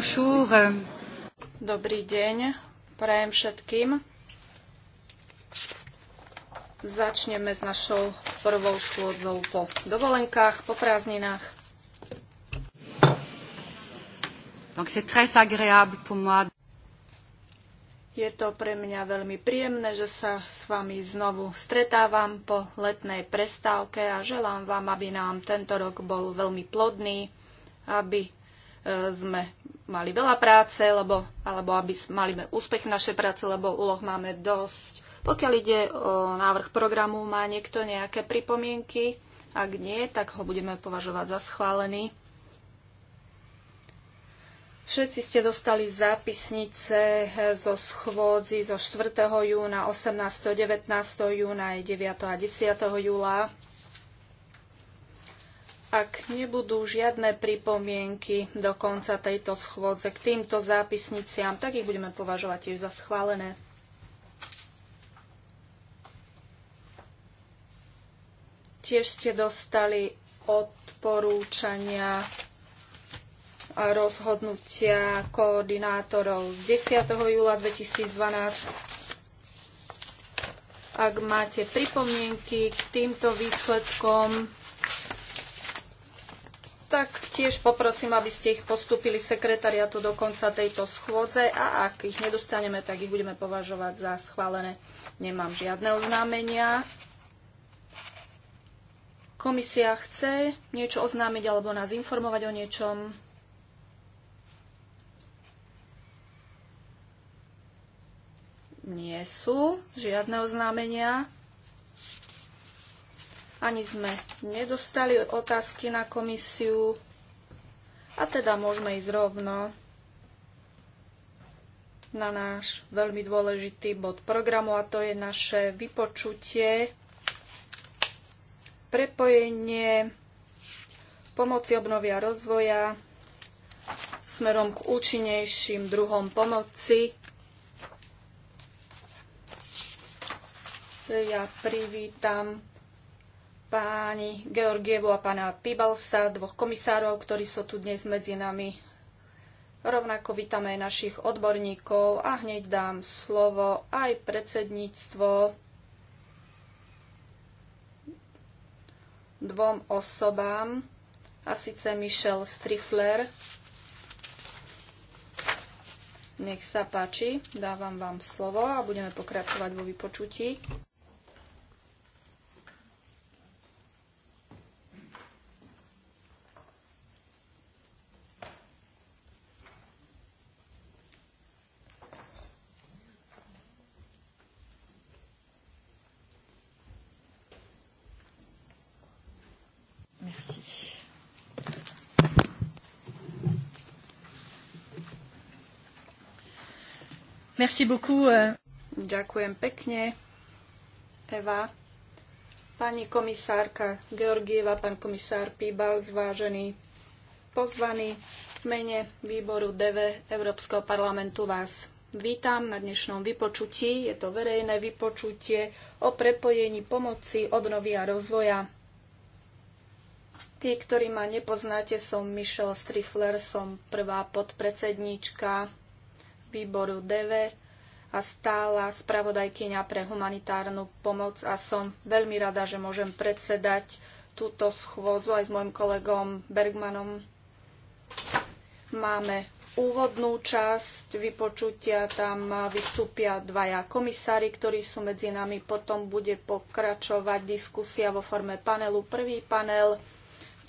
bonjour. Euh. Dobrý deň, prajem všetkým. Začneme s našou prvou schôdzou po dovolenkách, po prázdninách. Donc c'est très agréable pour moi. Je to pre mňa veľmi príjemné, že sa s vami znovu stretávam po letnej prestávke a želám vám, aby nám tento rok bol veľmi plodný, aby E, sme mali veľa práce, lebo, alebo aby mali úspech v našej práce, lebo úloh máme dosť. Pokiaľ ide o návrh programu, má niekto nejaké pripomienky? Ak nie, tak ho budeme považovať za schválený. Všetci ste dostali zápisnice zo schôdzi zo 4. júna, 18. 19. júna, 9. a 10. júla. Ak nebudú žiadne pripomienky do konca tejto schôdze k týmto zápisniciam, tak ich budeme považovať tiež za schválené. Tiež ste dostali odporúčania a rozhodnutia koordinátorov z 10. júla 2012. Ak máte pripomienky k týmto výsledkom, tak tiež poprosím, aby ste ich postúpili sekretariatu do konca tejto schôdze a ak ich nedostaneme, tak ich budeme považovať za schválené. Nemám žiadne oznámenia. Komisia chce niečo oznámiť alebo nás informovať o niečom. Nie sú žiadne oznámenia. Ani sme nedostali otázky na komisiu. A teda môžeme ísť rovno na náš veľmi dôležitý bod programu a to je naše vypočutie prepojenie pomoci obnovia rozvoja smerom k účinnejším druhom pomoci. Ja privítam páni Georgievu a pána Pibalsa, dvoch komisárov, ktorí sú tu dnes medzi nami. Rovnako vítame aj našich odborníkov a hneď dám slovo aj predsedníctvo dvom osobám, a síce Michel Strifler. Nech sa páči, dávam vám slovo a budeme pokračovať vo vypočutí. Merci beaucoup. Euh. Ďakujem pekne, Eva. Pani komisárka Georgieva, pán komisár Píbal, zvážený, pozvaný v mene výboru DV Európskeho parlamentu vás vítam na dnešnom vypočutí. Je to verejné vypočutie o prepojení pomoci, obnovy a rozvoja. Tí, ktorí ma nepoznáte, som Michelle Strifler, som prvá podpredsedníčka výboru DV a stála spravodajkyňa pre humanitárnu pomoc a som veľmi rada, že môžem predsedať túto schôdzu aj s môjim kolegom Bergmanom. Máme úvodnú časť vypočutia, tam vystúpia dvaja komisári, ktorí sú medzi nami. Potom bude pokračovať diskusia vo forme panelu. Prvý panel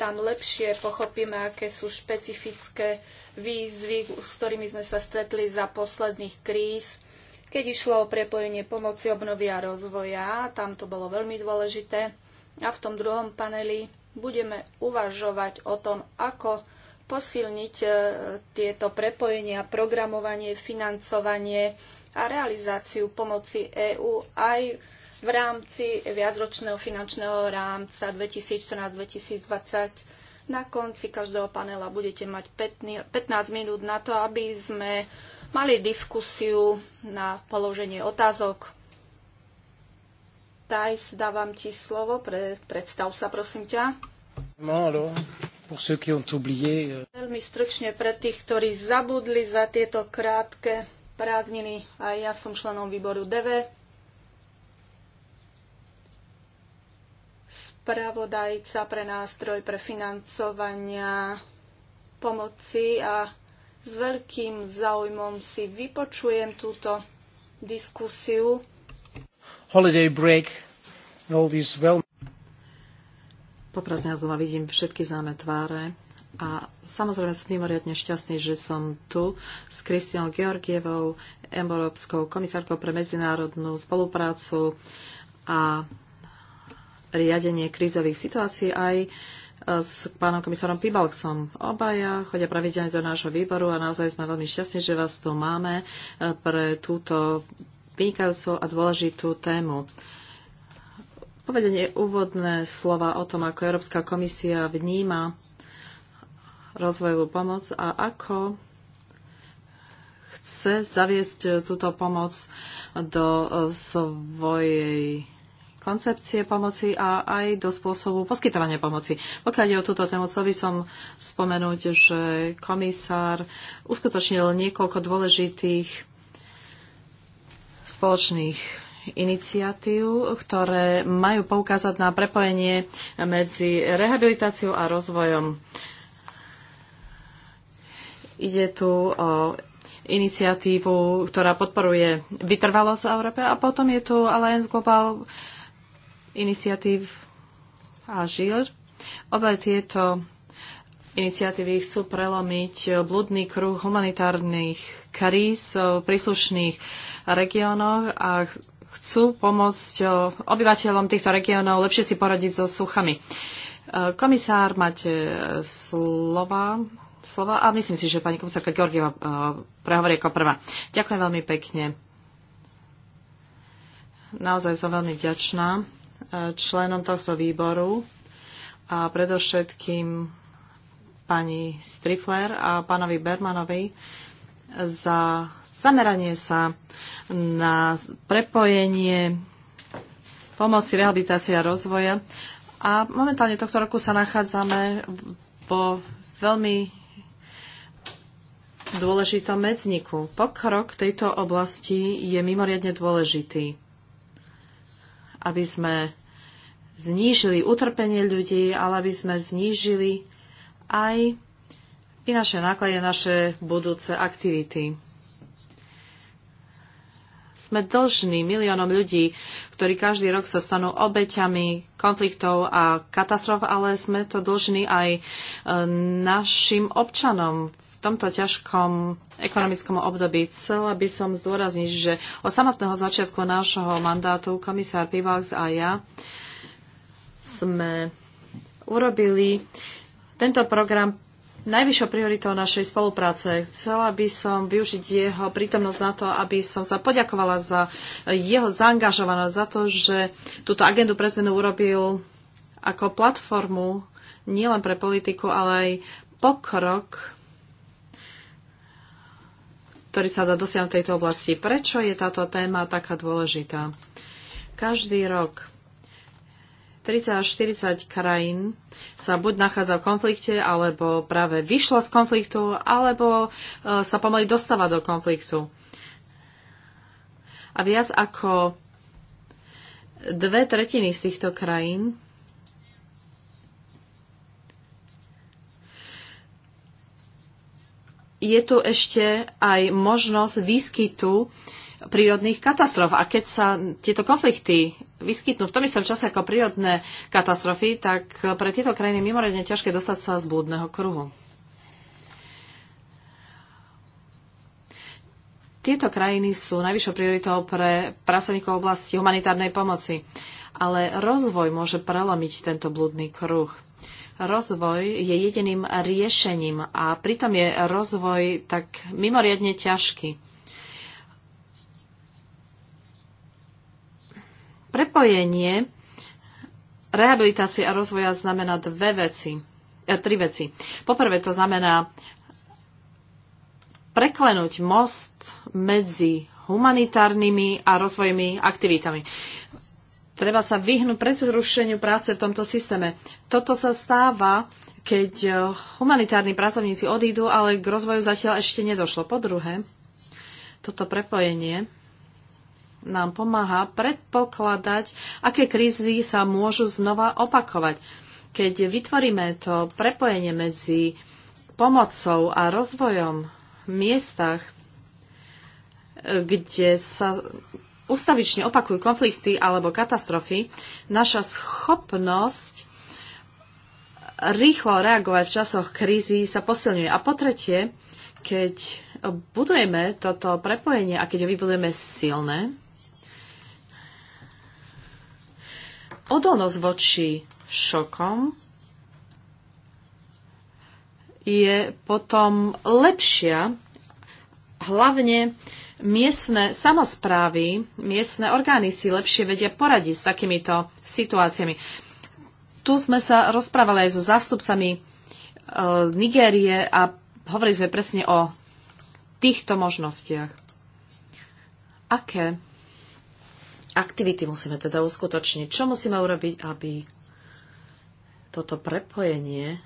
tam lepšie pochopíme, aké sú špecifické výzvy, s ktorými sme sa stretli za posledných kríz. Keď išlo o prepojenie pomoci obnovy a rozvoja, tam to bolo veľmi dôležité. A v tom druhom paneli budeme uvažovať o tom, ako posilniť e, tieto prepojenia, programovanie, financovanie, a realizáciu pomoci EÚ aj v rámci viacročného finančného rámca 2014-2020 na konci každého panela budete mať 15 minút na to, aby sme mali diskusiu na položenie otázok. Tajs, dávam ti slovo, pre, predstav sa prosím ťa. Málo. Euh, Veľmi stručne pre tých, ktorí zabudli za tieto krátke prázdniny a ja som členom výboru DV. Spravodajca pre nástroj pre financovania pomoci a s veľkým záujmom si vypočujem túto diskusiu. Holiday break all well... Po prázdninách vidím všetky známe tváre a samozrejme som mimoriadne šťastný, že som tu s Kristinou Georgievou, Európskou komisárkou pre medzinárodnú spoluprácu a riadenie krízových situácií aj e, s pánom komisárom Pibalksom. Obaja chodia pravidelne do nášho výboru a naozaj sme veľmi šťastní, že vás tu máme e, pre túto vynikajúcu a dôležitú tému. Povedenie úvodné slova o tom, ako Európska komisia vníma rozvojovú pomoc a ako chce zaviesť túto pomoc do svojej koncepcie pomoci a aj do spôsobu poskytovania pomoci. Pokiaľ je o túto tému, chcel by som spomenúť, že komisár uskutočnil niekoľko dôležitých spoločných iniciatív, ktoré majú poukázať na prepojenie medzi rehabilitáciou a rozvojom. Ide tu o iniciatívu, ktorá podporuje vytrvalosť v Európe a potom je tu Alliance Global Iniciatív a žil. Obe tieto iniciatívy chcú prelomiť blúdny kruh humanitárnych kríz v príslušných regiónoch a chcú pomôcť obyvateľom týchto regiónov lepšie si poradiť so suchami. Komisár, máte slova slovo a myslím si, že pani komisárka Georgieva e, prehovorí ako prvá. Ďakujem veľmi pekne. Naozaj som veľmi vďačná e, členom tohto výboru a predovšetkým pani Strifler a pánovi Bermanovi za zameranie sa na prepojenie pomoci, rehabilitácie a rozvoja. A momentálne tohto roku sa nachádzame vo veľmi dôležitom medzniku. Pokrok tejto oblasti je mimoriadne dôležitý, aby sme znížili utrpenie ľudí, ale aby sme znížili aj i naše náklady, naše budúce aktivity. Sme dlžní miliónom ľudí, ktorí každý rok sa stanú obeťami konfliktov a katastrof, ale sme to dlžní aj e, našim občanom v tomto ťažkom ekonomickom období chcela by som zdôrazniť, že od samotného začiatku nášho mandátu komisár Pivax a ja sme urobili tento program najvyššou prioritou našej spolupráce. Chcela by som využiť jeho prítomnosť na to, aby som sa poďakovala za jeho zaangažovanosť, za to, že túto agendu pre zmenu urobil ako platformu nielen pre politiku, ale aj pokrok ktorý sa dá dosiahnuť v tejto oblasti. Prečo je táto téma taká dôležitá? Každý rok 30 až 40 krajín sa buď nachádza v konflikte, alebo práve vyšla z konfliktu, alebo e, sa pomaly dostáva do konfliktu. A viac ako dve tretiny z týchto krajín je tu ešte aj možnosť výskytu prírodných katastrof. A keď sa tieto konflikty vyskytnú v tom istom čase ako prírodné katastrofy, tak pre tieto krajiny je mimoriadne ťažké dostať sa z blúdneho kruhu. Tieto krajiny sú najvyššou prioritou pre pracovníkov oblasti humanitárnej pomoci, ale rozvoj môže prelomiť tento blúdny kruh. Rozvoj je jediným riešením a pritom je rozvoj tak mimoriadne ťažký. Prepojenie rehabilitácie a rozvoja znamená dve veci, e, tri veci. Poprvé to znamená preklenúť most medzi humanitárnymi a rozvojmi aktivitami. Treba sa vyhnúť predrušeniu práce v tomto systéme. Toto sa stáva, keď e, humanitárni pracovníci odídu, ale k rozvoju zatiaľ ešte nedošlo. Po druhé, toto prepojenie nám pomáha predpokladať, aké krízy sa môžu znova opakovať. Keď vytvoríme to prepojenie medzi pomocou a rozvojom v miestach, e, kde sa ustavične opakujú konflikty alebo katastrofy, naša schopnosť rýchlo reagovať v časoch krízy sa posilňuje. A po tretie, keď budujeme toto prepojenie a keď ho vybudujeme silné, odolnosť voči šokom je potom lepšia, hlavne miestne samozprávy, miestne orgány si lepšie vedia poradiť s takýmito situáciami. Tu sme sa rozprávali aj so zástupcami e, Nigérie a hovorili sme presne o týchto možnostiach. Aké aktivity musíme teda uskutočniť? Čo musíme urobiť, aby toto prepojenie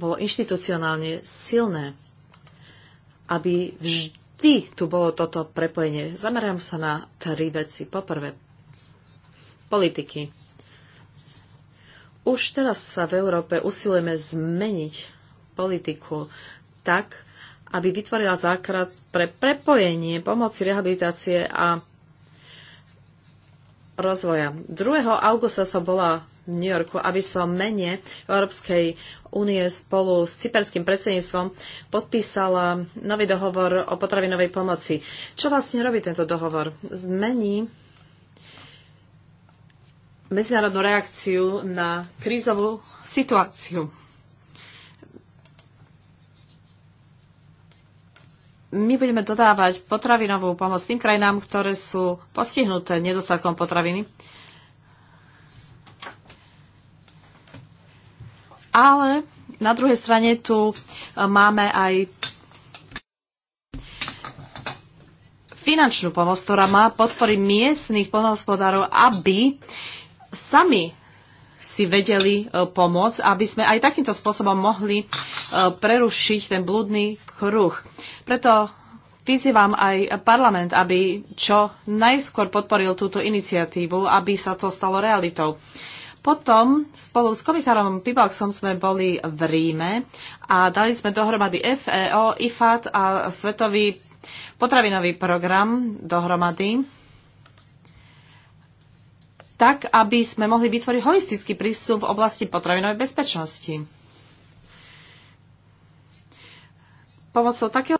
bolo inštitucionálne silné? Aby vždy vždy tu bolo toto prepojenie. Zamerám sa na tri veci. Poprvé, politiky. Už teraz sa v Európe usilujeme zmeniť politiku tak, aby vytvorila základ pre prepojenie pomoci rehabilitácie a rozvoja. 2. augusta som bola New Yorku, aby som mene Európskej únie spolu s cyperským predsedníctvom podpísala nový dohovor o potravinovej pomoci. Čo vlastne robí tento dohovor? Zmení medzinárodnú reakciu na krízovú situáciu. my budeme dodávať potravinovú pomoc tým krajinám, ktoré sú postihnuté nedostatkom potraviny Ale na druhej strane tu e, máme aj finančnú pomoc, ktorá má podpory miestnych poľnohospodárov, aby sami si vedeli e, pomôcť, aby sme aj takýmto spôsobom mohli e, prerušiť ten blúdny kruh. Preto vyzývam aj parlament, aby čo najskôr podporil túto iniciatívu, aby sa to stalo realitou. Potom spolu s komisárom Pibalksom sme boli v Ríme a dali sme dohromady FEO, IFAT a Svetový potravinový program dohromady tak, aby sme mohli vytvoriť holistický prístup v oblasti potravinovej bezpečnosti. Pomocou takého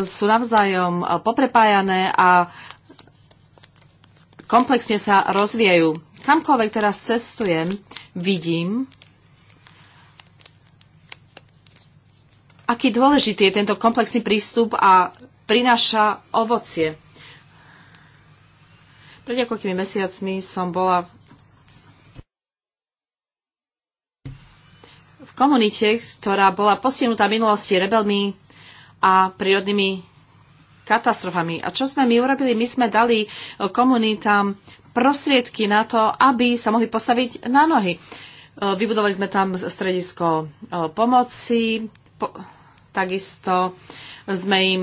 sú navzájom eh, poprepájané a komplexne sa rozvíjajú. Kamkoľvek teraz cestujem, vidím, aký dôležitý je tento komplexný prístup a prináša ovocie. Pred niekoľkými mesiacmi som bola v komunite, ktorá bola postihnutá minulosti rebelmi a prírodnými katastrofami. A čo sme my urobili? My sme dali e, komunitám prostriedky na to, aby sa mohli postaviť na nohy. E, vybudovali sme tam stredisko e, pomoci, po, takisto sme im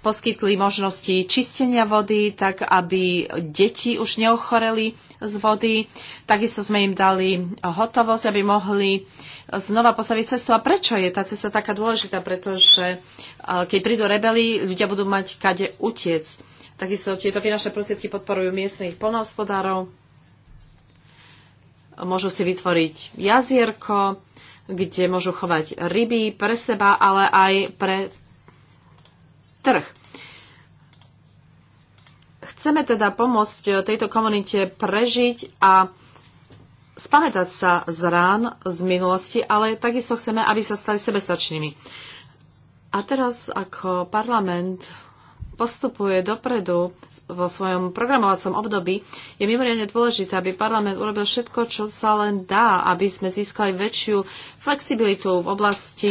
poskytli možnosti čistenia vody, tak aby deti už neochoreli z vody. Takisto sme im dali hotovosť, aby mohli znova postaviť cestu. A prečo je tá cesta taká dôležitá? Pretože e, keď prídu rebeli, ľudia budú mať kade utiec. Takisto tieto finančné prostriedky podporujú miestnych polnohospodárov. Môžu si vytvoriť jazierko, kde môžu chovať ryby pre seba, ale aj pre trh. Chceme teda pomôcť tejto komunite prežiť a spamätať sa z rán z minulosti, ale takisto chceme, aby sa stali sebestačnými. A teraz, ako parlament postupuje dopredu vo svojom programovacom období, je mimoriadne dôležité, aby parlament urobil všetko, čo sa len dá, aby sme získali väčšiu flexibilitu v oblasti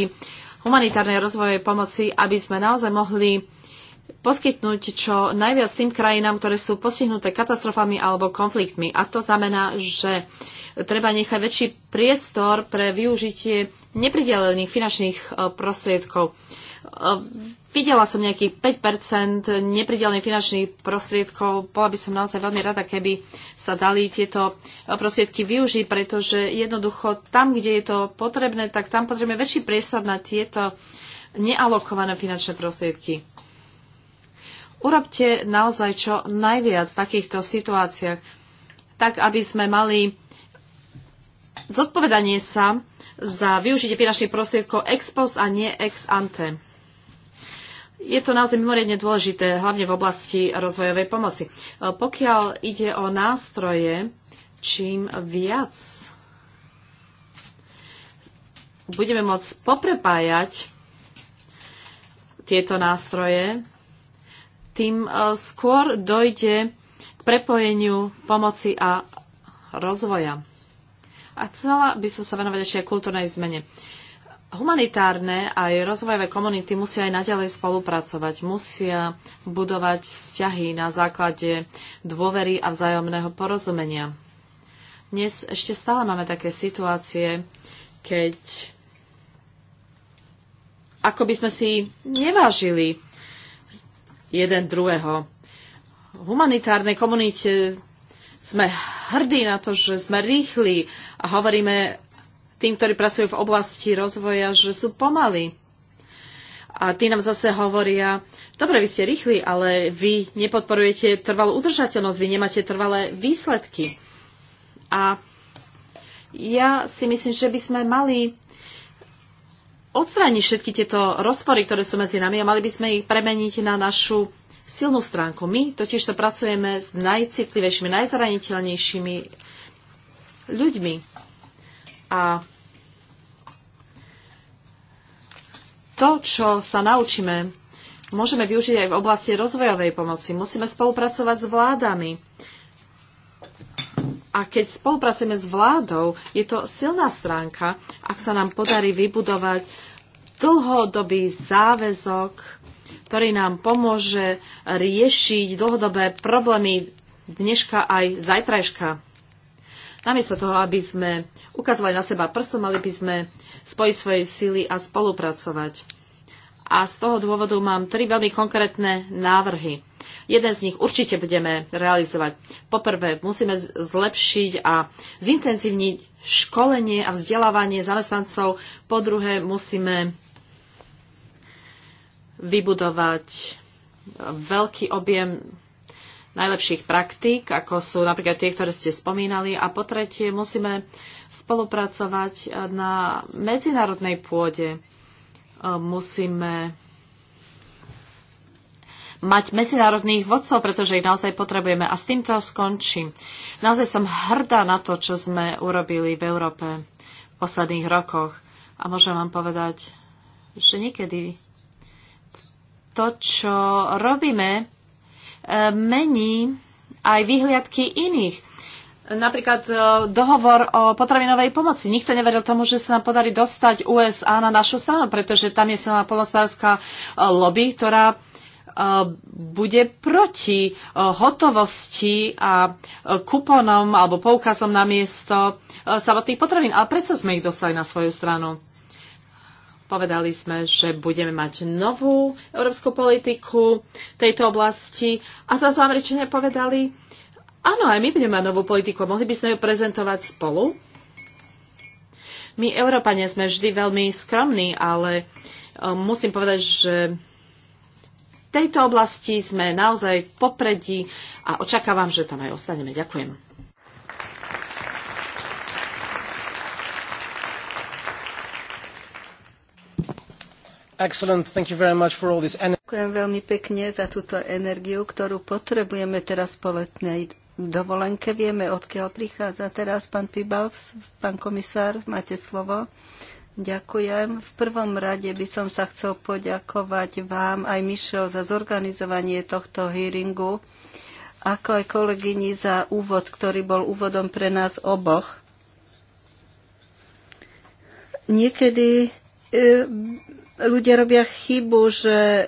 humanitárnej rozvojovej pomoci, aby sme naozaj mohli poskytnúť čo najviac tým krajinám, ktoré sú postihnuté katastrofami alebo konfliktmi. A to znamená, že treba nechať väčší priestor pre využitie nepridelených finančných e, prostriedkov. E, videla som nejakých 5 nepridelených finančných prostriedkov. Bola by som naozaj veľmi rada, keby sa dali tieto e, prostriedky využiť, pretože jednoducho tam, kde je to potrebné, tak tam potrebujeme väčší priestor na tieto nealokované finančné prostriedky urobte naozaj čo najviac v takýchto situáciách, tak aby sme mali zodpovedanie sa za využitie finančných prostriedkov ex post a nie ex ante. Je to naozaj mimoriadne dôležité, hlavne v oblasti rozvojovej pomoci. Pokiaľ ide o nástroje, čím viac budeme môcť poprepájať tieto nástroje, tým e, skôr dojde k prepojeniu pomoci a rozvoja. A chcela by som sa venovať ešte aj kultúrnej zmene. Humanitárne aj rozvojové komunity musia aj naďalej spolupracovať, musia budovať vzťahy na základe dôvery a vzájomného porozumenia. Dnes ešte stále máme také situácie, keď ako by sme si nevážili jeden druhého. V humanitárnej komunite sme hrdí na to, že sme rýchli a hovoríme tým, ktorí pracujú v oblasti rozvoja, že sú pomalí. A tí nám zase hovoria, dobre, vy ste rýchli, ale vy nepodporujete trvalú udržateľnosť, vy nemáte trvalé výsledky. A ja si myslím, že by sme mali odstrániť všetky tieto rozpory, ktoré sú medzi nami a mali by sme ich premeniť na našu silnú stránku. My totiž to pracujeme s najcitlivejšími, najzraniteľnejšími ľuďmi. A to, čo sa naučíme, môžeme využiť aj v oblasti rozvojovej pomoci. Musíme spolupracovať s vládami. A keď spolupracujeme s vládou, je to silná stránka, ak sa nám podarí vybudovať dlhodobý záväzok, ktorý nám pomôže riešiť dlhodobé problémy dneška aj zajtrajška. Namiesto toho, aby sme ukazovali na seba prstom, mali by sme spojiť svoje sily a spolupracovať. A z toho dôvodu mám tri veľmi konkrétne návrhy. Jeden z nich určite budeme realizovať. Poprvé, musíme zlepšiť a zintenzívniť školenie a vzdelávanie zamestnancov. Po druhé, musíme vybudovať veľký objem najlepších praktík, ako sú napríklad tie, ktoré ste spomínali. A po tretie, musíme spolupracovať na medzinárodnej pôde. E, musíme mať medzinárodných vodcov, pretože ich naozaj potrebujeme. A s týmto skončím. Naozaj som hrdá na to, čo sme urobili v Európe v posledných rokoch. A môžem vám povedať, že niekedy to, čo robíme, e, mení aj vyhliadky iných. Napríklad e, dohovor o potravinovej pomoci. Nikto neveril tomu, že sa nám podarí dostať USA na našu stranu, pretože tam je silná polnospodárska e, lobby, ktorá bude proti hotovosti a kuponom alebo poukazom na miesto samotných potravín. Ale prečo sme ich dostali na svoju stranu. Povedali sme, že budeme mať novú európsku politiku tejto oblasti a zrazu Američania povedali, áno, aj my budeme mať novú politiku, mohli by sme ju prezentovať spolu. My, Európania, sme vždy veľmi skromní, ale e, musím povedať, že v tejto oblasti sme naozaj popredí a očakávam, že tam aj ostaneme. Ďakujem. Ďakujem veľmi pekne za túto energiu, ktorú potrebujeme teraz poletnej dovolenke. Vieme, odkiaľ prichádza teraz pán pibals, pán komisár, máte slovo. Ďakujem. V prvom rade by som sa chcel poďakovať vám aj Michel za zorganizovanie tohto hearingu, ako aj kolegyni za úvod, ktorý bol úvodom pre nás oboch. Niekedy e, ľudia robia chybu, že e,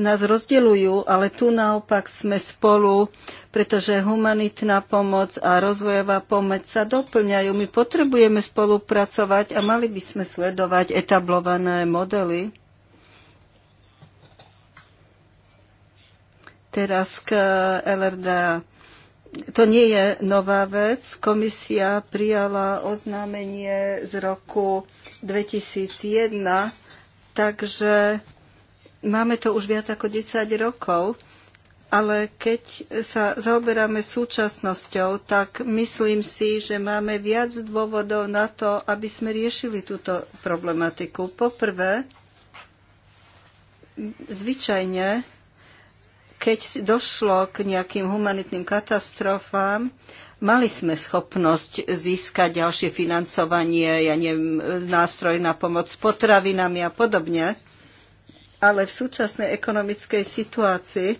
nás rozdeľujú, ale tu naopak sme spolu, pretože humanitná pomoc a rozvojová pomoc sa doplňajú. My potrebujeme spolupracovať a mali by sme sledovať etablované modely. Teraz k LRDA. To nie je nová vec. Komisia prijala oznámenie z roku 2001 Takže máme to už viac ako 10 rokov, ale keď sa zaoberáme súčasnosťou, tak myslím si, že máme viac dôvodov na to, aby sme riešili túto problematiku. Poprvé, zvyčajne, keď došlo k nejakým humanitným katastrofám, Mali sme schopnosť získať ďalšie financovanie, ja neviem, nástroj na pomoc s potravinami a podobne, ale v súčasnej ekonomickej situácii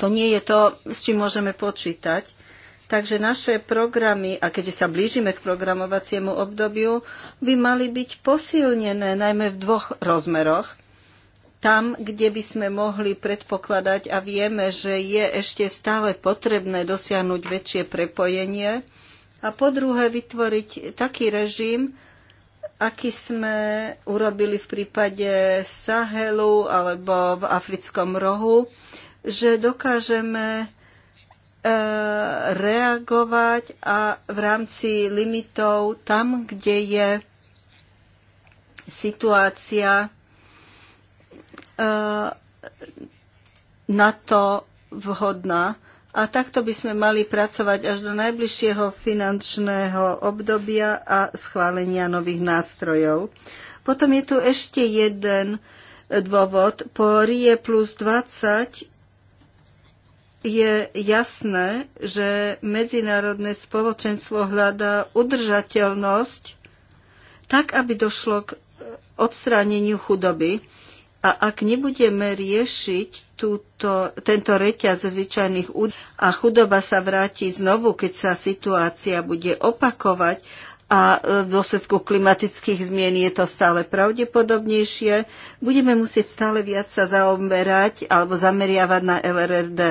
to nie je to, s čím môžeme počítať. Takže naše programy, a keď sa blížime k programovaciemu obdobiu, by mali byť posilnené najmä v dvoch rozmeroch tam, kde by sme mohli predpokladať a vieme, že je ešte stále potrebné dosiahnuť väčšie prepojenie a po druhé vytvoriť taký režim, aký sme urobili v prípade Sahelu alebo v Africkom rohu, že dokážeme e, reagovať a v rámci limitov tam, kde je situácia E, na to vhodná. A takto by sme mali pracovať až do najbližšieho finančného obdobia a schválenia nových nástrojov. Potom je tu ešte jeden dôvod. Po RIE plus 20 je jasné, že medzinárodné spoločenstvo hľadá udržateľnosť tak, aby došlo k odstráneniu chudoby. A ak nebudeme riešiť túto, tento reťaz zvyčajných údajov a chudoba sa vráti znovu, keď sa situácia bude opakovať a e, v dôsledku klimatických zmien je to stále pravdepodobnejšie, budeme musieť stále viac sa zaoberať alebo zameriavať na LRRD.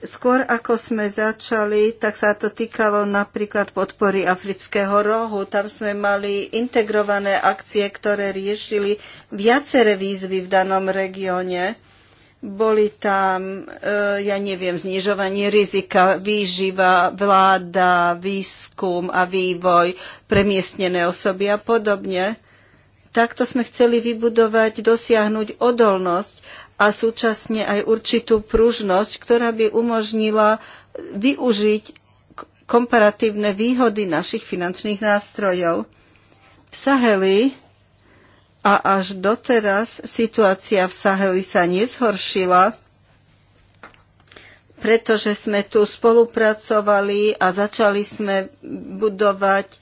Skôr ako sme začali, tak sa to týkalo napríklad podpory afrického rohu. Tam sme mali integrované akcie, ktoré riešili viaceré výzvy v danom regióne. Boli tam, e, ja neviem, znižovanie rizika, výživa, vláda, výskum a vývoj, premiestnené osoby a podobne. Takto sme chceli vybudovať, dosiahnuť odolnosť a súčasne aj určitú pružnosť, ktorá by umožnila využiť komparatívne výhody našich finančných nástrojov. V Saheli a až doteraz situácia v Saheli sa nezhoršila, pretože sme tu spolupracovali a začali sme budovať e,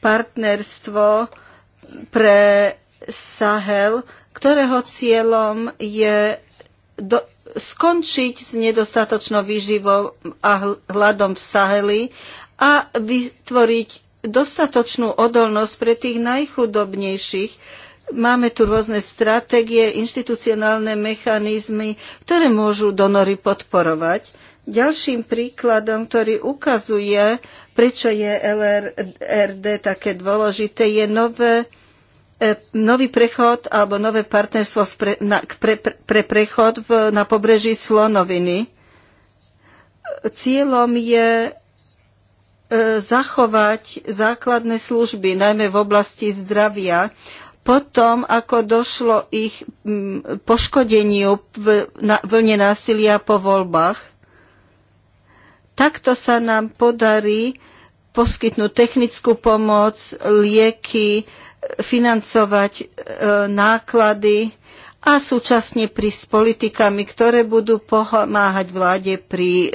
partnerstvo pre Sahel ktorého cieľom je do, skončiť s nedostatočnou výživou a hľadom v Saheli a vytvoriť dostatočnú odolnosť pre tých najchudobnejších. Máme tu rôzne stratégie, inštitucionálne mechanizmy, ktoré môžu donory podporovať. Ďalším príkladom, ktorý ukazuje, prečo je LRD také dôležité, je nové E, nový prechod alebo nové partnerstvo v pre, na, pre, pre, pre prechod v, na pobreží Slonoviny. Cieľom je e, zachovať základné služby, najmä v oblasti zdravia. Potom, ako došlo ich m, poškodeniu v na, vlne násilia po voľbách, takto sa nám podarí poskytnúť technickú pomoc, lieky, financovať e, náklady a súčasne prísť s politikami, ktoré budú pomáhať vláde pri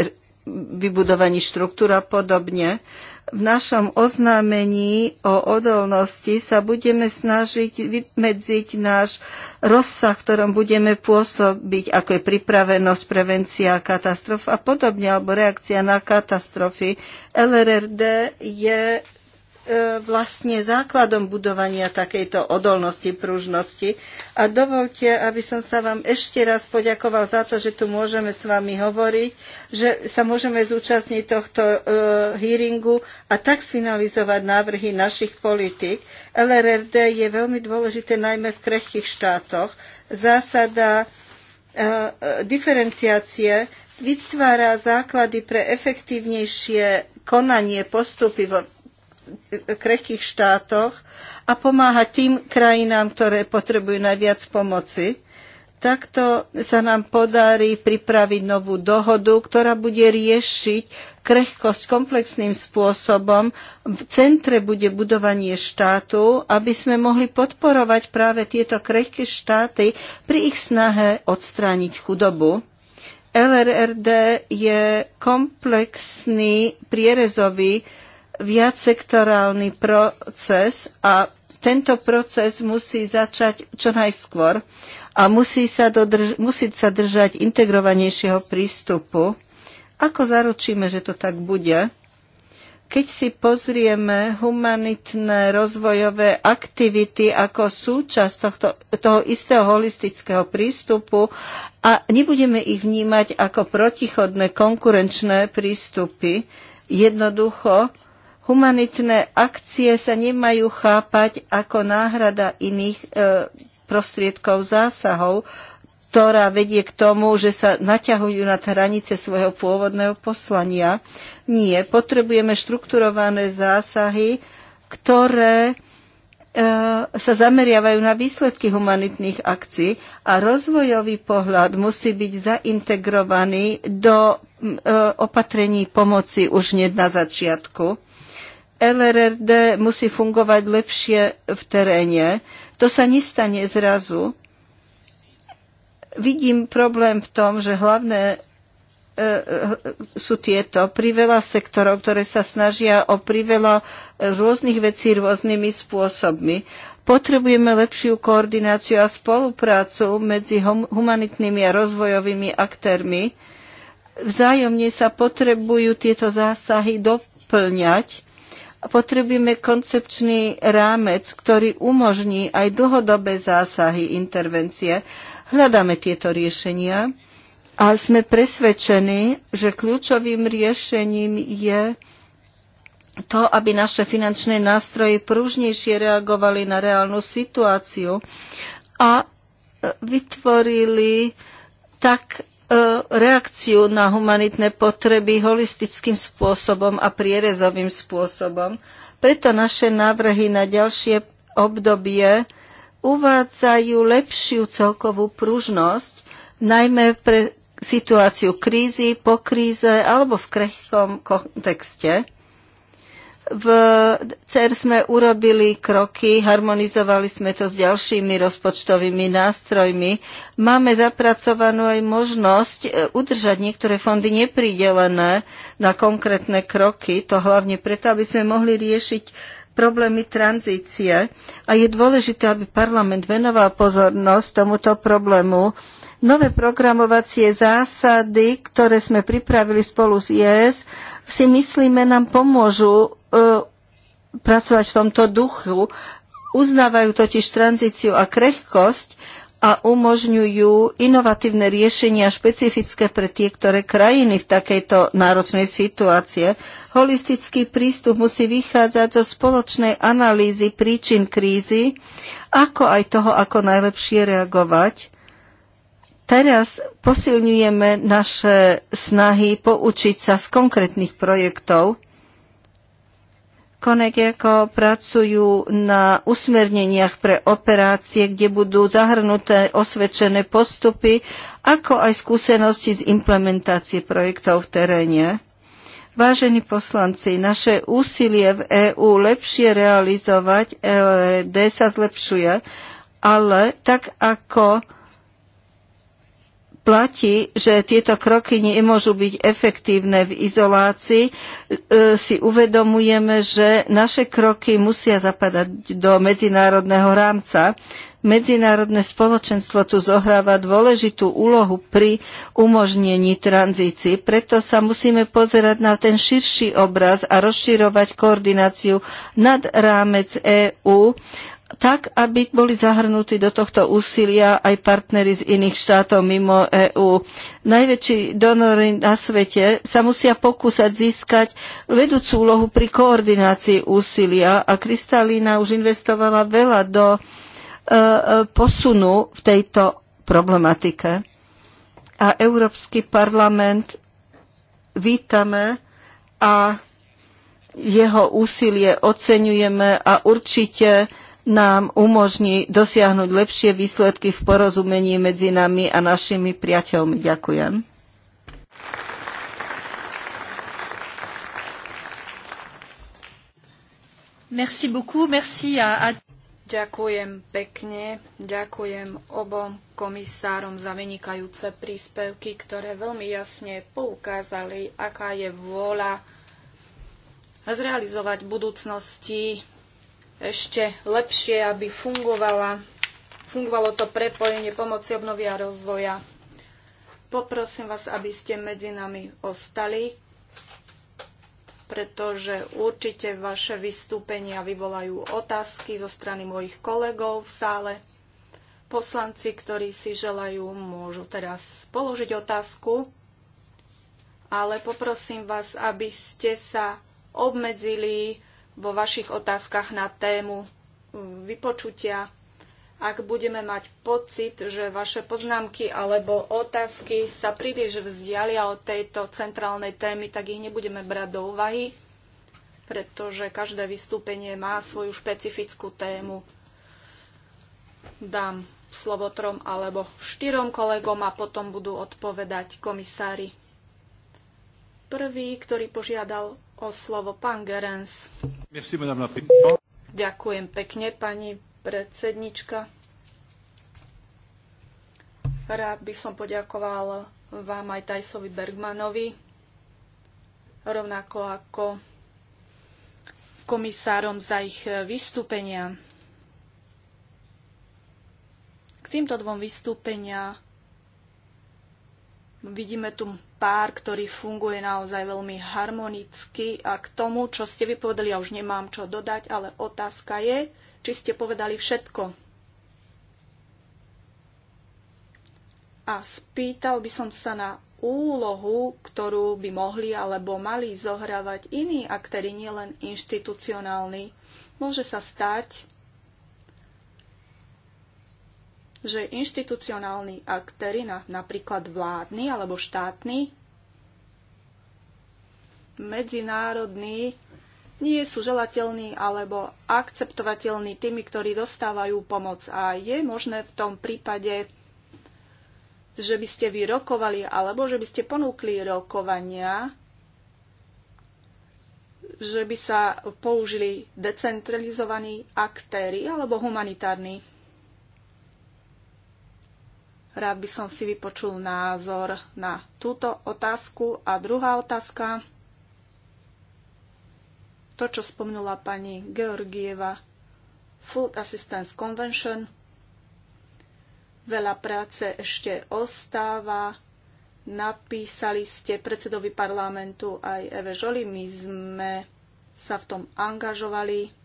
vybudovaní štruktúr a podobne. V našom oznámení o odolnosti sa budeme snažiť vymedziť náš rozsah, v ktorom budeme pôsobiť, ako je pripravenosť, prevencia katastrof a podobne, alebo reakcia na katastrofy. LRRD je E, vlastne základom budovania takejto odolnosti, pružnosti. A dovolte, aby som sa vám ešte raz poďakoval za to, že tu môžeme s vami hovoriť, že sa môžeme zúčastniť tohto e, hearingu a tak sfinalizovať návrhy našich politik. LRRD je veľmi dôležité najmä v krehkých štátoch. Zásada e, diferenciácie vytvára základy pre efektívnejšie konanie postupy vo krehkých štátoch a pomáha tým krajinám, ktoré potrebujú najviac pomoci. Takto sa nám podarí pripraviť novú dohodu, ktorá bude riešiť krehkosť komplexným spôsobom. V centre bude budovanie štátu, aby sme mohli podporovať práve tieto krehké štáty pri ich snahe odstrániť chudobu. LRRD je komplexný prierezový viacsektorálny proces a tento proces musí začať čo najskôr a musí sa, dodrž- musí sa držať integrovanejšieho prístupu. Ako zaručíme, že to tak bude? Keď si pozrieme humanitné rozvojové aktivity ako súčasť tohto, toho istého holistického prístupu a nebudeme ich vnímať ako protichodné konkurenčné prístupy, jednoducho Humanitné akcie sa nemajú chápať ako náhrada iných e, prostriedkov zásahov, ktorá vedie k tomu, že sa naťahujú nad hranice svojho pôvodného poslania. Nie, potrebujeme štrukturované zásahy, ktoré e, sa zameriavajú na výsledky humanitných akcií a rozvojový pohľad musí byť zaintegrovaný do e, opatrení pomoci už hneď na začiatku. LRRD musí fungovať lepšie v teréne. To sa nestane zrazu. Vidím problém v tom, že hlavné e, e, sú tieto. Priveľa sektorov, ktoré sa snažia o priveľa e, rôznych vecí rôznymi spôsobmi. Potrebujeme lepšiu koordináciu a spoluprácu medzi humanitnými a rozvojovými aktérmi. Vzájomne sa potrebujú tieto zásahy doplňať Potrebujeme koncepčný rámec, ktorý umožní aj dlhodobé zásahy, intervencie. Hľadáme tieto riešenia a sme presvedčení, že kľúčovým riešením je to, aby naše finančné nástroje pružnejšie reagovali na reálnu situáciu a vytvorili tak E, reakciu na humanitné potreby holistickým spôsobom a prierezovým spôsobom. Preto naše návrhy na ďalšie obdobie uvádzajú lepšiu celkovú pružnosť, najmä pre situáciu krízy, po kríze alebo v krehkom kontexte. V CER sme urobili kroky, harmonizovali sme to s ďalšími rozpočtovými nástrojmi. Máme zapracovanú aj možnosť e, udržať niektoré fondy nepridelené na konkrétne kroky, to hlavne preto, aby sme mohli riešiť problémy tranzície a je dôležité, aby parlament venoval pozornosť tomuto problému. Nové programovacie zásady, ktoré sme pripravili spolu s IES, si myslíme nám pomôžu E, pracovať v tomto duchu. Uznávajú totiž tranzíciu a krehkosť a umožňujú inovatívne riešenia špecifické pre tie, ktoré krajiny v takejto náročnej situácie. Holistický prístup musí vychádzať zo spoločnej analýzy príčin krízy, ako aj toho, ako najlepšie reagovať. Teraz posilňujeme naše snahy poučiť sa z konkrétnych projektov, Konegeko pracujú na usmerneniach pre operácie, kde budú zahrnuté osvedčené postupy, ako aj skúsenosti z implementácie projektov v teréne. Vážení poslanci, naše úsilie v EÚ lepšie realizovať LRD e sa zlepšuje, ale tak ako platí, že tieto kroky nemôžu byť efektívne v izolácii, e, si uvedomujeme, že naše kroky musia zapadať do medzinárodného rámca. Medzinárodné spoločenstvo tu zohráva dôležitú úlohu pri umožnení tranzícii, preto sa musíme pozerať na ten širší obraz a rozširovať koordináciu nad rámec EÚ tak, aby boli zahrnutí do tohto úsilia aj partnery z iných štátov mimo EÚ. Najväčší donory na svete sa musia pokúsať získať vedúcu úlohu pri koordinácii úsilia a Kristalína už investovala veľa do e, e, posunu v tejto problematike. A Európsky parlament vítame a jeho úsilie oceňujeme a určite nám umožní dosiahnuť lepšie výsledky v porozumení medzi nami a našimi priateľmi. Ďakujem. Merci beaucoup, merci a, a... Ďakujem pekne, ďakujem obom komisárom za vynikajúce príspevky, ktoré veľmi jasne poukázali, aká je vôľa zrealizovať v budúcnosti ešte lepšie, aby fungovala, fungovalo to prepojenie pomoci obnovy a rozvoja. Poprosím vás, aby ste medzi nami ostali, pretože určite vaše vystúpenia vyvolajú otázky zo strany mojich kolegov v sále. Poslanci, ktorí si želajú, môžu teraz položiť otázku, ale poprosím vás, aby ste sa obmedzili vo vašich otázkach na tému mm, vypočutia. Ak budeme mať pocit, že vaše poznámky alebo otázky sa príliš vzdialia od tejto centrálnej témy, tak ich nebudeme brať do úvahy, pretože každé vystúpenie má svoju špecifickú tému. Dám slovo trom alebo štyrom kolegom a potom budú odpovedať komisári. Prvý, ktorý požiadal o slovo pán Gerens. Merci, Ďakujem pekne, pani predsednička. Rád by som poďakoval vám aj Tajsovi Bergmanovi, rovnako ako komisárom za ich vystúpenia. K týmto dvom vystúpenia vidíme tu pár, ktorý funguje naozaj veľmi harmonicky. A k tomu, čo ste vypovedali, ja už nemám čo dodať, ale otázka je, či ste povedali všetko. A spýtal by som sa na úlohu, ktorú by mohli alebo mali zohrávať iní aktéry, nielen inštitucionálni. Môže sa stať, že inštitucionálni aktéry, napríklad vládny alebo štátny, medzinárodní, nie sú želateľní alebo akceptovateľní tými, ktorí dostávajú pomoc. A je možné v tom prípade, že by ste vyrokovali alebo že by ste ponúkli rokovania, že by sa použili decentralizovaní aktéry alebo humanitárni Rád by som si vypočul názor na túto otázku. A druhá otázka, to, čo spomnula pani Georgieva, Food Assistance Convention. Veľa práce ešte ostáva. Napísali ste predsedovi parlamentu aj Eve Žoli. My sme sa v tom angažovali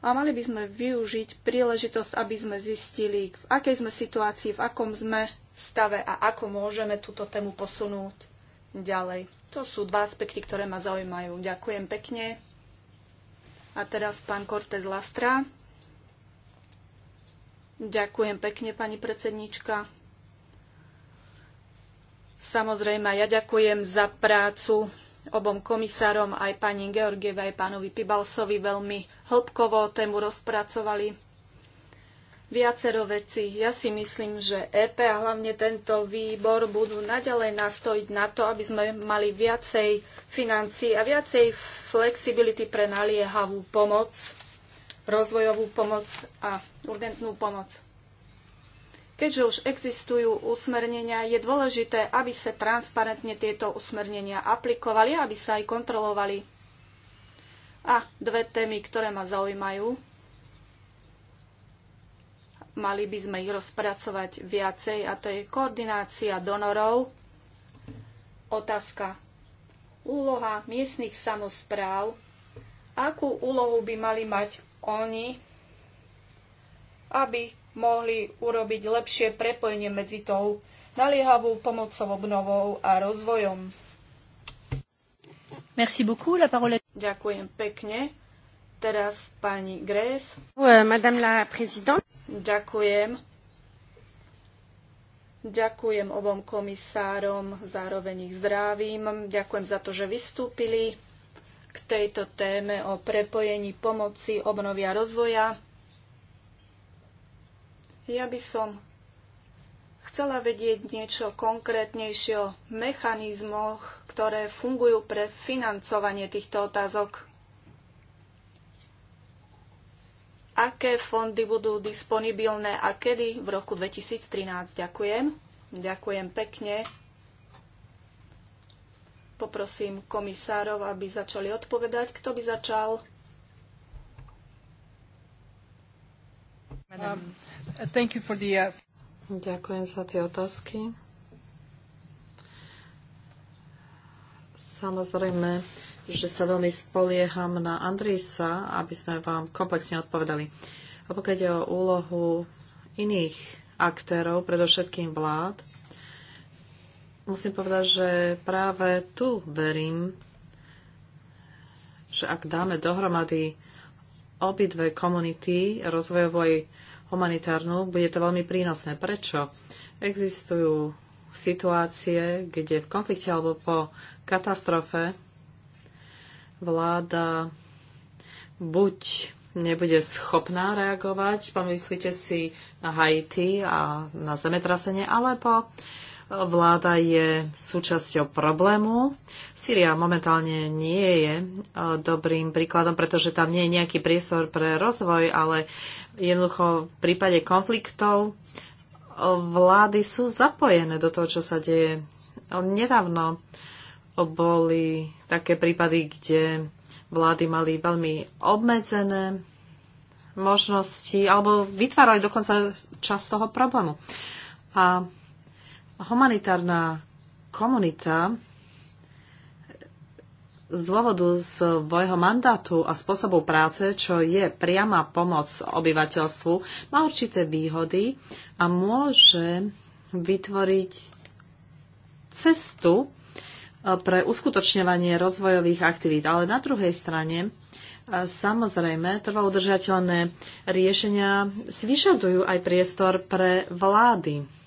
a mali by sme využiť príležitosť, aby sme zistili, v akej sme situácii, v akom sme stave a ako môžeme túto tému posunúť ďalej. To sú dva aspekty, ktoré ma zaujímajú. Ďakujem pekne. A teraz pán Cortez Lastra. Ďakujem pekne, pani predsednička. Samozrejme, ja ďakujem za prácu obom komisárom, aj pani Georgieva, aj pánovi Pibalsovi veľmi hĺbkovo tému rozpracovali. Viacero veci. Ja si myslím, že EP a hlavne tento výbor budú naďalej nastojiť na to, aby sme mali viacej financií a viacej flexibility pre naliehavú pomoc, rozvojovú pomoc a urgentnú pomoc. Keďže už existujú usmernenia, je dôležité, aby sa transparentne tieto usmernenia aplikovali, aby sa aj kontrolovali. A dve témy, ktoré ma zaujímajú. Mali by sme ich rozpracovať viacej a to je koordinácia donorov. Otázka. Úloha miestnych samozpráv. Akú úlohu by mali mať oni, aby mohli urobiť lepšie prepojenie medzi tou naliehavou pomocou obnovou a rozvojom. Merci beaucoup, la parole... Ďakujem pekne. Teraz pani Grés. Uh, Madame la présidente. Ďakujem. Ďakujem obom komisárom, zároveň ich zdravím. Ďakujem za to, že vystúpili k tejto téme o prepojení pomoci obnovia rozvoja. Ja by som chcela vedieť niečo konkrétnejšie o mechanizmoch, ktoré fungujú pre financovanie týchto otázok. Aké fondy budú disponibilné a kedy v roku 2013? Ďakujem. Ďakujem pekne. Poprosím komisárov, aby začali odpovedať. Kto by začal? Thank you for the, uh... Ďakujem za tie otázky. Samozrejme, že sa veľmi spolieham na Andrisa, aby sme vám komplexne odpovedali. A pokiaľ ide o úlohu iných aktérov, predovšetkým vlád, musím povedať, že práve tu verím, že ak dáme dohromady obidve komunity, rozvojovú aj humanitárnu, bude to veľmi prínosné. Prečo? Existujú situácie, kde v konflikte alebo po katastrofe vláda buď nebude schopná reagovať, pomyslíte si na Haiti a na zemetrasenie, alebo Vláda je súčasťou problému. Syria momentálne nie je e, dobrým príkladom, pretože tam nie je nejaký priestor pre rozvoj, ale jednoducho v prípade konfliktov e, vlády sú zapojené do toho, čo sa deje. Nedávno boli také prípady, kde vlády mali veľmi obmedzené možnosti alebo vytvárali dokonca čas toho problému. A Humanitárna komunita z dôvodu svojho mandátu a spôsobu práce, čo je priama pomoc obyvateľstvu, má určité výhody a môže vytvoriť cestu eh, pre uskutočňovanie rozvojových aktivít. Ale na druhej strane, eh, samozrejme, trvalo udržateľné riešenia si vyžadujú aj priestor pre vlády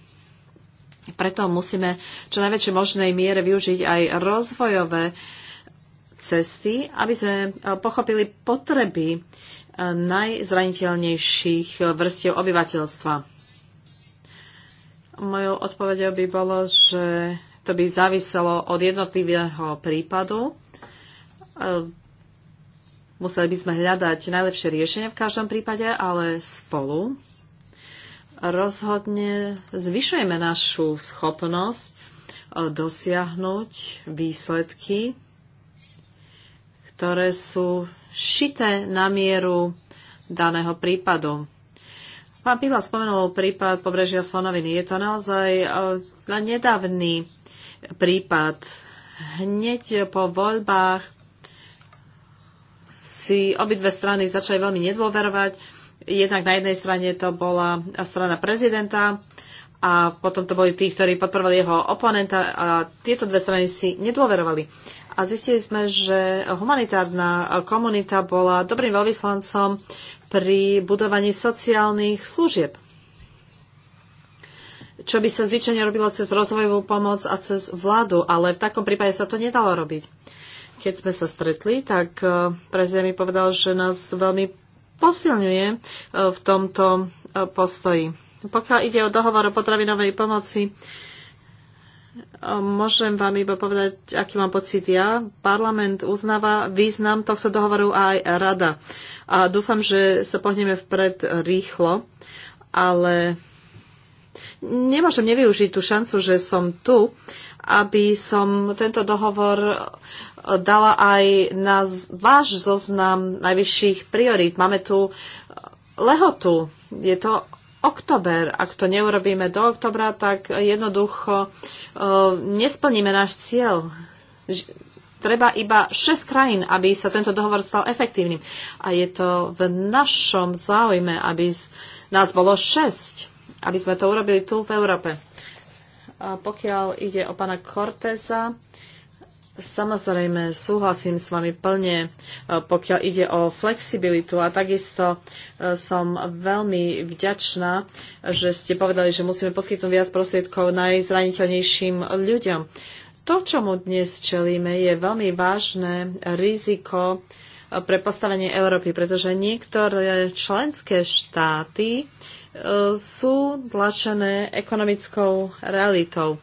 preto musíme čo najväčšej možnej miere využiť aj rozvojové cesty, aby sme e, pochopili potreby e, najzraniteľnejších vrstiev obyvateľstva. Mojou odpovedou by bolo, že to by záviselo od jednotlivého prípadu. E, museli by sme hľadať najlepšie riešenie v každom prípade, ale spolu rozhodne zvyšujeme našu schopnosť e, dosiahnuť výsledky, ktoré sú šité na mieru daného prípadu. Pán Piva spomenul prípad pobrežia Slonoviny. Je to naozaj e, nedávny prípad. Hneď po voľbách si obidve strany začali veľmi nedôverovať jednak na jednej strane to bola strana prezidenta a potom to boli tí, ktorí podporovali jeho oponenta a tieto dve strany si nedôverovali. A zistili sme, že humanitárna komunita bola dobrým veľvyslancom pri budovaní sociálnych služieb čo by sa zvyčajne robilo cez rozvojovú pomoc a cez vládu, ale v takom prípade sa to nedalo robiť. Keď sme sa stretli, tak eh, prezident mi povedal, že nás veľmi posilňuje e, v tomto e, postoji. Pokiaľ ide o dohovor o potravinovej pomoci, e, môžem vám iba povedať, aký mám pocit ja. Parlament uznáva význam tohto dohovoru a aj rada. A dúfam, že sa pohneme vpred rýchlo, ale Nemôžem nevyužiť tú šancu, že som tu, aby som tento dohovor dala aj na váš zoznam najvyšších priorít. Máme tu lehotu. Je to oktober. Ak to neurobíme do oktobra, tak jednoducho e, nesplníme náš cieľ treba iba 6 krajín, aby sa tento dohovor stal efektívnym. A je to v našom záujme, aby nás bolo 6 aby sme to urobili tu v Európe. A pokiaľ ide o pána Cortesa, Samozrejme, súhlasím s vami plne, e, pokiaľ ide o flexibilitu a takisto e, som veľmi vďačná, že ste povedali, že musíme poskytnúť viac prostriedkov najzraniteľnejším ľuďom. To, čo mu dnes čelíme, je veľmi vážne riziko e, pre postavenie Európy, pretože niektoré členské štáty sú tlačené ekonomickou realitou.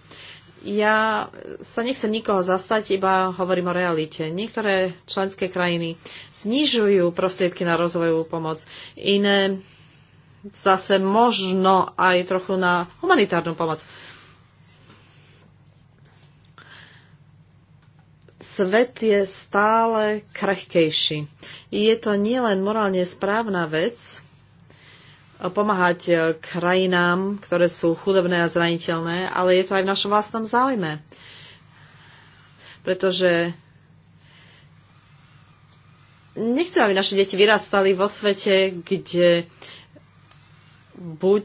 Ja sa nechcem nikoho zastať, iba hovorím o realite. Niektoré členské krajiny znižujú prostriedky na rozvojovú pomoc, iné zase možno aj trochu na humanitárnu pomoc. Svet je stále krehkejší. Je to nielen morálne správna vec, pomáhať eh, krajinám, ktoré sú chudobné a zraniteľné, ale je to aj v našom vlastnom záujme. Pretože nechcem, aby naše deti vyrastali vo svete, kde buď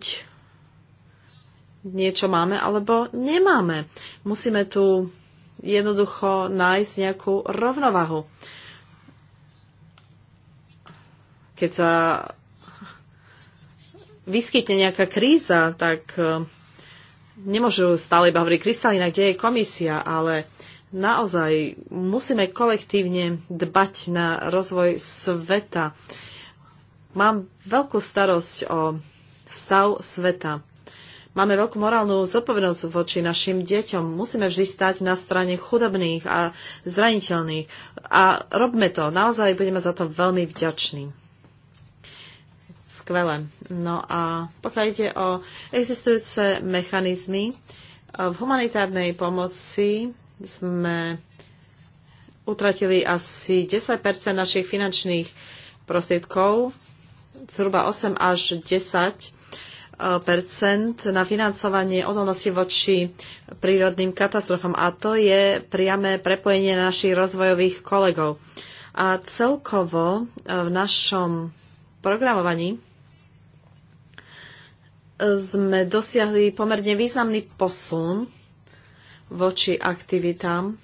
niečo máme, alebo nemáme. Musíme tu jednoducho nájsť nejakú rovnovahu. Keď sa vyskytne nejaká kríza, tak e, nemôžu stále iba hovoriť Kristalina, kde je komisia, ale naozaj musíme kolektívne dbať na rozvoj sveta. Mám veľkú starosť o stav sveta. Máme veľkú morálnu zodpovednosť voči našim deťom. Musíme vždy stať na strane chudobných a zraniteľných. A robme to. Naozaj budeme za to veľmi vďační skvelé. No a pokiaľ ide o existujúce mechanizmy, e, v humanitárnej pomoci sme utratili asi 10 našich finančných prostriedkov, zhruba 8 až 10 e, na financovanie odolnosti voči prírodným katastrofám. A to je priame prepojenie na našich rozvojových kolegov. A celkovo e, v našom programovaní sme dosiahli pomerne významný posun voči aktivitám,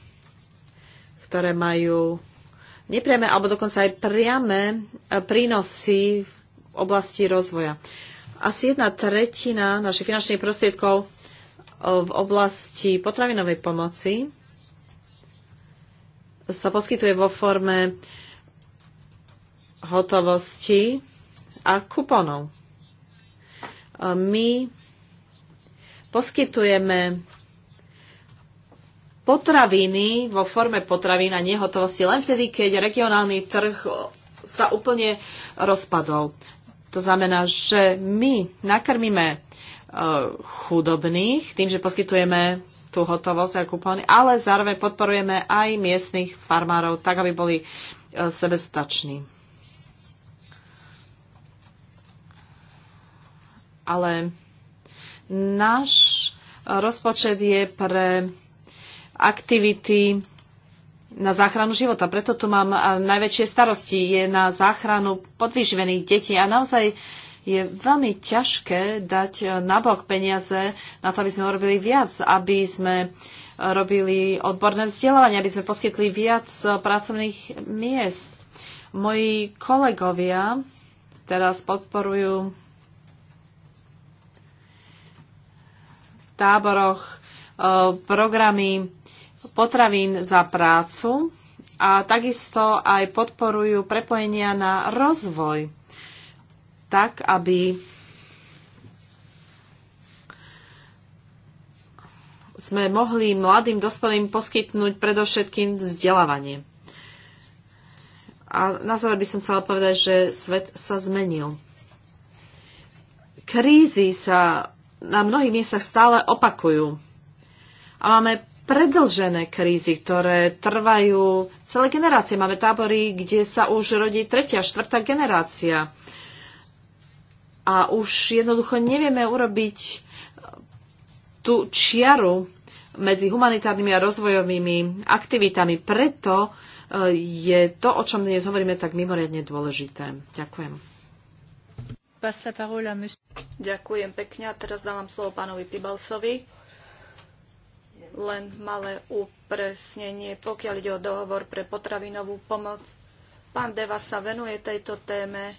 ktoré majú nepriame alebo dokonca aj priame e, prínosy v oblasti rozvoja. Asi jedna tretina našich finančných prostriedkov e, v oblasti potravinovej pomoci sa poskytuje vo forme hotovosti a kuponov my poskytujeme potraviny vo forme potravín a nehotovosti len vtedy, keď regionálny trh sa úplne rozpadol. To znamená, že my nakrmíme e, chudobných tým, že poskytujeme tú hotovosť a kupóny, ale zároveň podporujeme aj miestnych farmárov, tak aby boli e, sebestační. ale náš e, rozpočet je pre aktivity na záchranu života. Preto tu mám e, najväčšie starosti. Je na záchranu podvyživených detí a naozaj je veľmi ťažké dať e, nabok peniaze na to, aby sme urobili viac, aby sme robili odborné vzdelávanie, aby sme poskytli viac pracovných miest. Moji kolegovia teraz podporujú táboroch, e, programy potravín za prácu a takisto aj podporujú prepojenia na rozvoj, tak aby sme mohli mladým dospelým poskytnúť predovšetkým vzdelávanie. A na záver by som chcela povedať, že svet sa zmenil. Krízy sa na mnohých miestach stále opakujú. A máme predlžené krízy, ktoré trvajú celé generácie. Máme tábory, kde sa už rodí tretia, štvrtá generácia. A už jednoducho nevieme urobiť tú čiaru medzi humanitárnymi a rozvojovými aktivitami. Preto e, je to, o čom dnes hovoríme, tak mimoriadne dôležité. Ďakujem. Ďakujem pekne a teraz dávam slovo pánovi Pibalsovi. Len malé upresnenie, pokiaľ ide o dohovor pre potravinovú pomoc. Pán Deva sa venuje tejto téme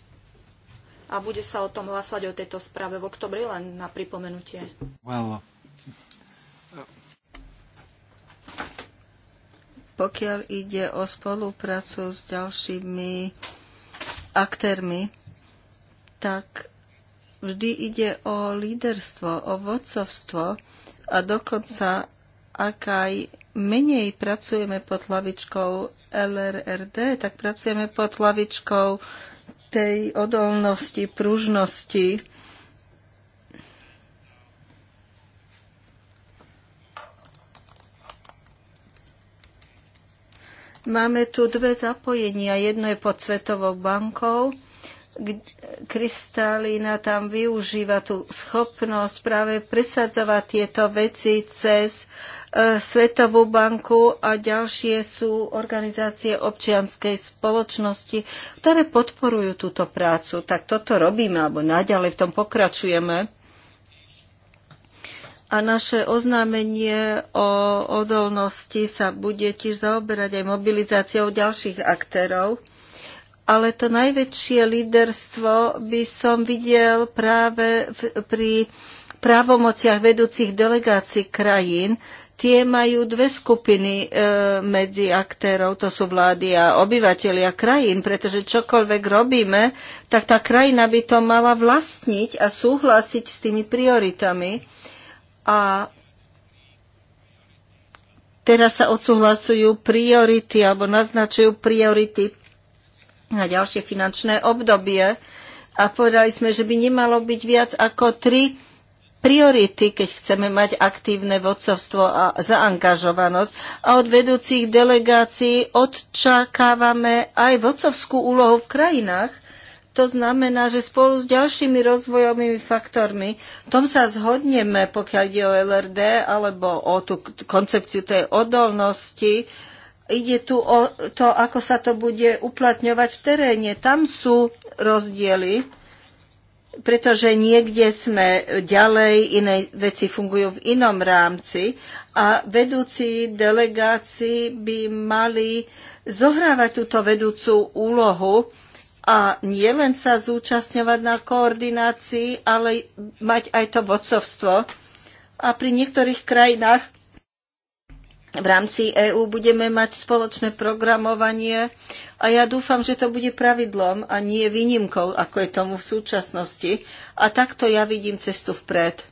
a bude sa o tom hlasovať o tejto správe v oktobri, len na pripomenutie. Well, pokiaľ ide o spoluprácu s ďalšími aktérmi, tak vždy ide o líderstvo, o vodcovstvo a dokonca ak aj menej pracujeme pod hlavičkou LRRD, tak pracujeme pod hlavičkou tej odolnosti, pružnosti. Máme tu dve zapojenia. Jedno je pod Svetovou bankou Kristalína tam využíva tú schopnosť práve presadzovať tieto veci cez e, Svetovú banku a ďalšie sú organizácie občianskej spoločnosti, ktoré podporujú túto prácu. Tak toto robíme, alebo naďalej v tom pokračujeme. A naše oznámenie o odolnosti sa bude tiež zaoberať aj mobilizáciou ďalších aktérov ale to najväčšie líderstvo by som videl práve v, pri právomociach vedúcich delegácií krajín. Tie majú dve skupiny e, medzi aktérov, to sú vlády a obyvateľia krajín, pretože čokoľvek robíme, tak tá krajina by to mala vlastniť a súhlasiť s tými prioritami. A teraz sa odsúhlasujú priority alebo naznačujú priority na ďalšie finančné obdobie. A povedali sme, že by nemalo byť viac ako tri priority, keď chceme mať aktívne vodcovstvo a zaangažovanosť. A od vedúcich delegácií odčakávame aj vodcovskú úlohu v krajinách. To znamená, že spolu s ďalšími rozvojovými faktormi, v tom sa zhodneme, pokiaľ ide o LRD alebo o tú koncepciu tej odolnosti, Ide tu o to, ako sa to bude uplatňovať v teréne. Tam sú rozdiely, pretože niekde sme ďalej, iné veci fungujú v inom rámci a vedúci delegácii by mali zohrávať túto vedúcu úlohu a nielen sa zúčastňovať na koordinácii, ale mať aj to vodcovstvo. A pri niektorých krajinách v rámci EÚ budeme mať spoločné programovanie a ja dúfam, že to bude pravidlom a nie výnimkou, ako je tomu v súčasnosti. A takto ja vidím cestu vpred.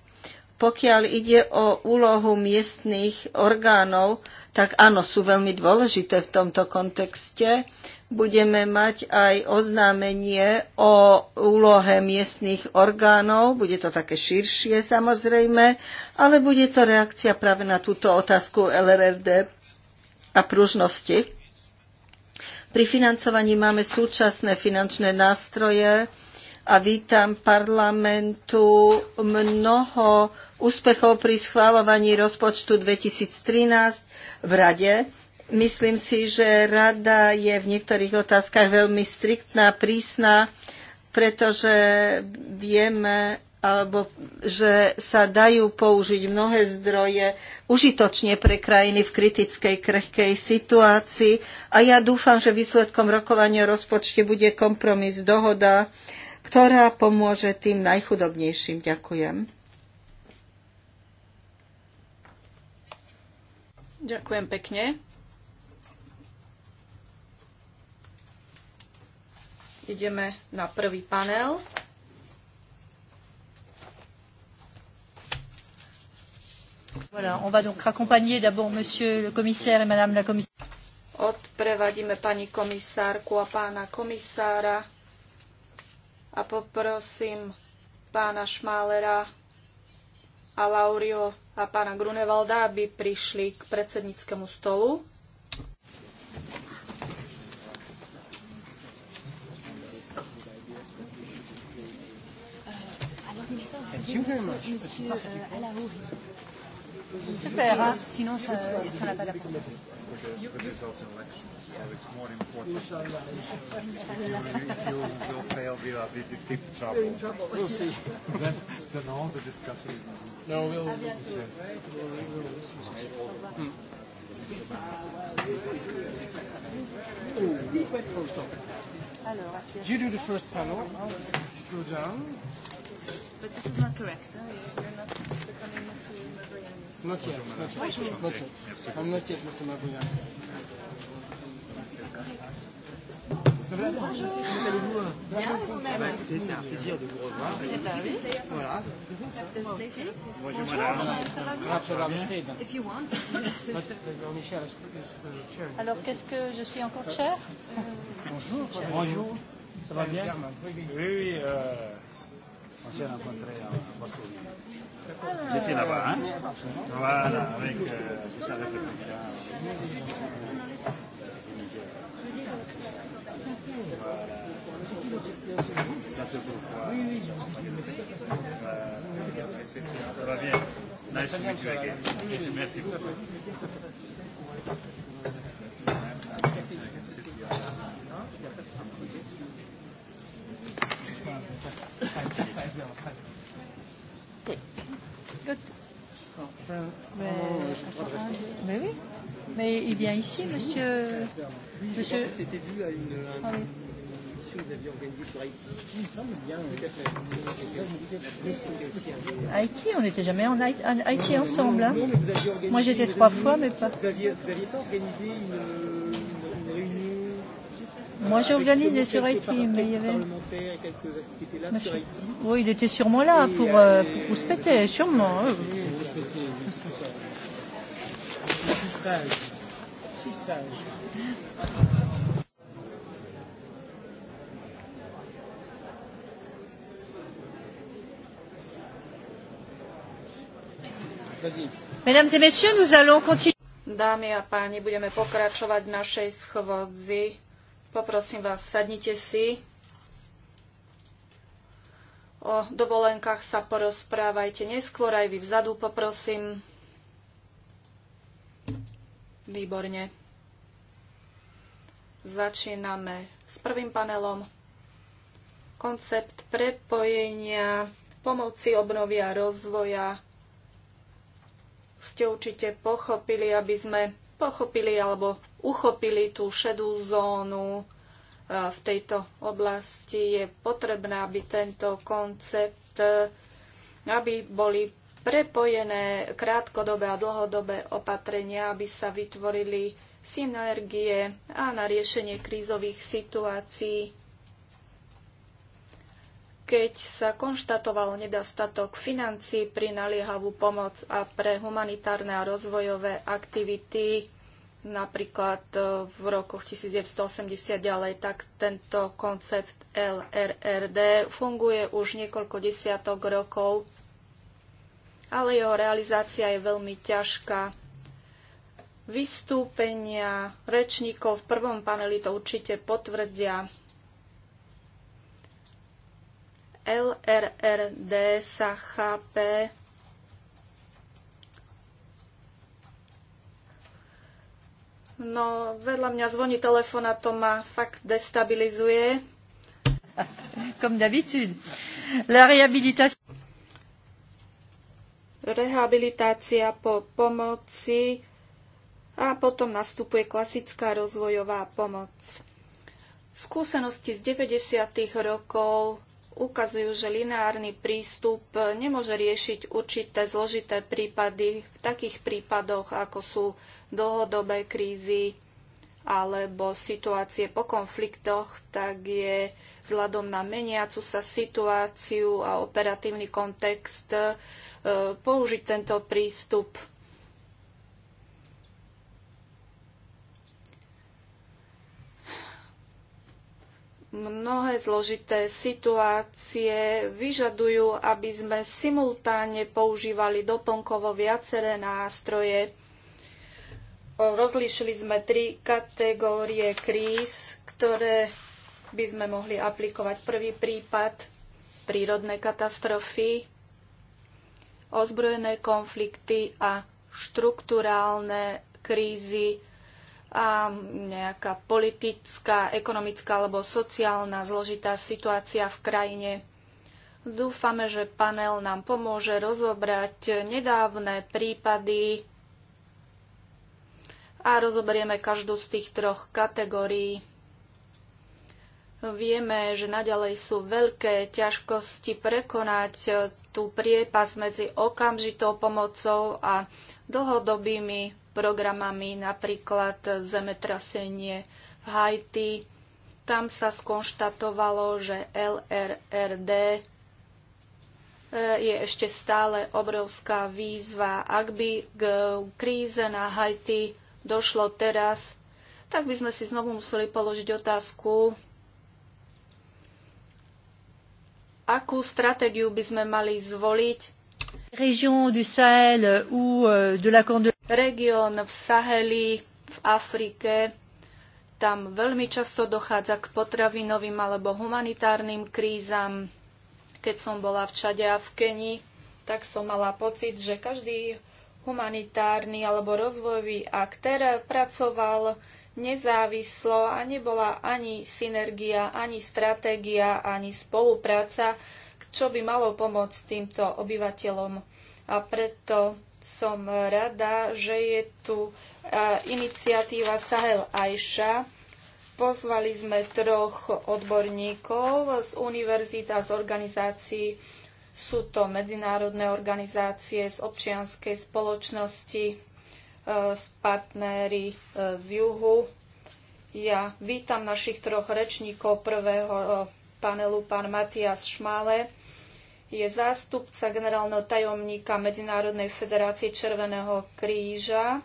Pokiaľ ide o úlohu miestných orgánov, tak áno, sú veľmi dôležité v tomto kontexte, budeme mať aj oznámenie o úlohe miestnych orgánov. Bude to také širšie samozrejme, ale bude to reakcia práve na túto otázku LRRD a pružnosti. Pri financovaní máme súčasné finančné nástroje a vítam parlamentu mnoho úspechov pri schváľovaní rozpočtu 2013 v Rade Myslím si, že rada je v niektorých otázkach veľmi striktná, prísna, pretože vieme, alebo že sa dajú použiť mnohé zdroje užitočne pre krajiny v kritickej, krehkej situácii. A ja dúfam, že výsledkom rokovania o rozpočte bude kompromis dohoda, ktorá pomôže tým najchudobnejším. Ďakujem. Ďakujem pekne. Ideme na prvý panel. Voilà, on va donc accompagner d'abord monsieur le commissaire et madame la commissaire. Odprevadíme pani komisárku a pána komisára a poprosím pána Šmálera a Laurio a pána Grunevalda, aby prišli k predsedníckému stolu. Thank you very much. Super, hein? sinon ça, n'a pas d'importance. You do the first panel, go down. But this is not correct. Huh? You're not becoming Mr. Not yet. Not yet. Not yet. I'm not yet Mr. Mavroyanis. bah, écoutez, c'est un plaisir de vous revoir. Voilà. Bonjour madame. Alors qu'est-ce que je suis encore chair Bonjour. Bonjour. Ça va bien Oui, oui. Euh... Včera Andreja Vasulina. Děti hein? Voilà, avec euh, avec le président. Oui, oui, je vous Très bien. Nice to meet you again. Merci beaucoup. Mais, oui, mais il vient ici, monsieur. monsieur... C'était dû à une. Euh, ah, oui. Vous aviez organisé sur Haïti. Il me semble bien. Haïti, on n'était jamais en Haïti, ensemble. Moi j'étais trois fois, mais pas. Vous n'aviez pas organisé une euh, Moi, j'ai organisé sur Haïti, mais il y avait. Oui, il était sûrement là pour, euh, euh, pour prospecter, sûrement. Oui. Si sage. Si sage. Mesdames et messieurs, nous allons continuer. Dámy a páni, budeme pokračovať v našej schôdzi. Poprosím vás, sadnite si. O dovolenkách sa porozprávajte neskôr, aj vy vzadu poprosím. Výborne. Začíname s prvým panelom. Koncept prepojenia pomoci obnovy a rozvoja ste určite pochopili, aby sme pochopili alebo uchopili tú šedú zónu e, v tejto oblasti. Je potrebné, aby tento koncept, e, aby boli prepojené krátkodobé a dlhodobé opatrenia, aby sa vytvorili synergie a na riešenie krízových situácií. Keď sa konštatoval nedostatok financií pri naliehavú pomoc a pre humanitárne a rozvojové aktivity, napríklad e, v rokoch 1980 ďalej, tak tento koncept LRRD funguje už niekoľko desiatok rokov, ale jeho realizácia je veľmi ťažká. Vystúpenia rečníkov v prvom paneli to určite potvrdia. LRRD sa chápe No, vedľa mňa zvoní telefón a to ma fakt destabilizuje. Comme d'habitude. La réhabilitation. Rehabilitácia po pomoci a potom nastupuje klasická rozvojová pomoc. Skúsenosti z 90. rokov ukazujú, že lineárny prístup nemôže riešiť určité zložité prípady v takých prípadoch, ako sú dlhodobé krízy alebo situácie po konfliktoch, tak je vzhľadom na meniacu sa situáciu a operatívny kontext e, použiť tento prístup. Mnohé zložité situácie vyžadujú, aby sme simultáne používali doplnkovo viaceré nástroje Rozlíšili sme tri kategórie kríz, ktoré by sme mohli aplikovať. Prvý prípad prírodné katastrofy, ozbrojené konflikty a štruktúrálne krízy a nejaká politická, ekonomická alebo sociálna zložitá situácia v krajine. Dúfame, že panel nám pomôže rozobrať nedávne prípady a rozoberieme každú z tých troch kategórií. Vieme, že naďalej sú veľké ťažkosti prekonať tú priepas medzi okamžitou pomocou a dlhodobými programami, napríklad zemetrasenie v Haiti. Tam sa skonštatovalo, že LRRD e, je ešte stále obrovská výzva. Ak by k kríze na Haiti došlo teraz, tak by sme si znovu museli položiť otázku, akú stratégiu by sme mali zvoliť. Región du Sahel ou euh, de la Corne v Saheli, v Afrike, tam veľmi často dochádza k potravinovým alebo humanitárnym krízam. Keď som bola v Čade a v Keni, tak som mala pocit, že každý humanitárny alebo rozvojový aktér pracoval nezávislo a nebola ani synergia, ani stratégia, ani spolupráca, čo by malo pomôcť týmto obyvateľom. A preto som rada, že je tu e, iniciatíva Sahel Aisha. Pozvali sme troch odborníkov z univerzita, z organizácií sú to medzinárodné organizácie z občianskej spoločnosti, e, z partnery e, z juhu. Ja vítam našich troch rečníkov prvého e, panelu, pán Matias Šmále, je zástupca generálneho tajomníka Medzinárodnej federácie Červeného kríža.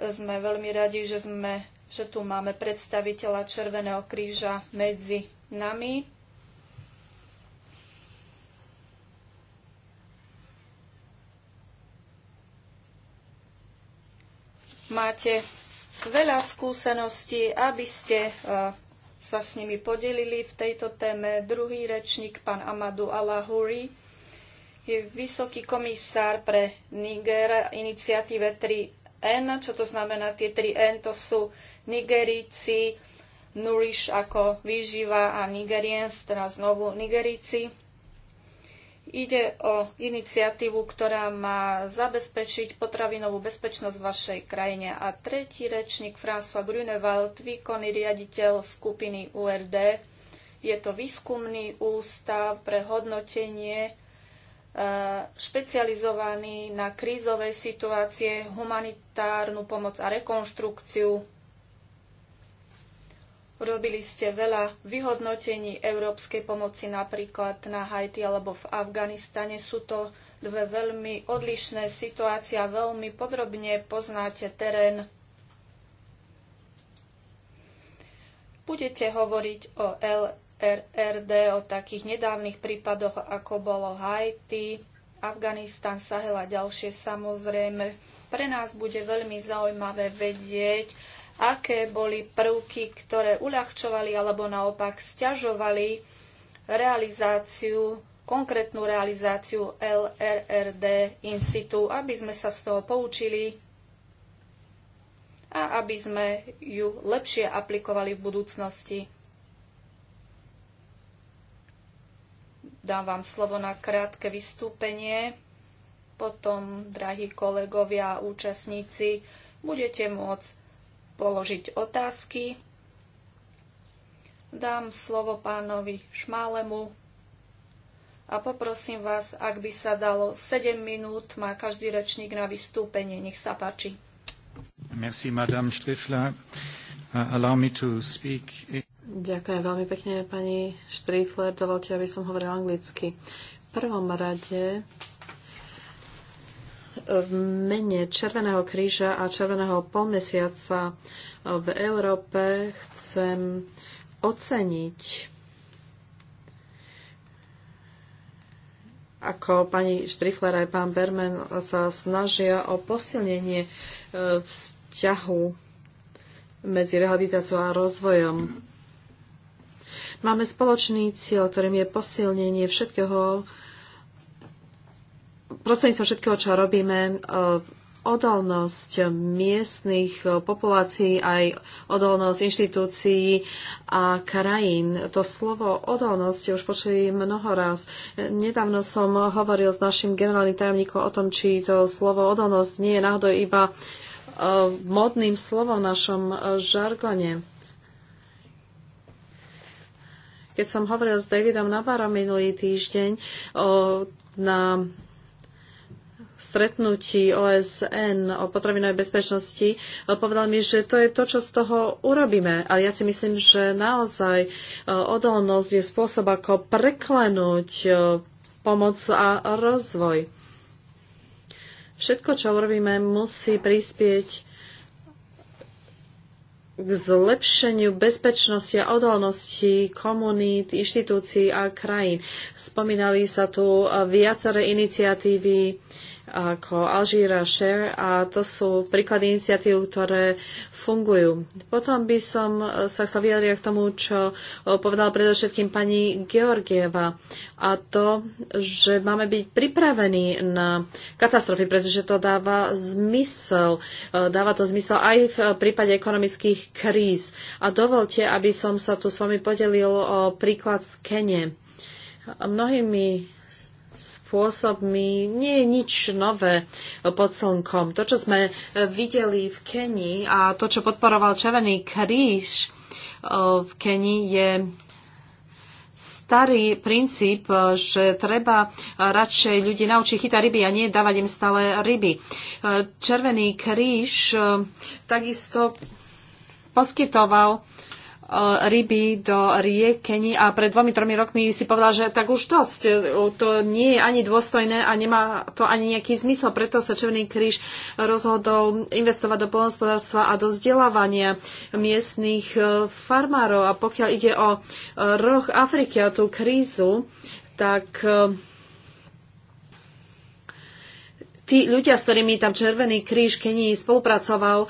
Sme veľmi radi, že sme že tu máme predstaviteľa Červeného kríža medzi nami. máte veľa skúseností, aby ste e, sa s nimi podelili v tejto téme. Druhý rečník, pán Amadu Alahuri, je vysoký komisár pre Niger iniciatíve 3N. Čo to znamená tie 3N? To sú Nigeríci, Nourish ako výživa a Nigeriens, teraz znovu Nigeríci. Ide o iniciatívu, ktorá má zabezpečiť potravinovú bezpečnosť v vašej krajine. A tretí rečník François Grunewald, výkonný riaditeľ skupiny URD. Je to výskumný ústav pre hodnotenie e, špecializovaný na krízové situácie, humanitárnu pomoc a rekonštrukciu Robili ste veľa vyhodnotení európskej pomoci napríklad na Haiti alebo v Afganistane. Sú to dve veľmi odlišné situácie a veľmi podrobne poznáte terén. Budete hovoriť o LRRD, o takých nedávnych prípadoch, ako bolo Haiti, Afganistan, Sahel a ďalšie samozrejme. Pre nás bude veľmi zaujímavé vedieť, aké boli prvky, ktoré uľahčovali alebo naopak stiažovali realizáciu, konkrétnu realizáciu LRRD in situ, aby sme sa z toho poučili a aby sme ju lepšie aplikovali v budúcnosti. Dám vám slovo na krátke vystúpenie. Potom, drahí kolegovia a účastníci, budete môcť položiť otázky. Dám slovo pánovi Šmálemu a poprosím vás, ak by sa dalo 7 minút, má každý rečník na vystúpenie. Nech sa páči. Merci, madame Štrifla. Uh, allow me to speak. Ďakujem veľmi pekne, pani Štrifler. Dovolte, aby som hovoril anglicky. V prvom rade v mene Červeného kríža a Červeného polmesiaca v Európe chcem oceniť ako pani Štrifler aj pán Berman sa snažia o posilnenie e, vzťahu medzi rehabilitáciou a rozvojom. Máme spoločný cieľ, ktorým je posilnenie všetkého, prostredníctvom všetkého, čo robíme, e, odolnosť miestnych e, populácií, aj odolnosť inštitúcií a krajín. To slovo odolnosť už počuli mnoho raz. Nedávno som hovoril s našim generálnym tajomníkom o tom, či to slovo odolnosť nie je náhodou iba e, modným slovom v našom žargone. Keď som hovoril s Davidom Navarom minulý týždeň na stretnutí OSN o potravinovej bezpečnosti eh, povedal mi, že to je to, čo z toho urobíme. Ale ja si myslím, že naozaj eh, odolnosť je spôsob, ako preklenúť eh, pomoc a rozvoj. Všetko, čo urobíme, musí prispieť k zlepšeniu bezpečnosti a odolnosti komunít, inštitúcií a krajín. Spomínali sa tu viaceré iniciatívy ako Alžíra, Share a to sú príklady iniciatív, ktoré fungujú. Potom by som sa chcel vyjadriť k tomu, čo povedala predovšetkým pani Georgieva a to, že máme byť pripravení na katastrofy, pretože to dáva zmysel. Dáva to zmysel aj v prípade ekonomických kríz. A dovolte, aby som sa tu s vami podelil o príklad z Kene. Mnohými spôsobmi nie je nič nové pod slnkom. To, čo sme eh, videli v Kenii a to, čo podporoval Červený kríž eh, v Kenii, je starý princíp, eh, že treba radšej ľudí naučiť chytať ryby a nie dávať im stále ryby. Červený kríž takisto poskytoval E, ryby do riekeni a pred dvomi, tromi rokmi si povedal, že tak už dosť, e, to nie je ani dôstojné a nemá to ani nejaký zmysel, preto sa Červený kríž rozhodol investovať do polnohospodárstva a do vzdelávania miestných e, farmárov. A pokiaľ ide o roh Afriky a tú krízu, tak tí ľudia, s ktorými tam Červený kríž Kení spolupracoval, e,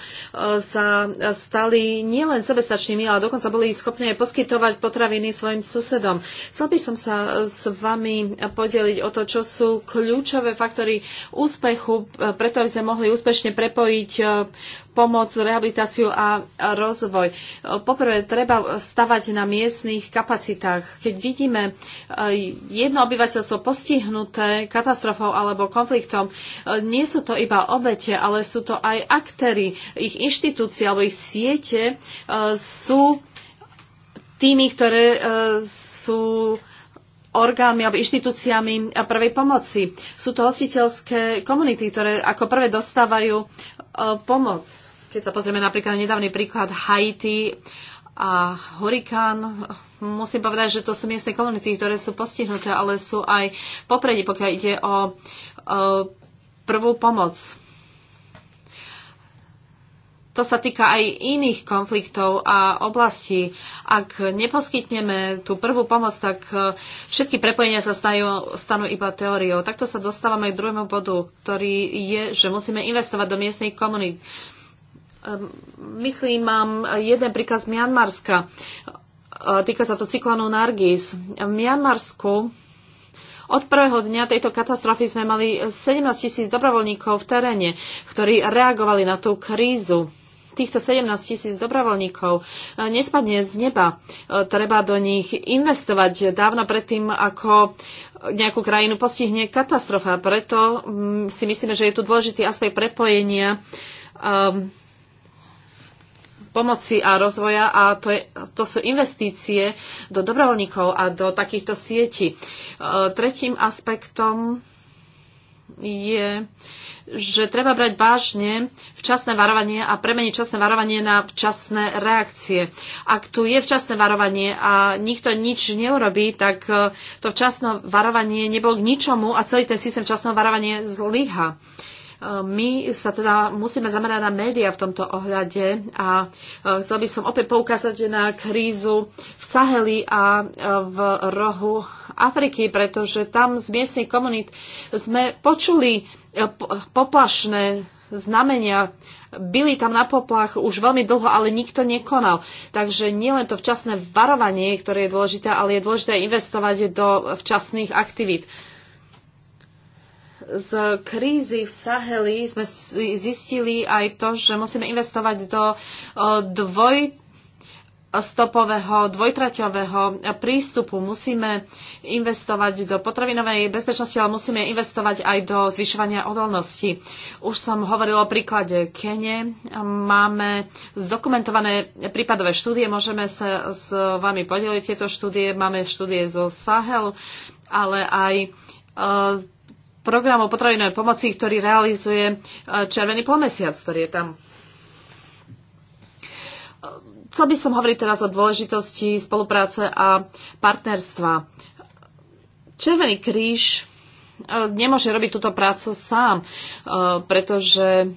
sa stali nielen sebestačnými, ale dokonca boli schopní poskytovať potraviny svojim susedom. Chcel by som sa s vami podeliť o to, čo sú kľúčové faktory úspechu, e, preto aby sme mohli úspešne prepojiť e, pomoc, rehabilitáciu a rozvoj. Poprvé, treba stavať na miestnych kapacitách. Keď vidíme e, jedno obyvateľstvo postihnuté katastrofou alebo konfliktom, e, nie sú to iba obete, ale sú to aj aktéry. Ich inštitúcie alebo ich siete e, sú tými, ktoré sú orgánmi alebo inštitúciami prvej pomoci. Sú to hostiteľské komunity, ktoré ako prvé dostávajú e, pomoc. Keď sa pozrieme napríklad na nedávny príklad Haiti a hurikán, musím povedať, že to sú miestne komunity, ktoré sú postihnuté, ale sú aj popredí, pokiaľ ide o e, prvú pomoc to sa týka aj iných konfliktov a oblastí. Ak neposkytneme tú prvú pomoc, tak e, všetky prepojenia sa stajú, stanú iba teóriou. Takto sa dostávame k druhému bodu, ktorý je, že musíme investovať do miestnej komunít. Ehm, myslím, mám jeden príkaz z Mianmarska. E, týka sa to cyklonu Nargis. V Mianmarsku od prvého dňa tejto katastrofy sme mali 17 tisíc dobrovoľníkov v teréne, ktorí reagovali na tú krízu týchto 17 tisíc dobrovoľníkov e, nespadne z neba. E, Treba do nich investovať dávno predtým, ako nejakú krajinu postihne katastrofa. Preto mm, si myslíme, že je tu dôležitý aspekt prepojenia ehm, pomoci a rozvoja a to, je, to sú investície do dobrovoľníkov a do takýchto sietí. E, tretím aspektom je že treba brať vážne včasné varovanie a premeniť včasné varovanie na včasné reakcie. Ak tu je včasné varovanie a nikto nič neurobí, tak e, to včasné varovanie nebolo k ničomu a celý ten systém včasného varovania zlyha e, my sa teda musíme zamerať na médiá v tomto ohľade a e, chcel by som opäť poukázať na krízu v Saheli a v rohu Afriky, pretože tam z miestnych komunít sme počuli E, poplašné znamenia byli tam na poplach už veľmi dlho, ale nikto nekonal. Takže nielen to včasné varovanie, ktoré je dôležité, ale je dôležité investovať do včasných aktivít. Z krízy v Saheli sme zistili aj to, že musíme investovať do e, dvoj stopového dvojtraťového prístupu. Musíme investovať do potravinovej bezpečnosti, ale musíme investovať aj do zvyšovania odolnosti. Už som hovoril o príklade Kene. Máme zdokumentované prípadové štúdie, môžeme sa s vami podeliť tieto štúdie. Máme štúdie zo Sahel ale aj eh, programov potravinovej pomoci, ktorý realizuje eh, Červený polmesiac, ktorý je tam Chcel by som hovoriť teraz o dôležitosti spolupráce a partnerstva. Červený kríž e, nemôže robiť túto prácu sám, e, pretože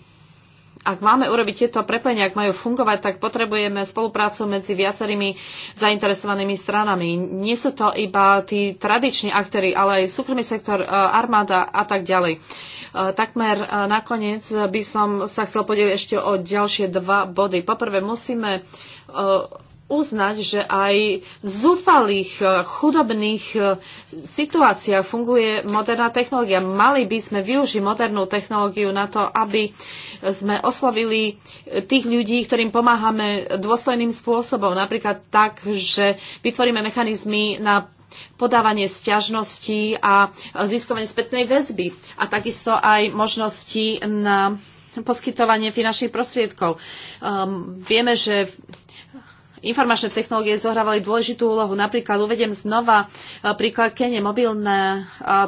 ak máme urobiť tieto prepojenia, ak majú fungovať, tak potrebujeme spoluprácu medzi viacerými zainteresovanými stranami. Nie sú to iba tí tradiční aktéry, ale aj súkromný sektor, e, armáda a tak ďalej. Takmer nakoniec by som sa chcel podeliť ešte o ďalšie dva body. Poprvé musíme Eh, uznať, že aj v zúfalých, eh, chudobných eh, situáciách funguje moderná technológia. Mali by sme využiť modernú technológiu na to, aby sme oslovili tých ľudí, ktorým pomáhame dôstojným spôsobom. Napríklad tak, že vytvoríme mechanizmy na podávanie sťažností a získovanie spätnej väzby a takisto aj možnosti na poskytovanie finančných prostriedkov. Um, vieme, že informačné technológie zohrávali dôležitú úlohu. Napríklad uvediem znova e, príklad Kene. Mobilné e,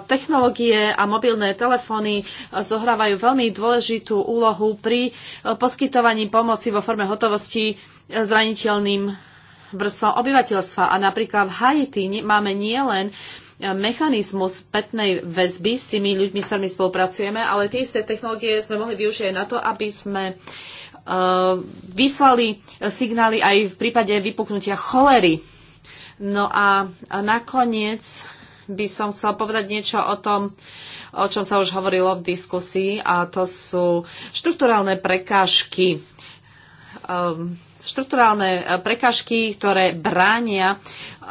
technológie a mobilné telefóny e, zohrávajú veľmi dôležitú úlohu pri poskytovaní pomoci vo forme hotovosti zraniteľným vrstvom obyvateľstva. A napríklad v Haiti máme nielen mechanizmus spätnej väzby s tými ľuďmi, s ktorými spolupracujeme, ale tie isté technológie sme mohli využiť aj na to, aby sme uh, Eh, vyslali signály aj v prípade vypuknutia cholery. No a nakoniec by som chcela povedať niečo o tom, o čom sa už hovorilo v diskusii, a to sú štruktúrálne prekážky. Um, ehm, štruktúralne eh, prekážky, ktoré bránia uh,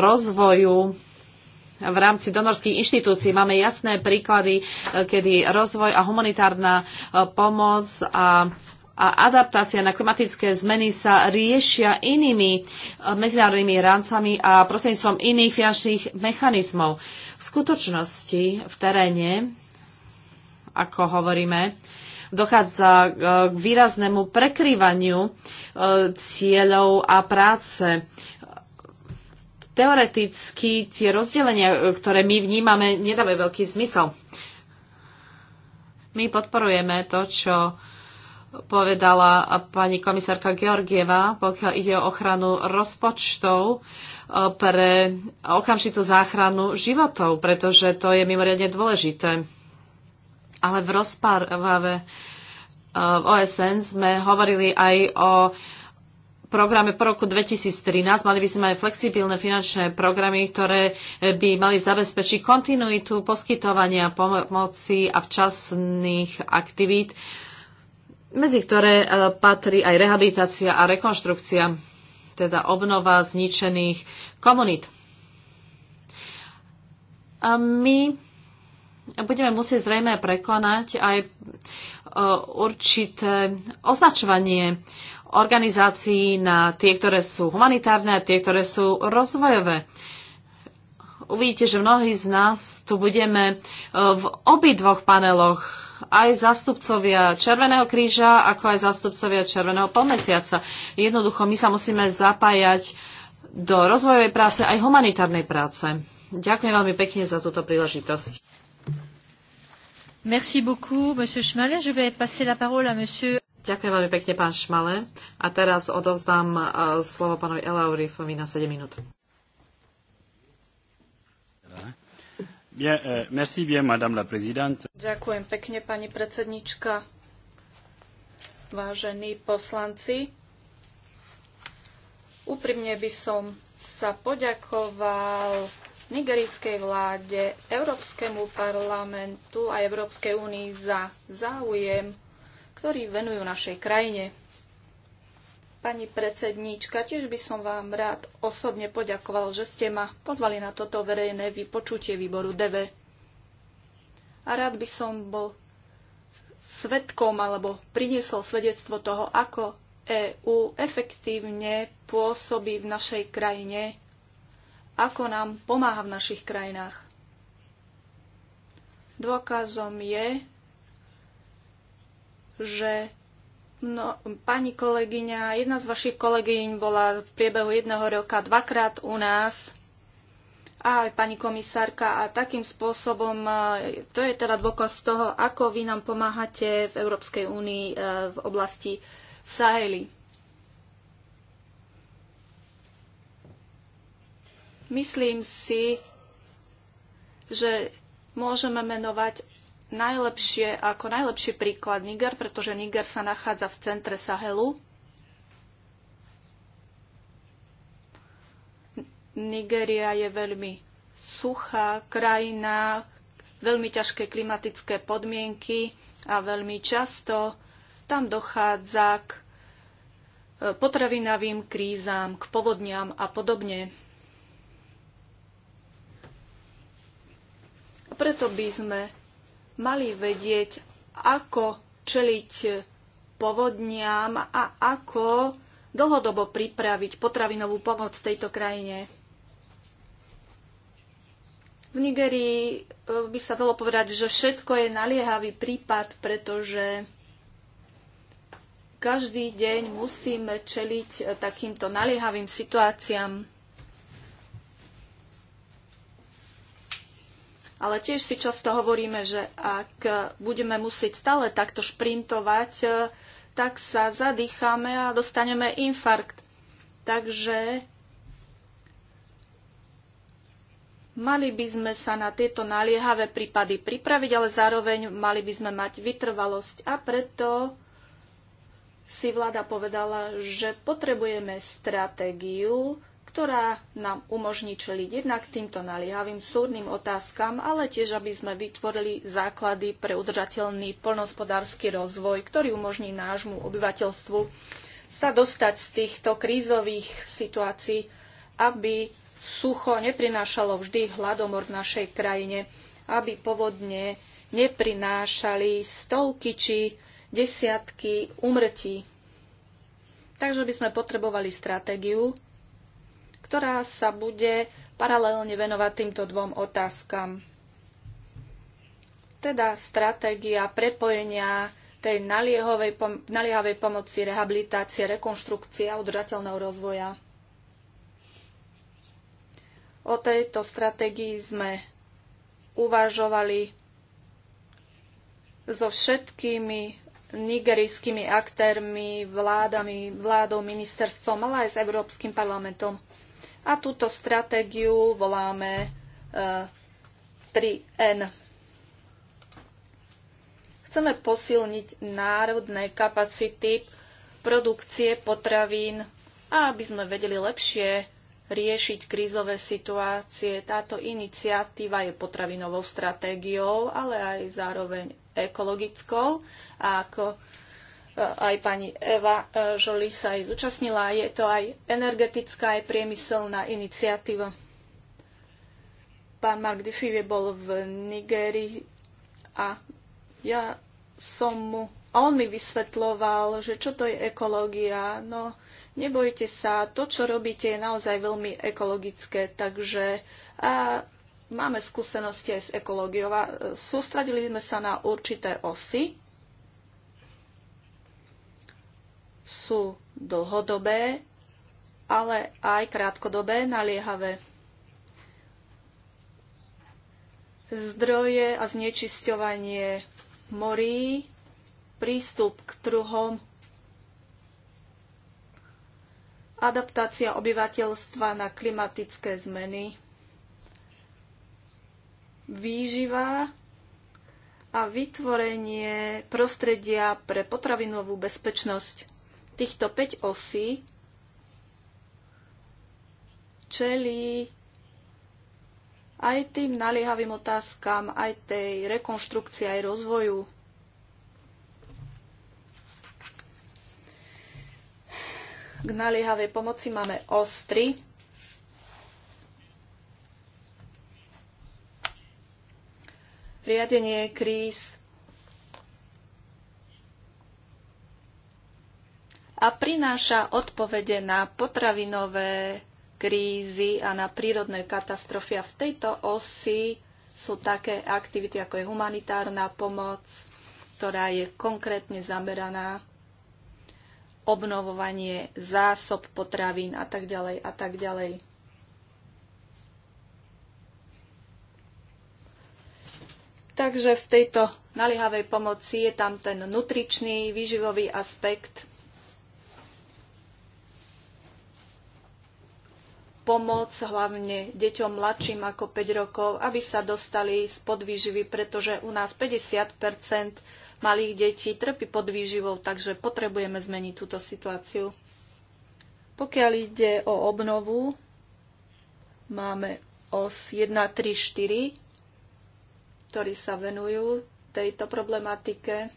rozvoju v rámci donorských inštitúcií. Máme jasné príklady, kedy rozvoj a humanitárna pomoc a a adaptácia na klimatické zmeny sa riešia inými e, medzinárodnými rámcami a prostredníctvom iných finančných mechanizmov. V skutočnosti v teréne, ako hovoríme, dochádza e, k výraznému prekrývaniu e, cieľov a práce. Teoreticky tie rozdelenia, ktoré my vnímame, nedávajú veľký zmysel. My podporujeme to, čo povedala pani komisárka Georgieva, pokiaľ ide o ochranu rozpočtov e, pre okamžitú záchranu životov, pretože to je mimoriadne dôležité. Ale v rozpárave e, v OSN sme hovorili aj o programe po roku 2013. Mali by sme mať flexibilné finančné programy, ktoré by mali zabezpečiť kontinuitu poskytovania pomoci a včasných aktivít medzi ktoré e, patrí aj rehabilitácia a rekonštrukcia, teda obnova zničených komunít. A my budeme musieť zrejme prekonať aj e, určité označovanie organizácií na tie, ktoré sú humanitárne a tie, ktoré sú rozvojové uvidíte, že mnohí z nás tu budeme e, v obidvoch paneloch aj zastupcovia Červeného kríža, ako aj zastupcovia Červeného polmesiaca. Jednoducho, my sa musíme zapájať do rozvojovej práce aj humanitárnej práce. Ďakujem veľmi pekne za túto príležitosť. Merci beaucoup, monsieur Schmale. Je vais passer la parole à monsieur... Ďakujem veľmi pekne, pán Šmale. A teraz odovzdám e, slovo pánovi Elaurifovi na 7 minút. Bien, eh, merci bien, madame la présidente. Ďakujem pekne, pani predsednička. Vážení poslanci, úprimne by som sa poďakoval nigerijskej vláde, Európskemu parlamentu a Európskej únii za záujem, ktorý venujú našej krajine. Pani predsedníčka, tiež by som vám rád osobne poďakoval, že ste ma pozvali na toto verejné vypočutie výboru DV. A rád by som bol svetkom alebo priniesol svedectvo toho, ako EÚ efektívne pôsobí v našej krajine, ako nám pomáha v našich krajinách. Dôkazom je, že No, pani kolegyňa, jedna z vašich kolegyň bola v priebehu jedného roka dvakrát u nás a aj pani komisárka a takým spôsobom, to je teda dôkaz toho, ako vy nám pomáhate v Európskej únii e, v oblasti Sahely. Myslím si, že môžeme menovať najlepšie, ako najlepší príklad Niger, pretože Niger sa nachádza v centre Sahelu. Nigeria je veľmi suchá krajina, veľmi ťažké klimatické podmienky a veľmi často tam dochádza k e, potravinavým krízám, k povodniam a podobne. A preto by sme mali vedieť, ako čeliť povodniam a ako dlhodobo pripraviť potravinovú pomoc tejto krajine. V Nigerii e, by sa dalo povedať, že všetko je naliehavý prípad, pretože každý deň musíme čeliť e, takýmto naliehavým situáciám. Ale tiež si často hovoríme, že ak budeme musieť stále takto šprintovať, e, tak sa zadýchame a dostaneme infarkt. Takže mali by sme sa na tieto naliehavé prípady pripraviť, ale zároveň mali by sme mať vytrvalosť. A preto si vláda povedala, že potrebujeme stratégiu, ktorá nám umožní čeliť jednak týmto naliehavým súdnym otázkam, ale tiež, aby sme vytvorili základy pre udržateľný polnospodársky rozvoj, ktorý umožní nášmu obyvateľstvu sa dostať z týchto krízových situácií, aby sucho neprinášalo vždy hladomor v našej krajine, aby povodne neprinášali stovky či desiatky umrtí. Takže by sme potrebovali stratégiu, ktorá sa bude paralelne venovať týmto dvom otázkam. Teda stratégia prepojenia tej naliehavej, pom- naliehavej pomoci, rehabilitácie, rekonštrukcie a udržateľného rozvoja. O tejto stratégii sme uvažovali so všetkými nigerijskými aktérmi, vládami, vládou, ministerstvom, ale aj s Európskym parlamentom. A túto stratégiu voláme 3N. Eh, Chceme posilniť národné kapacity produkcie potravín a aby sme vedeli lepšie riešiť krízové situácie. Táto iniciatíva je potravinovou stratégiou, ale aj zároveň ekologickou. A ako E, aj pani Eva Žolí e, sa aj zúčastnila. Je to aj energetická, aj priemyselná iniciatíva. Pán Mark Diffie bol v Nigerii a ja som mu... A on mi vysvetloval, že čo to je ekológia. No, nebojte sa, to, čo robíte, je naozaj veľmi ekologické, takže a máme skúsenosti aj s ekológiou. E, sústradili sme sa na určité osy, sú dlhodobé, ale aj krátkodobé, naliehavé. Zdroje a znečisťovanie morí, prístup k truhom, adaptácia obyvateľstva na klimatické zmeny, výživa a vytvorenie prostredia pre potravinovú bezpečnosť týchto 5 osí čelí aj tým naliehavým otázkam, aj tej rekonštrukcii, aj rozvoju. K naliehavej pomoci máme ostry. Riadenie kríz a prináša odpovede na potravinové krízy a na prírodné katastrofy. A v tejto osi sú také aktivity, ako je humanitárna pomoc, ktorá je konkrétne zameraná obnovovanie zásob potravín a tak ďalej a tak ďalej. Takže v tejto naliehavej pomoci je tam ten nutričný, výživový aspekt pomoc hlavne deťom mladším ako 5 rokov, aby sa dostali z podvýživy, pretože u nás 50 malých detí trpí podvýživou, takže potrebujeme zmeniť túto situáciu. Pokiaľ ide o obnovu, máme os 1, 3, 4, ktorí sa venujú tejto problematike.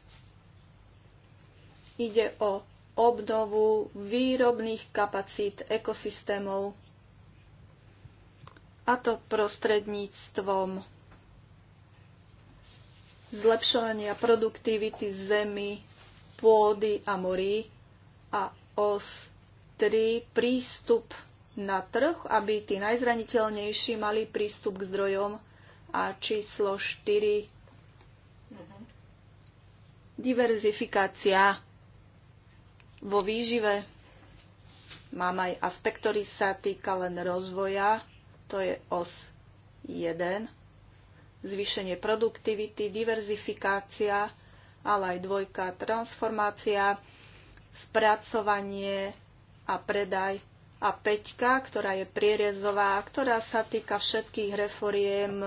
Ide o obnovu výrobných kapacít ekosystémov a to prostredníctvom zlepšovania produktivity zemi, pôdy a morí a os 3 prístup na trh, aby tí najzraniteľnejší mali prístup k zdrojom a číslo 4 diverzifikácia vo výžive. Mám aj aspekt, ktorý sa týka len rozvoja to je os 1, zvýšenie produktivity, diverzifikácia, ale aj dvojka, transformácia, spracovanie a predaj a peťka, ktorá je prierezová, ktorá sa týka všetkých reforiem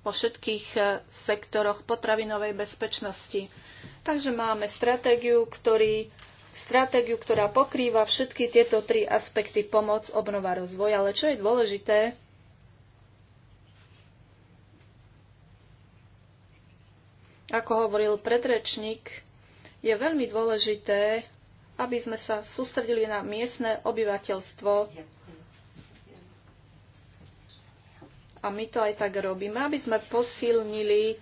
vo e, všetkých e, sektoroch potravinovej bezpečnosti. Takže máme stratégiu, ktorý, stratégiu, ktorá pokrýva všetky tieto tri aspekty pomoc, obnova, rozvoj. Ale čo je dôležité, Ako hovoril predrečník, je veľmi dôležité, aby sme sa sústredili na miestne obyvateľstvo. A my to aj tak robíme, aby sme posilnili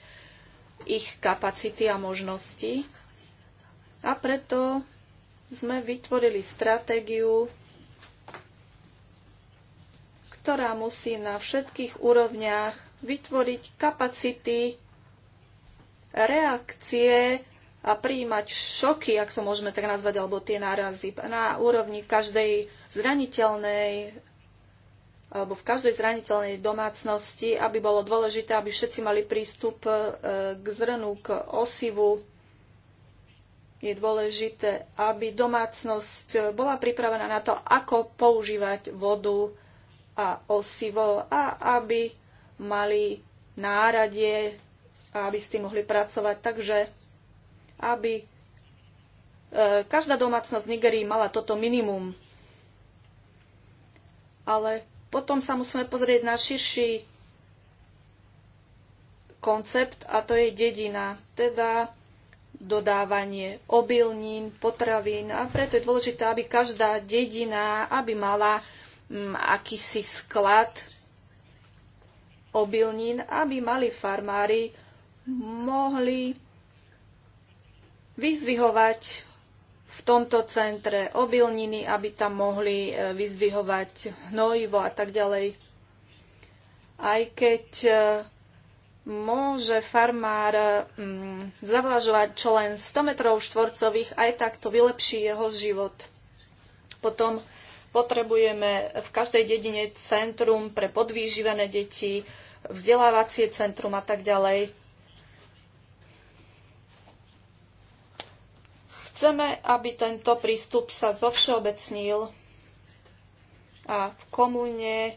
ich kapacity a možnosti. A preto sme vytvorili stratégiu, ktorá musí na všetkých úrovniach vytvoriť kapacity reakcie a prijímať šoky, ak to môžeme tak nazvať, alebo tie nárazy na úrovni každej zraniteľnej alebo v každej zraniteľnej domácnosti, aby bolo dôležité, aby všetci mali prístup e, k zrnu, k osivu. Je dôležité, aby domácnosť bola pripravená na to, ako používať vodu a osivo a aby mali náradie aby s tým mohli pracovať. Takže aby e, každá domácnosť v Nigerii mala toto minimum. Ale potom sa musíme pozrieť na širší koncept a to je dedina, teda dodávanie obilnín, potravín a preto je dôležité, aby každá dedina, aby mala mm, akýsi sklad obilnín, aby mali farmári mohli vyzvihovať v tomto centre obilniny, aby tam mohli e, vyzvihovať hnojivo a tak ďalej. Aj keď e, môže farmár e, zavlažovať čo len 100 metrov štvorcových, aj tak to vylepší jeho život. Potom potrebujeme v každej dedine centrum pre podvýživené deti, vzdelávacie centrum a tak ďalej. Chceme, aby tento prístup sa zovšeobecnil a v komúne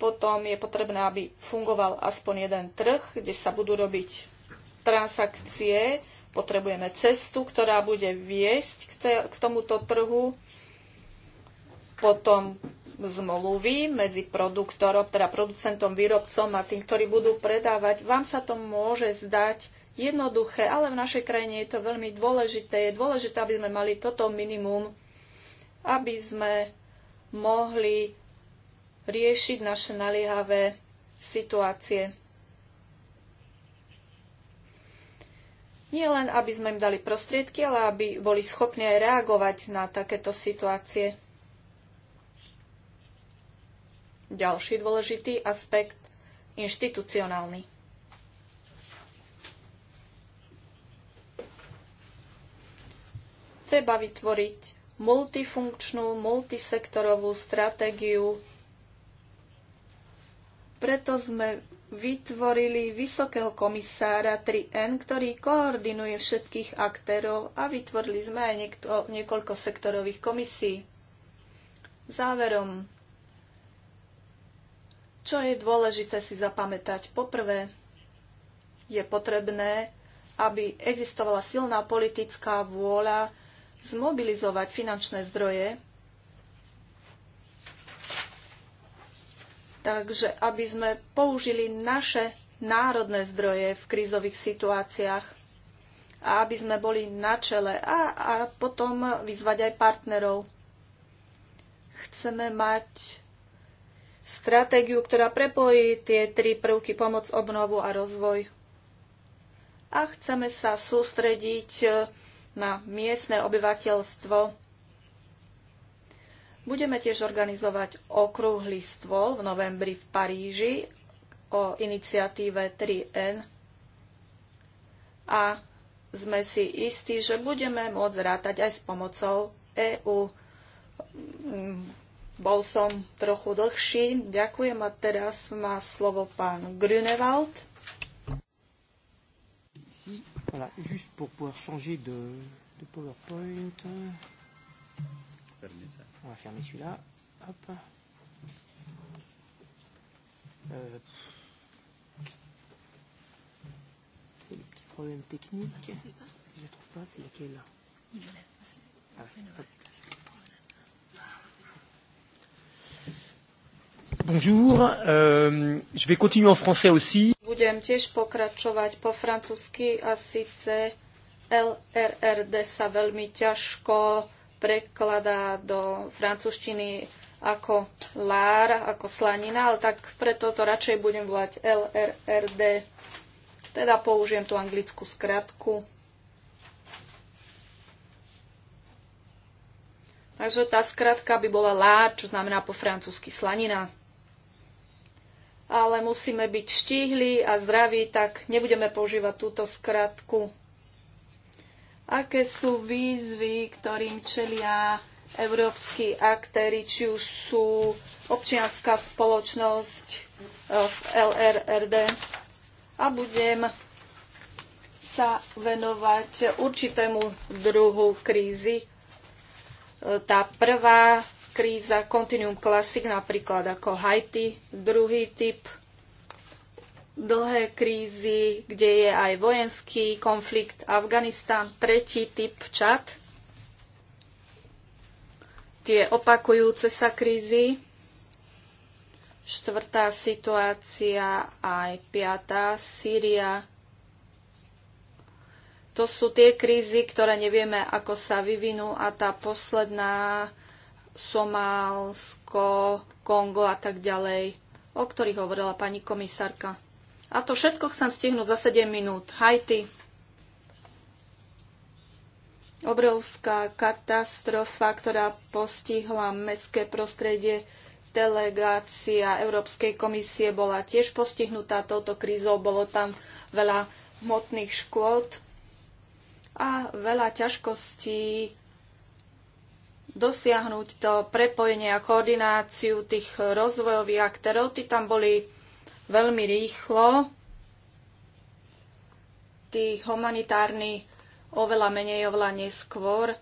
potom je potrebné, aby fungoval aspoň jeden trh, kde sa budú robiť transakcie. Potrebujeme cestu, ktorá bude viesť k, te, k tomuto trhu. Potom zmluvy medzi produktorom, teda producentom, výrobcom a tým, ktorí budú predávať. Vám sa to môže zdať jednoduché, ale v našej krajine je to veľmi dôležité. Je dôležité, aby sme mali toto minimum, aby sme mohli riešiť naše naliehavé situácie. Nie len, aby sme im dali prostriedky, ale aby boli schopní aj reagovať na takéto situácie. Ďalší dôležitý aspekt, inštitucionálny. Treba vytvoriť multifunkčnú, multisektorovú stratégiu. Preto sme vytvorili vysokého komisára 3N, ktorý koordinuje všetkých aktérov a vytvorili sme aj niekto, niekoľko sektorových komisí. Záverom, čo je dôležité si zapamätať? Poprvé, je potrebné, aby existovala silná politická vôľa zmobilizovať finančné zdroje, takže aby sme použili naše národné zdroje v krízových situáciách a aby sme boli na čele a, a potom vyzvať aj partnerov. Chceme mať stratégiu, ktorá prepojí tie tri prvky pomoc, obnovu a rozvoj. A chceme sa sústrediť na miestne obyvateľstvo. Budeme tiež organizovať okrúhly stôl v novembri v Paríži o iniciatíve 3N a sme si istí, že budeme môcť rátať aj s pomocou EÚ. Mm, bol som trochu dlhší. Ďakujem a teraz má slovo pán Grünewald. Voilà, juste pour pouvoir changer de, de PowerPoint. Fermez ça. On va fermer celui-là. Hop. Euh, c'est le petit problème technique. Je ne trouve pas, c'est lequel là ah, Bonjour, euh, je vais continuer en français aussi budem tiež pokračovať po francúzsky a síce LRRD sa veľmi ťažko prekladá do francúzštiny ako lár, ako slanina, ale tak preto to radšej budem volať LRRD. Teda použijem tú anglickú skratku. Takže tá skratka by bola lár, čo znamená po francúzsky slanina ale musíme byť štíhli a zdraví, tak nebudeme používať túto skratku. Aké sú výzvy, ktorým čelia európsky aktéry, či už sú občianská spoločnosť e, v LRRD. A budem sa venovať určitému druhu krízy. E, tá prvá kríza, Continuum Classic napríklad ako Haiti, druhý typ dlhé krízy, kde je aj vojenský konflikt Afganistan, tretí typ čat, tie opakujúce sa krízy, štvrtá situácia, aj piatá, Sýria. To sú tie krízy, ktoré nevieme, ako sa vyvinú a tá posledná Somálsko, Kongo a tak ďalej, o ktorých hovorila pani komisárka. A to všetko chcem stihnúť za 7 minút. Haiti. Obrovská katastrofa, ktorá postihla mestské prostredie. Delegácia Európskej komisie bola tiež postihnutá touto krízou. Bolo tam veľa hmotných škôd a veľa ťažkostí dosiahnuť to prepojenie a koordináciu tých rozvojových aktérov. Tí tam boli veľmi rýchlo, tí humanitárni oveľa menej, oveľa neskôr. E,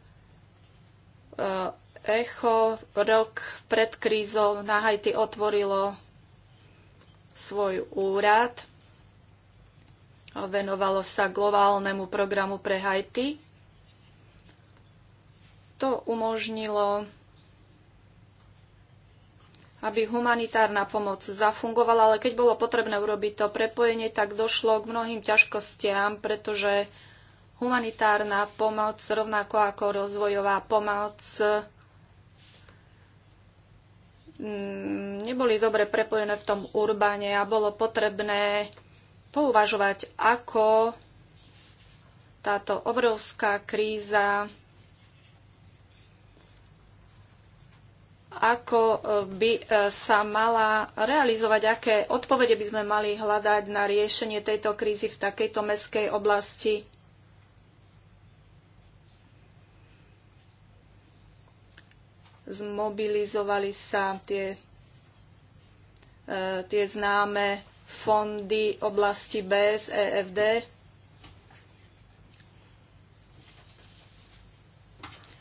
echo rok pred krízou na Haiti otvorilo svoj úrad. Venovalo sa globálnemu programu pre Haiti to umožnilo, aby humanitárna pomoc zafungovala, ale keď bolo potrebné urobiť to prepojenie, tak došlo k mnohým ťažkostiam, pretože humanitárna pomoc, rovnako ako rozvojová pomoc, mm, neboli dobre prepojené v tom urbáne a bolo potrebné pouvažovať, ako táto obrovská kríza ako e, by e, sa mala realizovať, aké odpovede by sme mali hľadať na riešenie tejto krízy v takejto meskej oblasti. Zmobilizovali sa tie, e, tie známe fondy oblasti BSEFD. EFD.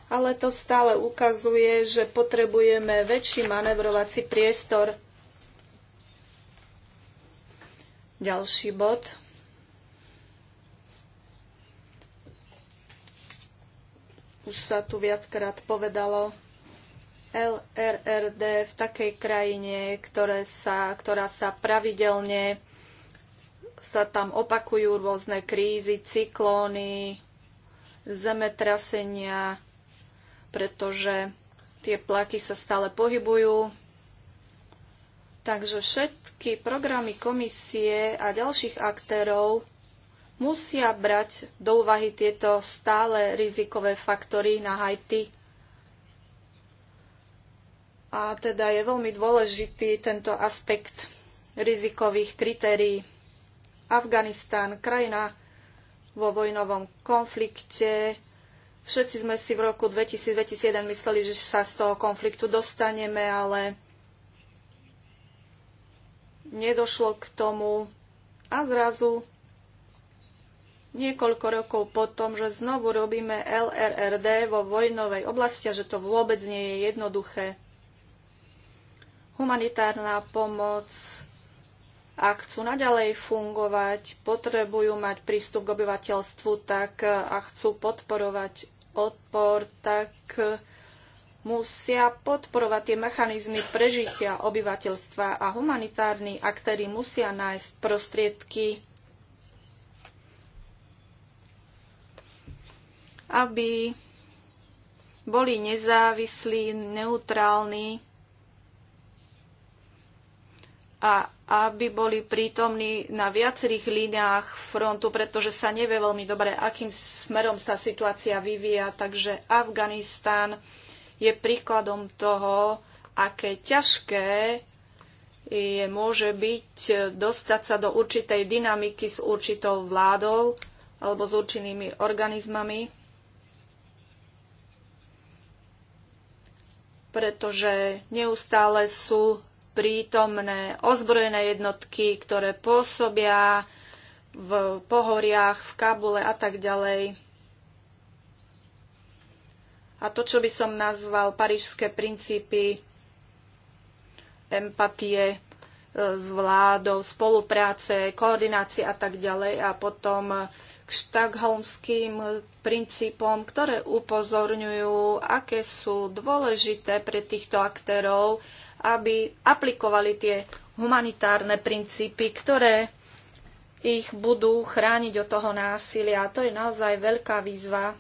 ale to stále ukazuje, že potrebujeme väčší manevrovací priestor. Ďalší bod. Už sa tu viackrát povedalo, LRRD v takej krajine, ktoré sa, ktorá sa pravidelne sa tam opakujú rôzne krízy, cyklóny, zemetrasenia, pretože tie plaky sa stále pohybujú. Takže všetky programy komisie a ďalších aktérov musia brať do úvahy tieto stále rizikové faktory na Haiti. A teda je veľmi dôležitý tento aspekt rizikových kritérií. Afganistán, krajina vo vojnovom konflikte, Všetci sme si v roku 2021 mysleli, že sa z toho konfliktu dostaneme, ale nedošlo k tomu. A zrazu niekoľko rokov po tom, že znovu robíme LRRD vo vojnovej oblasti a že to vôbec nie je jednoduché. Humanitárna pomoc, ak chcú naďalej fungovať, potrebujú mať prístup k obyvateľstvu tak eh, a chcú podporovať odpor, tak musia podporovať tie mechanizmy prežitia obyvateľstva a humanitárni aktéry musia nájsť prostriedky, aby boli nezávislí, neutrálni a aby boli prítomní na viacerých líniách frontu, pretože sa nevie veľmi dobre, akým smerom sa situácia vyvíja. Takže Afganistán je príkladom toho, aké ťažké je, môže byť dostať sa do určitej dynamiky s určitou vládou alebo s určitými organizmami, pretože neustále sú prítomné ozbrojené jednotky, ktoré pôsobia v pohoriach, v Kabule a tak ďalej. A to, čo by som nazval parížské princípy empatie e, s vládou, spolupráce, koordinácie a tak ďalej. A potom k štagholmským princípom, ktoré upozorňujú, aké sú dôležité pre týchto aktérov aby aplikovali tie humanitárne princípy, ktoré ich budú chrániť od toho násilia. A to je naozaj veľká výzva.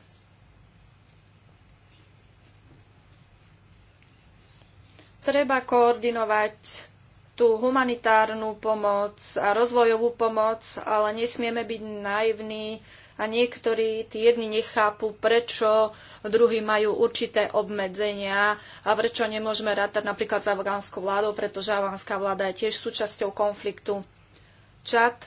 Treba koordinovať tú humanitárnu pomoc a rozvojovú pomoc, ale nesmieme byť naivní, a niektorí tí jedni nechápu, prečo druhí majú určité obmedzenia a prečo nemôžeme rátať napríklad s afgánskou vládou, pretože afgánska vláda je tiež súčasťou konfliktu. Čad,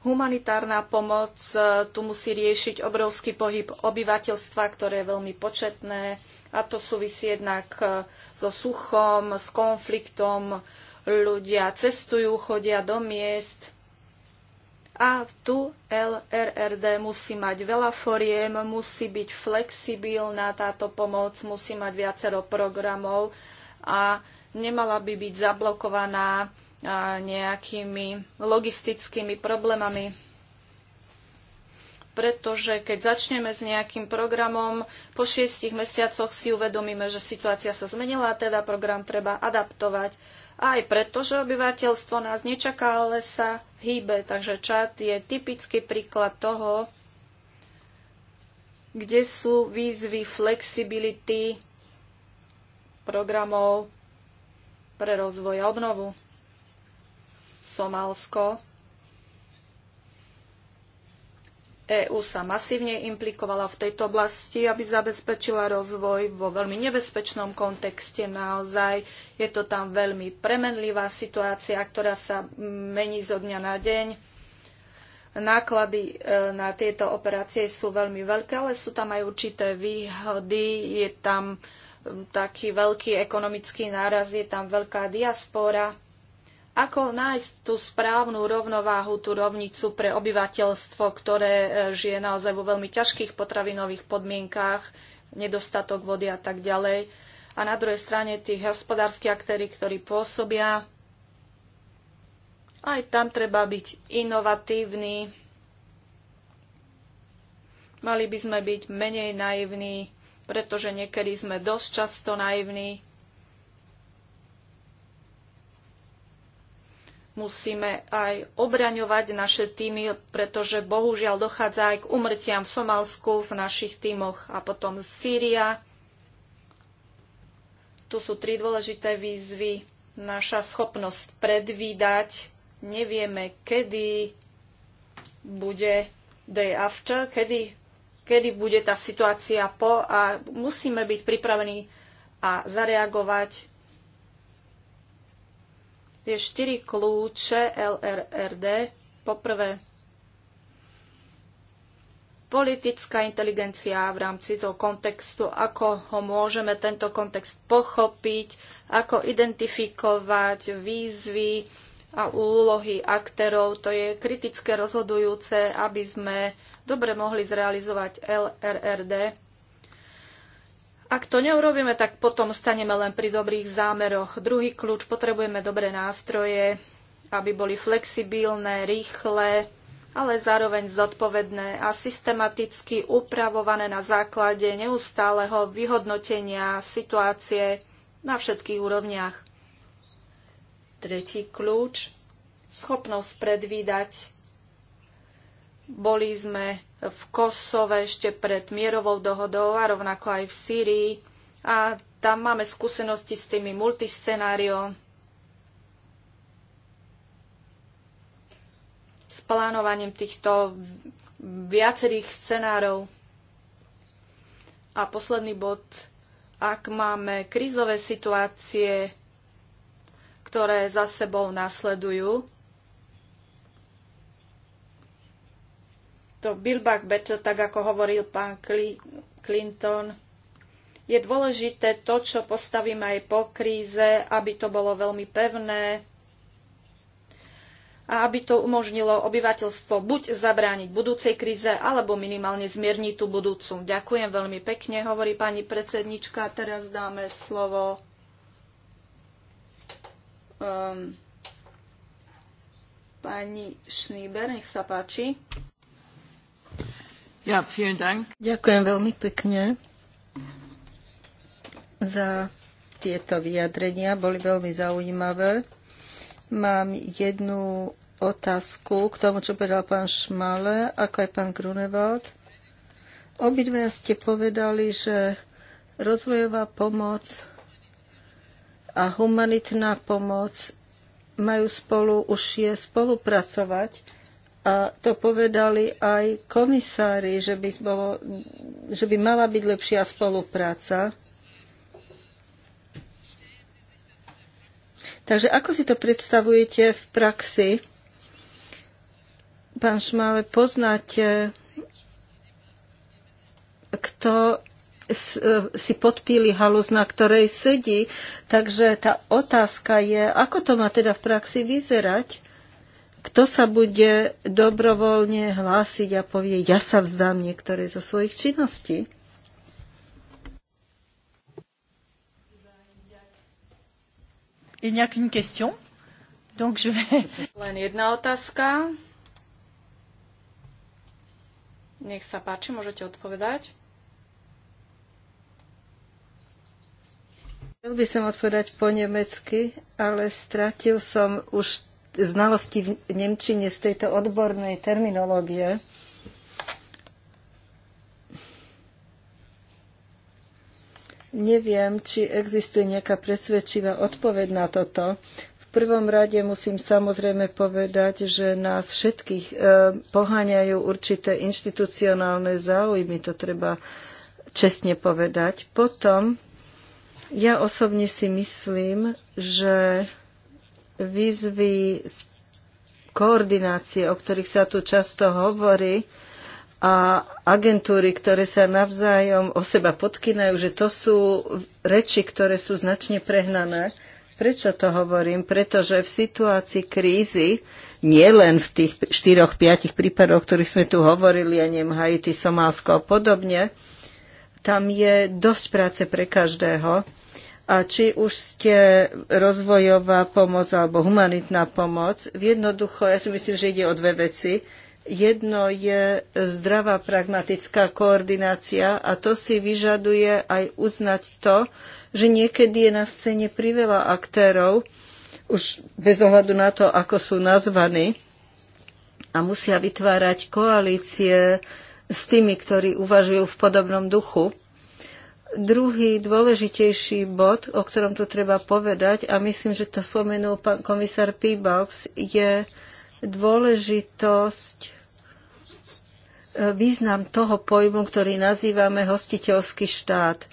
humanitárna pomoc, e, tu musí riešiť obrovský pohyb obyvateľstva, ktoré je veľmi početné a to súvisí jednak e, so suchom, s konfliktom, ľudia cestujú, chodia do miest, a tu LRRD musí mať veľa foriem, musí byť flexibilná táto pomoc, musí mať viacero programov a nemala by byť zablokovaná nejakými logistickými problémami. Pretože keď začneme s nejakým programom, po šiestich mesiacoch si uvedomíme, že situácia sa zmenila a teda program treba adaptovať. Aj preto, že obyvateľstvo nás nečaká, ale sa hýbe. Takže čat je typický príklad toho, kde sú výzvy flexibility programov pre rozvoj a obnovu. Somálsko EÚ sa masívne implikovala v tejto oblasti, aby zabezpečila rozvoj vo veľmi nebezpečnom kontexte. Naozaj je to tam veľmi premenlivá situácia, ktorá sa mení zo dňa na deň. Náklady e, na tieto operácie sú veľmi veľké, ale sú tam aj určité výhody. Je tam taký veľký ekonomický náraz, je tam veľká diaspora ako nájsť tú správnu rovnováhu, tú rovnicu pre obyvateľstvo, ktoré e, žije naozaj vo veľmi ťažkých potravinových podmienkách, nedostatok vody a tak ďalej. A na druhej strane tých hospodárskych aktéry, ktorí pôsobia, aj tam treba byť inovatívny. Mali by sme byť menej naivní, pretože niekedy sme dosť často naivní musíme aj obraňovať naše týmy, pretože bohužiaľ dochádza aj k umrtiam v Somálsku v našich týmoch a potom Sýria. Tu sú tri dôležité výzvy. Naša schopnosť predvídať. Nevieme, kedy bude day after, kedy, kedy bude tá situácia po a musíme byť pripravení a zareagovať tie štyri kľúče LRRD. Poprvé, politická inteligencia v rámci toho kontextu, ako ho môžeme tento kontext pochopiť, ako identifikovať výzvy a úlohy aktérov. To je kritické rozhodujúce, aby sme dobre mohli zrealizovať LRRD. Ak to neurobíme, tak potom staneme len pri dobrých zámeroch. Druhý kľúč, potrebujeme dobré nástroje, aby boli flexibilné, rýchle, ale zároveň zodpovedné a systematicky upravované na základe neustáleho vyhodnotenia situácie na všetkých úrovniach. Tretí kľúč, schopnosť predvídať boli sme v Kosove ešte pred mierovou dohodou a rovnako aj v Sýrii a tam máme skúsenosti s tými multiscenáriom, s plánovaním týchto viacerých scenárov. A posledný bod, ak máme krízové situácie, ktoré za sebou nasledujú, to Build Back Better, tak ako hovoril pán Clinton, je dôležité to, čo postavím aj po kríze, aby to bolo veľmi pevné a aby to umožnilo obyvateľstvo buď zabrániť budúcej kríze, alebo minimálne zmierniť tú budúcu. Ďakujem veľmi pekne, hovorí pani predsednička. Teraz dáme slovo um, pani Šníber, nech sa páči. Ďakujem veľmi pekne za tieto vyjadrenia. Boli veľmi zaujímavé. Mám jednu otázku k tomu, čo povedal pán Šmale, ako aj pán Grunewald. Obidve ste povedali, že rozvojová pomoc a humanitná pomoc majú spolu už je spolupracovať a to povedali aj komisári, že by, bolo, že by mala byť lepšia spolupráca. Takže ako si to predstavujete v praxi? Pán Šmále, poznáte, kto e, si podpíli halus, na ktorej sedí. Takže tá otázka je, ako to má teda v praxi vyzerať? Kto sa bude dobrovoľne hlásiť a povie, ja sa vzdám niektoré zo svojich činností? Il n'y question. Donc je vais... Len jedna otázka. Nech sa páči, môžete odpovedať. Chcel by som odpovedať po nemecky, ale stratil som už znalosti v Nemčine z tejto odbornej terminológie. Neviem, či existuje nejaká presvedčivá odpoveď na toto. V prvom rade musím samozrejme povedať, že nás všetkých e, poháňajú určité inštitucionálne záujmy, to treba čestne povedať. Potom ja osobne si myslím, že výzvy koordinácie, o ktorých sa tu často hovorí, a agentúry, ktoré sa navzájom o seba podkynajú, že to sú reči, ktoré sú značne prehnané. Prečo to hovorím? Pretože v situácii krízy, nie len v tých štyroch, piatich prípadoch, o ktorých sme tu hovorili, ja neviem, Haiti, Somálsko a podobne, tam je dosť práce pre každého a či už ste rozvojová pomoc alebo humanitná pomoc. Jednoducho, ja si myslím, že ide o dve veci. Jedno je zdravá pragmatická koordinácia a to si vyžaduje aj uznať to, že niekedy je na scéne priveľa aktérov, už bez ohľadu na to, ako sú nazvaní, a musia vytvárať koalície s tými, ktorí uvažujú v podobnom duchu. Druhý dôležitejší bod, o ktorom tu treba povedať, a myslím, že to spomenul pán komisár Pibalks, je dôležitosť, e, význam toho pojmu, ktorý nazývame hostiteľský štát.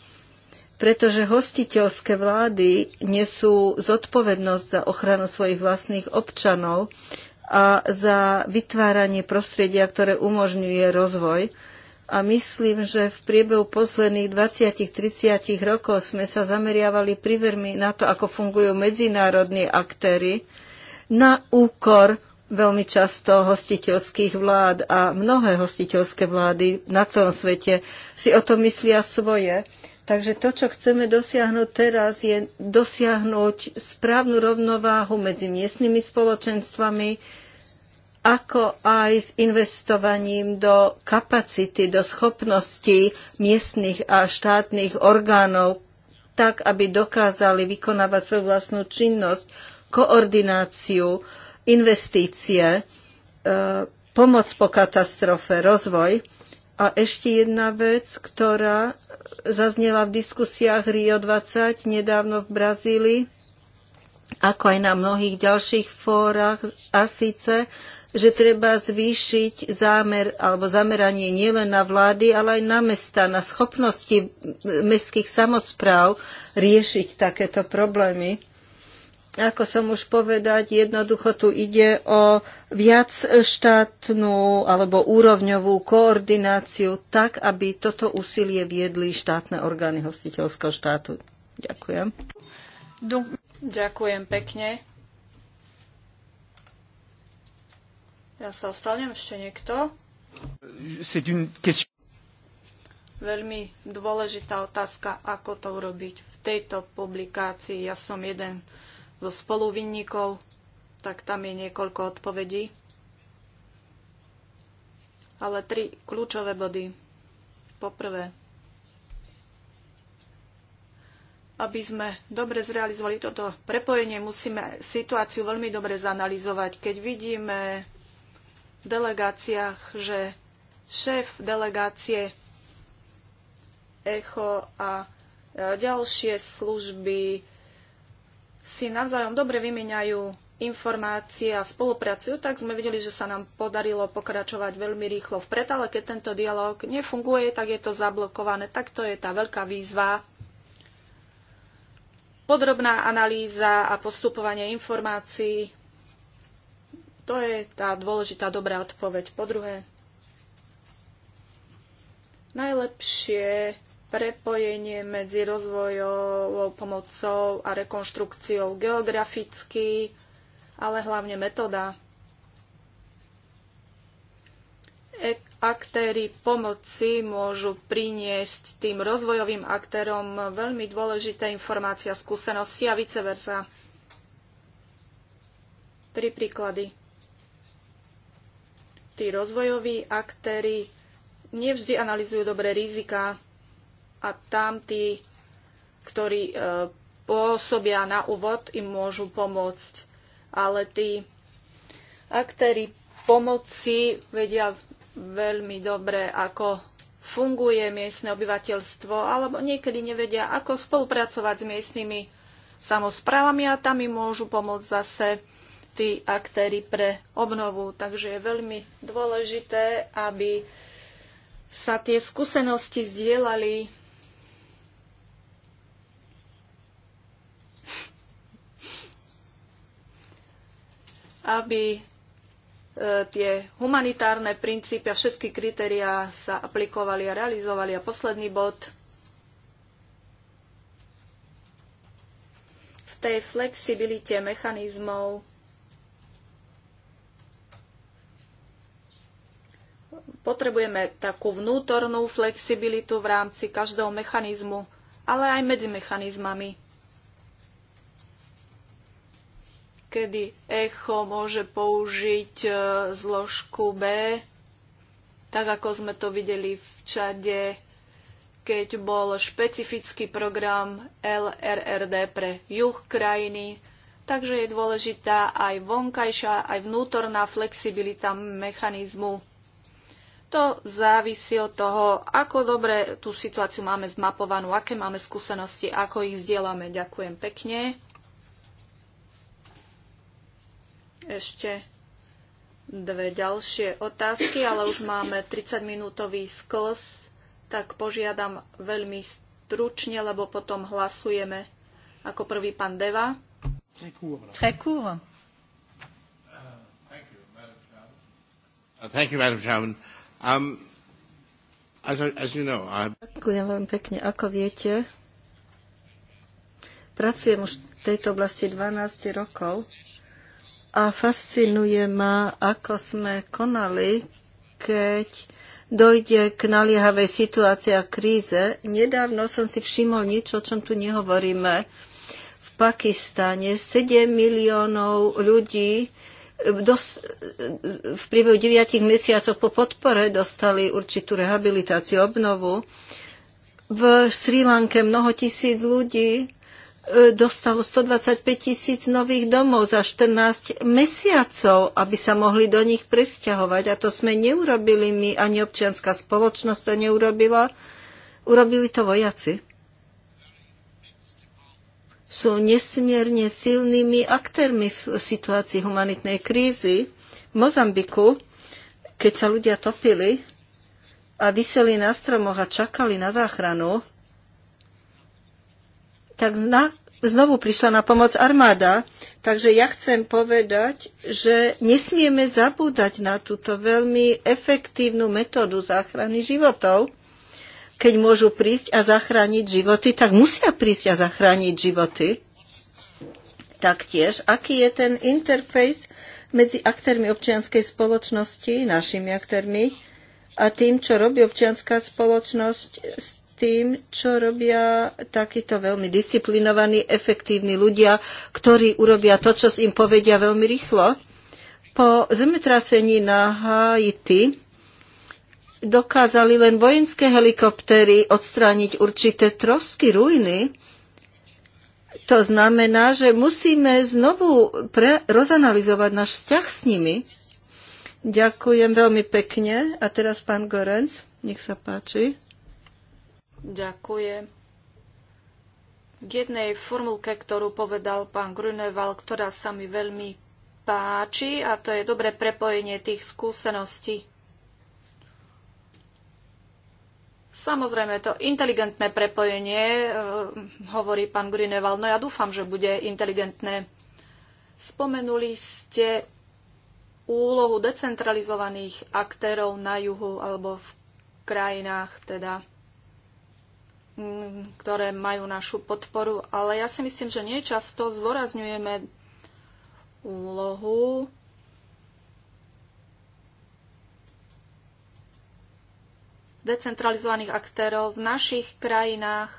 Pretože hostiteľské vlády nesú zodpovednosť za ochranu svojich vlastných občanov a za vytváranie prostredia, ktoré umožňuje rozvoj. A myslím, že v priebehu posledných 20-30 rokov sme sa zameriavali privermi na to, ako fungujú medzinárodní aktéry na úkor veľmi často hostiteľských vlád a mnohé hostiteľské vlády na celom svete si o to myslia svoje. Takže to, čo chceme dosiahnuť teraz, je dosiahnuť správnu rovnováhu medzi miestnymi spoločenstvami, ako aj s investovaním do kapacity, do schopností miestnych a štátnych orgánov, tak, aby dokázali vykonávať svoju vlastnú činnosť, koordináciu, investície, e, pomoc po katastrofe, rozvoj. A ešte jedna vec, ktorá zaznela v diskusiách Rio 20 nedávno v Brazílii, ako aj na mnohých ďalších fórach, a síce že treba zvýšiť zámer alebo zameranie nielen na vlády, ale aj na mesta, na schopnosti mestských samozpráv riešiť takéto problémy. Ako som už povedať, jednoducho tu ide o viac štátnu alebo úrovňovú koordináciu tak, aby toto úsilie viedli štátne orgány hostiteľského štátu. Ďakujem. Ďakujem pekne. Ja sa ospravedlňujem, ešte niekto? Veľmi dôležitá otázka, ako to urobiť. V tejto publikácii ja som jeden zo spoluvinníkov, tak tam je niekoľko odpovedí. Ale tri kľúčové body. Poprvé, aby sme dobre zrealizovali toto prepojenie, musíme situáciu veľmi dobre zanalizovať. Keď vidíme delegáciách, že šéf delegácie ECHO a e, ďalšie služby si navzájom dobre vymieňajú informácie a spolupracujú, tak sme videli, že sa nám podarilo pokračovať veľmi rýchlo vpred, ale keď tento dialog nefunguje, tak je to zablokované. Tak to je tá veľká výzva. Podrobná analýza a postupovanie informácií to je tá dôležitá dobrá odpoveď. Po druhé, najlepšie prepojenie medzi rozvojovou pomocou a rekonštrukciou geograficky, ale hlavne metóda. E- aktéry pomoci môžu priniesť tým rozvojovým aktérom veľmi dôležité informácie a skúsenosti a vice versa. Tri príklady tí rozvojoví aktéry nevždy analizujú dobre rizika a tam tí, ktorí e, pôsobia na úvod, im môžu pomôcť. Ale tí aktéry pomoci vedia veľmi dobre, ako funguje miestne obyvateľstvo, alebo niekedy nevedia, ako spolupracovať s miestnymi samozprávami a tam im môžu pomôcť zase tí aktéry pre obnovu. Takže je veľmi dôležité, aby sa tie skúsenosti zdieľali aby e, tie humanitárne princípy a všetky kritériá sa aplikovali a realizovali. A posledný bod v tej flexibilite mechanizmov Potrebujeme takú vnútornú flexibilitu v rámci každého mechanizmu, ale aj medzi mechanizmami. Kedy echo môže použiť e, zložku B, tak ako sme to videli v čade, keď bol špecifický program LRRD pre juh krajiny, takže je dôležitá aj vonkajšia, aj vnútorná flexibilita mechanizmu. To závisí od toho, ako dobre tú situáciu máme zmapovanú, aké máme skúsenosti, ako ich zdieľame. Ďakujem pekne. Ešte dve ďalšie otázky, ale už máme 30-minútový skls, tak požiadam veľmi stručne, lebo potom hlasujeme ako prvý pán Deva. Ďakujem. Uh, thank you, Madam Chairman. Uh, Um, as, as you know, I... Ďakujem veľmi pekne. Ako viete, pracujem už v tejto oblasti 12 rokov a fascinuje ma, ako sme konali, keď dojde k naliehavej situácii a kríze. Nedávno som si všimol niečo, o čom tu nehovoríme. V Pakistane 7 miliónov ľudí dos, v priebehu 9 mesiacov po podpore dostali určitú rehabilitáciu, obnovu. V Sri Lanke mnoho tisíc ľudí e, dostalo 125 tisíc nových domov za 14 mesiacov, aby sa mohli do nich presťahovať. A to sme neurobili my, ani občianská spoločnosť to neurobila. Urobili to vojaci sú nesmierne silnými aktérmi v situácii humanitnej krízy. V Mozambiku, keď sa ľudia topili a vyseli na stromoch a čakali na záchranu, tak zna, znovu prišla na pomoc armáda. Takže ja chcem povedať, že nesmieme zabúdať na túto veľmi efektívnu metódu záchrany životov keď môžu prísť a zachrániť životy, tak musia prísť a zachrániť životy. Taktiež, aký je ten interface medzi aktérmi občianskej spoločnosti, našimi aktérmi, a tým, čo robí občianská spoločnosť, s tým, čo robia takíto veľmi disciplinovaní, efektívni ľudia, ktorí urobia to, čo im povedia veľmi rýchlo. Po zemetrasení na Haiti dokázali len vojenské helikoptéry odstrániť určité trosky, ruiny. To znamená, že musíme znovu pre- rozanalizovať náš vzťah s nimi. Ďakujem veľmi pekne. A teraz pán Gorenc, nech sa páči. Ďakujem. K jednej formulke, ktorú povedal pán Gruneval, ktorá sa mi veľmi páči, a to je dobré prepojenie tých skúseností Samozrejme, to inteligentné prepojenie, e, hovorí pán Grineval, no ja dúfam, že bude inteligentné. Spomenuli ste úlohu decentralizovaných aktérov na juhu alebo v krajinách, teda, mm, ktoré majú našu podporu, ale ja si myslím, že nie často zdôrazňujeme úlohu decentralizovaných aktérov v našich krajinách.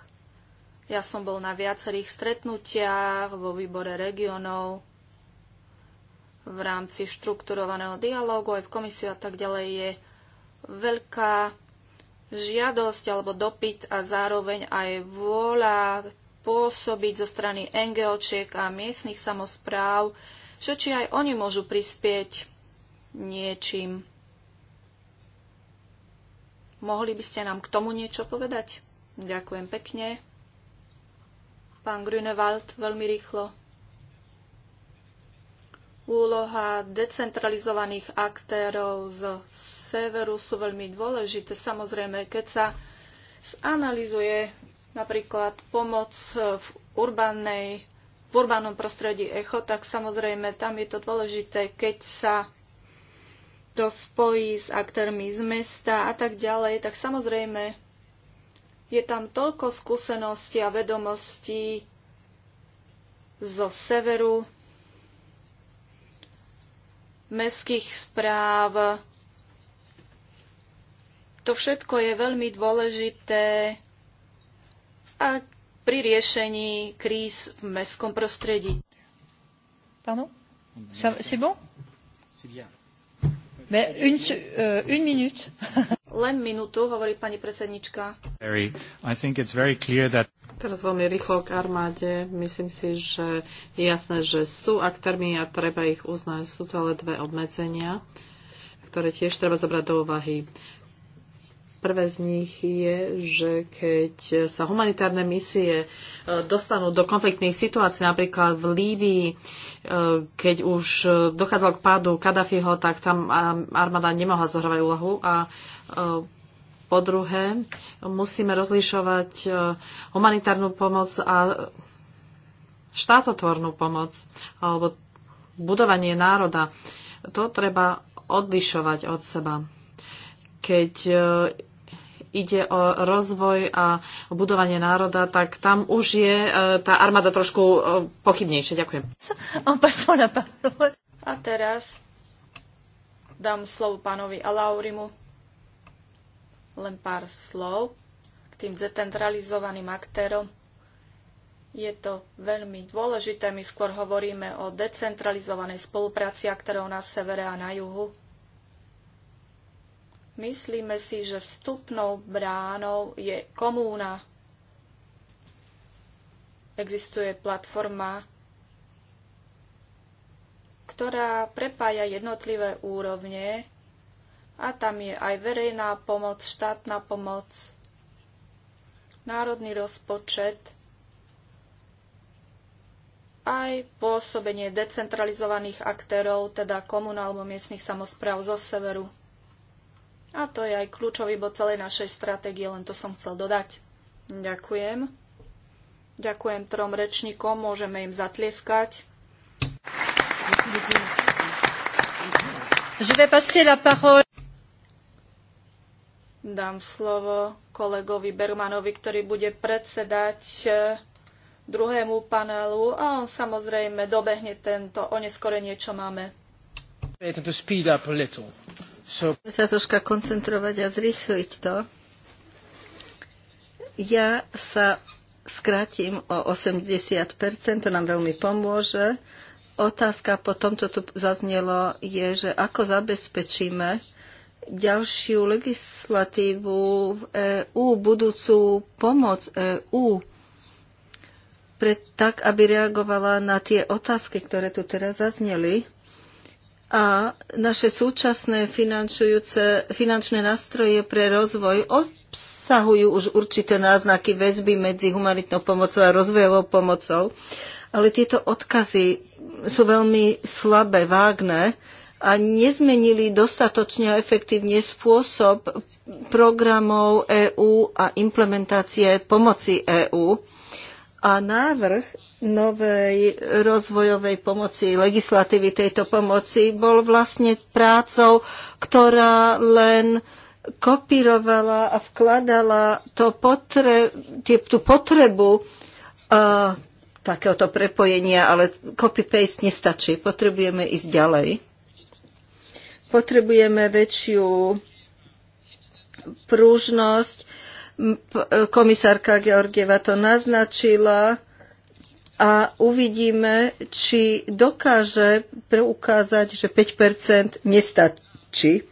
Ja som bol na viacerých stretnutiach vo výbore regionov v rámci štrukturovaného dialógu aj v komisiu a tak ďalej je veľká žiadosť alebo dopyt a zároveň aj vôľa pôsobiť zo strany NGOčiek a miestnych samozpráv, že či aj oni môžu prispieť niečím Mohli by ste nám k tomu niečo povedať? Ďakujem pekne. Pán Grünewald, veľmi rýchlo. Úloha decentralizovaných aktérov z severu sú veľmi dôležité. Samozrejme, keď sa zanalizuje napríklad pomoc v, urbanej, v urbanom prostredí ECHO, tak samozrejme tam je to dôležité, keď sa to spojí s aktérmi z mesta a tak ďalej, tak samozrejme je tam toľko skúseností a vedomostí zo severu, mestských správ. To všetko je veľmi dôležité a pri riešení kríz v mestskom prostredí. Pardon? C'est bon? C'est bien. Euh, une, minute. Len minútu, hovorí pani predsednička. I think it's very clear that... Teraz veľmi rýchlo k armáde. Myslím si, že je jasné, že sú aktérmi a treba ich uznať. Sú to ale dve obmedzenia, ktoré tiež treba zobrať do úvahy. Prvé z nich je, že keď sa humanitárne misie e, dostanú do konfliktných situácií, napríklad v Líbii, e, keď už e, dochádzalo k pádu Kadafiho, tak tam armáda nemohla zohrávať úlohu. A po druhé, musíme rozlišovať humanitárnu pomoc a štátotvornú pomoc alebo budovanie národa. To treba odlišovať od seba. Keď ide o rozvoj a o budovanie národa, tak tam už je e, tá armáda trošku e, pochybnejšia. Ďakujem. A teraz dám slovo pánovi Alaurimu. Len pár slov k tým decentralizovaným aktérom. Je to veľmi dôležité. My skôr hovoríme o decentralizovanej spolupráci aktérov na severe a na juhu Myslíme si, že vstupnou bránou je komúna. Existuje platforma, ktorá prepája jednotlivé úrovne a tam je aj verejná pomoc, štátna pomoc, národný rozpočet, aj pôsobenie decentralizovaných aktérov, teda komunál alebo miestnych samozpráv zo severu. A to je aj kľúčový bod celej našej stratégie, len to som chcel dodať. Ďakujem. Ďakujem trom rečníkom, môžeme im zatlieskať. Je vais passer la parole. Dám slovo kolegovi Bermanovi, ktorý bude predsedať eh, druhému panelu a on samozrejme dobehne tento oneskorenie, čo máme. To speed up a little. So... sa troška koncentrovať a zrýchliť to. Ja sa skrátim o 80%, to nám veľmi pomôže. Otázka po tom, čo tu zaznelo, je, že ako zabezpečíme ďalšiu legislatívu v EÚ, budúcu pomoc EÚ, tak, aby reagovala na tie otázky, ktoré tu teraz zazneli a naše súčasné finančné nástroje pre rozvoj obsahujú už určité náznaky väzby medzi humanitnou pomocou a rozvojovou pomocou, ale tieto odkazy sú veľmi slabé, vágne a nezmenili dostatočne a efektívne spôsob programov EÚ a implementácie pomoci EÚ. A návrh novej rozvojovej pomoci, legislatívy tejto pomoci, bol vlastne prácou, ktorá len kopírovala a vkladala to potre, tú potrebu uh, takéhoto prepojenia, ale copy-paste nestačí. Potrebujeme ísť ďalej. Potrebujeme väčšiu prúžnosť. Komisárka Georgieva to naznačila a uvidíme, či dokáže preukázať, že 5 nestačí.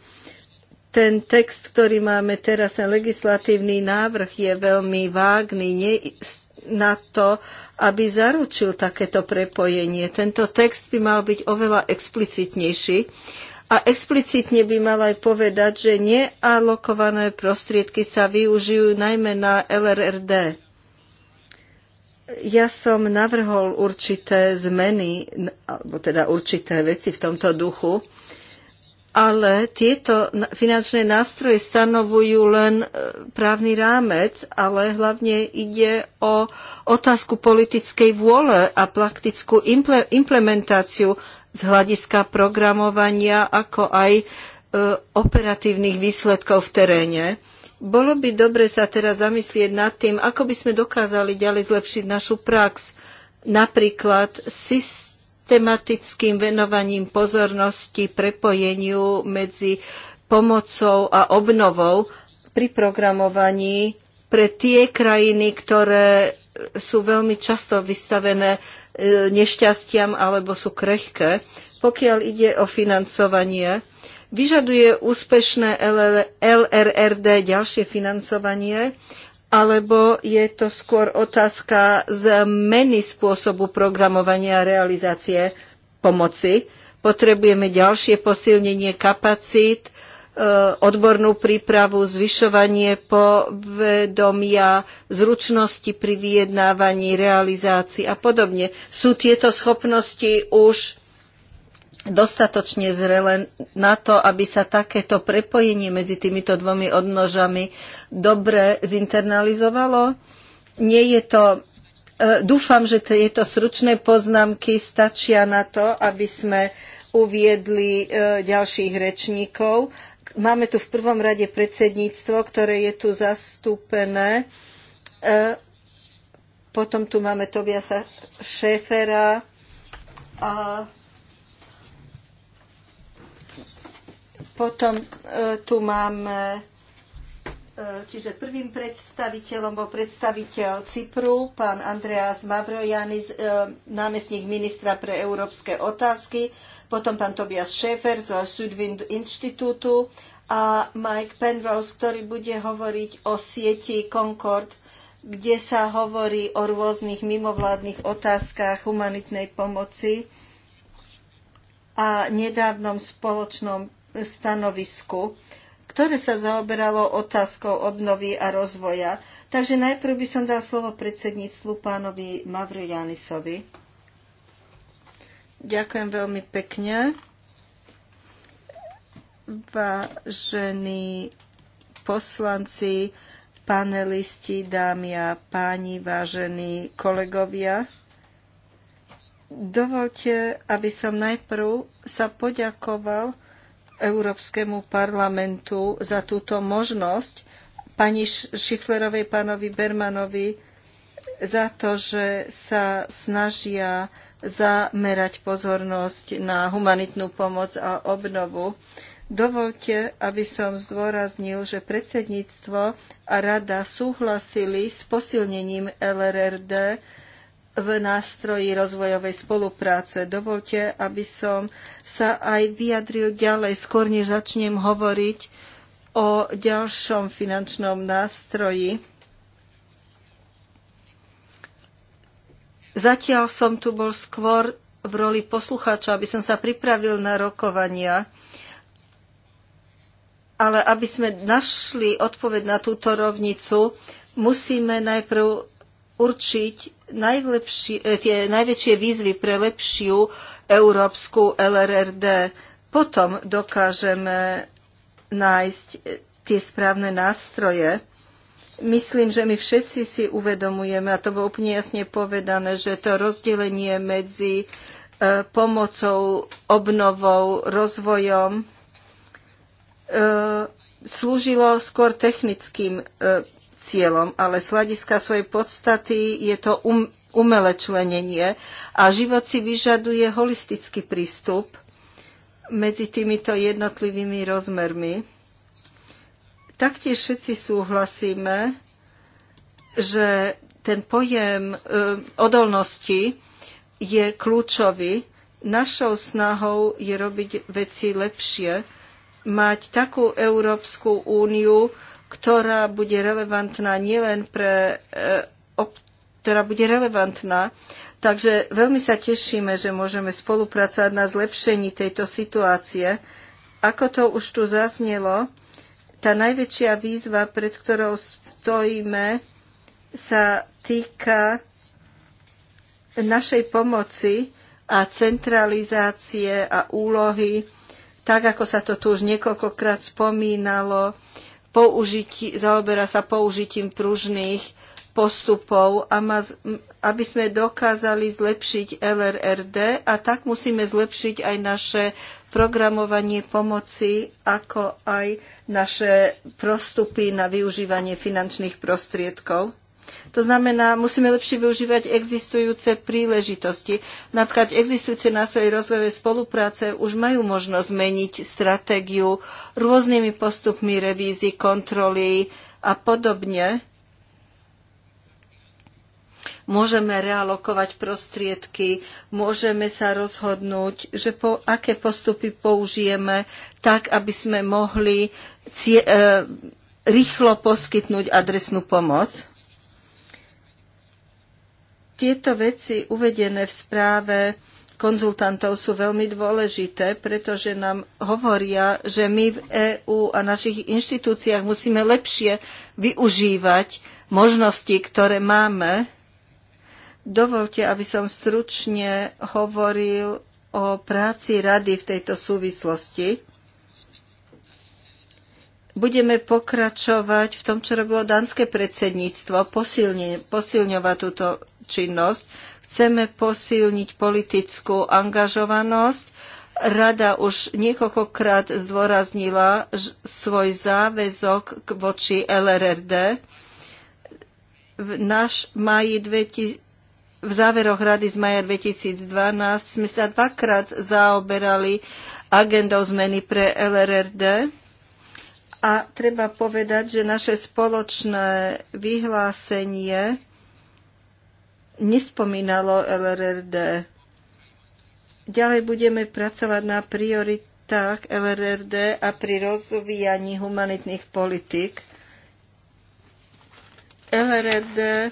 Ten text, ktorý máme teraz, ten legislatívny návrh je veľmi vágný nie na to, aby zaručil takéto prepojenie. Tento text by mal byť oveľa explicitnejší a explicitne by mal aj povedať, že nealokované prostriedky sa využijú najmä na LRRD ja som navrhol určité zmeny, alebo teda určité veci v tomto duchu, ale tieto finančné nástroje stanovujú len e, právny rámec, ale hlavne ide o otázku politickej vôle a praktickú implementáciu z hľadiska programovania, ako aj e, operatívnych výsledkov v teréne. Bolo by dobre sa teraz zamyslieť nad tým, ako by sme dokázali ďalej zlepšiť našu prax, napríklad systematickým venovaním pozornosti prepojeniu medzi pomocou a obnovou pri programovaní pre tie krajiny, ktoré sú veľmi často vystavené e, nešťastiam alebo sú krehké. Pokiaľ ide o financovanie, Vyžaduje úspešné LRRD ďalšie financovanie, alebo je to skôr otázka zmeny spôsobu programovania a realizácie pomoci? Potrebujeme ďalšie posilnenie kapacít, e, odbornú prípravu, zvyšovanie povedomia, zručnosti pri vyjednávaní, realizácii a podobne. Sú tieto schopnosti už dostatočne zrele na to, aby sa takéto prepojenie medzi týmito dvomi odnožami dobre zinternalizovalo. Nie je to e, Dúfam, že tieto stručné poznámky stačia na to, aby sme uviedli e, ďalších rečníkov. Máme tu v prvom rade predsedníctvo, ktoré je tu zastúpené. E, potom tu máme Tobiasa Šéfera a Potom e, tu máme, e, čiže prvým predstaviteľom bol predstaviteľ Cypru, pán Andreas Mavrojanis, e, námestník ministra pre európske otázky, potom pán Tobias Schäfer zo Südwind inštitútu a Mike Penrose, ktorý bude hovoriť o sieti Concord, kde sa hovorí o rôznych mimovládnych otázkach humanitnej pomoci a nedávnom spoločnom stanovisku, ktoré sa zaoberalo otázkou obnovy a rozvoja. Takže najprv by som dal slovo predsedníctvu pánovi Mavru Janisovi. Ďakujem veľmi pekne. Vážení poslanci, panelisti, dámy a páni, vážení kolegovia. Dovolte, aby som najprv sa poďakoval Európskemu parlamentu za túto možnosť, pani Šiflerovej, pánovi Bermanovi, za to, že sa snažia zamerať pozornosť na humanitnú pomoc a obnovu. Dovolte, aby som zdôraznil, že predsedníctvo a rada súhlasili s posilnením LRRD v nástroji rozvojovej spolupráce. Dovolte, aby som sa aj vyjadril ďalej, skôr než začnem hovoriť o ďalšom finančnom nástroji. Zatiaľ som tu bol skôr v roli poslucháča, aby som sa pripravil na rokovania, ale aby sme našli odpoveď na túto rovnicu, musíme najprv určiť, najlepší, e, tie najväčšie výzvy pre lepšiu európsku LRRD. Potom dokážeme nájsť e, tie správne nástroje. Myslím, že my všetci si uvedomujeme, a to bolo úplne jasne povedané, že to rozdelenie medzi e, pomocou, obnovou, rozvojom slúžilo skôr technickým cieľom, ale z hľadiska svojej podstaty je to um, umelé členenie a život si vyžaduje holistický prístup medzi týmito jednotlivými rozmermi. Taktiež všetci súhlasíme, že ten pojem e, odolnosti je kľúčový. Našou snahou je robiť veci lepšie, mať takú Európsku úniu, ktorá bude relevantná nielen pre, e, ktorá bude relevantná. Takže veľmi sa tešíme, že môžeme spolupracovať na zlepšení tejto situácie. Ako to už tu zaznelo, tá najväčšia výzva, pred ktorou stojíme, sa týka našej pomoci a centralizácie a úlohy, tak ako sa to tu už niekoľkokrát spomínalo, použití, zaoberá sa použitím pružných postupov, aby sme dokázali zlepšiť LRRD a tak musíme zlepšiť aj naše programovanie pomoci, ako aj naše prostupy na využívanie finančných prostriedkov. To znamená, musíme lepšie využívať existujúce príležitosti. Napríklad existujúce nástroje rozvojovej spolupráce už majú možnosť zmeniť stratégiu rôznymi postupmi revízy, kontroly a podobne. Môžeme realokovať prostriedky, môžeme sa rozhodnúť, že po, aké postupy použijeme tak, aby sme mohli cie, e, rýchlo poskytnúť adresnú pomoc. Tieto veci uvedené v správe konzultantov sú veľmi dôležité, pretože nám hovoria, že my v EÚ a našich inštitúciách musíme lepšie využívať možnosti, ktoré máme. Dovolte, aby som stručne hovoril o práci rady v tejto súvislosti budeme pokračovať v tom, čo robilo dánske predsedníctvo, posilne, posilňovať túto činnosť. Chceme posilniť politickú angažovanosť. Rada už niekoľkokrát zdôraznila svoj záväzok voči LRRD. V, naš maji 2000, v záveroch Rady z maja 2012 sme sa dvakrát zaoberali agendou zmeny pre LRRD a treba povedať, že naše spoločné vyhlásenie nespomínalo LRRD. Ďalej budeme pracovať na prioritách LRRD a pri rozvíjaní humanitných politik. LRRD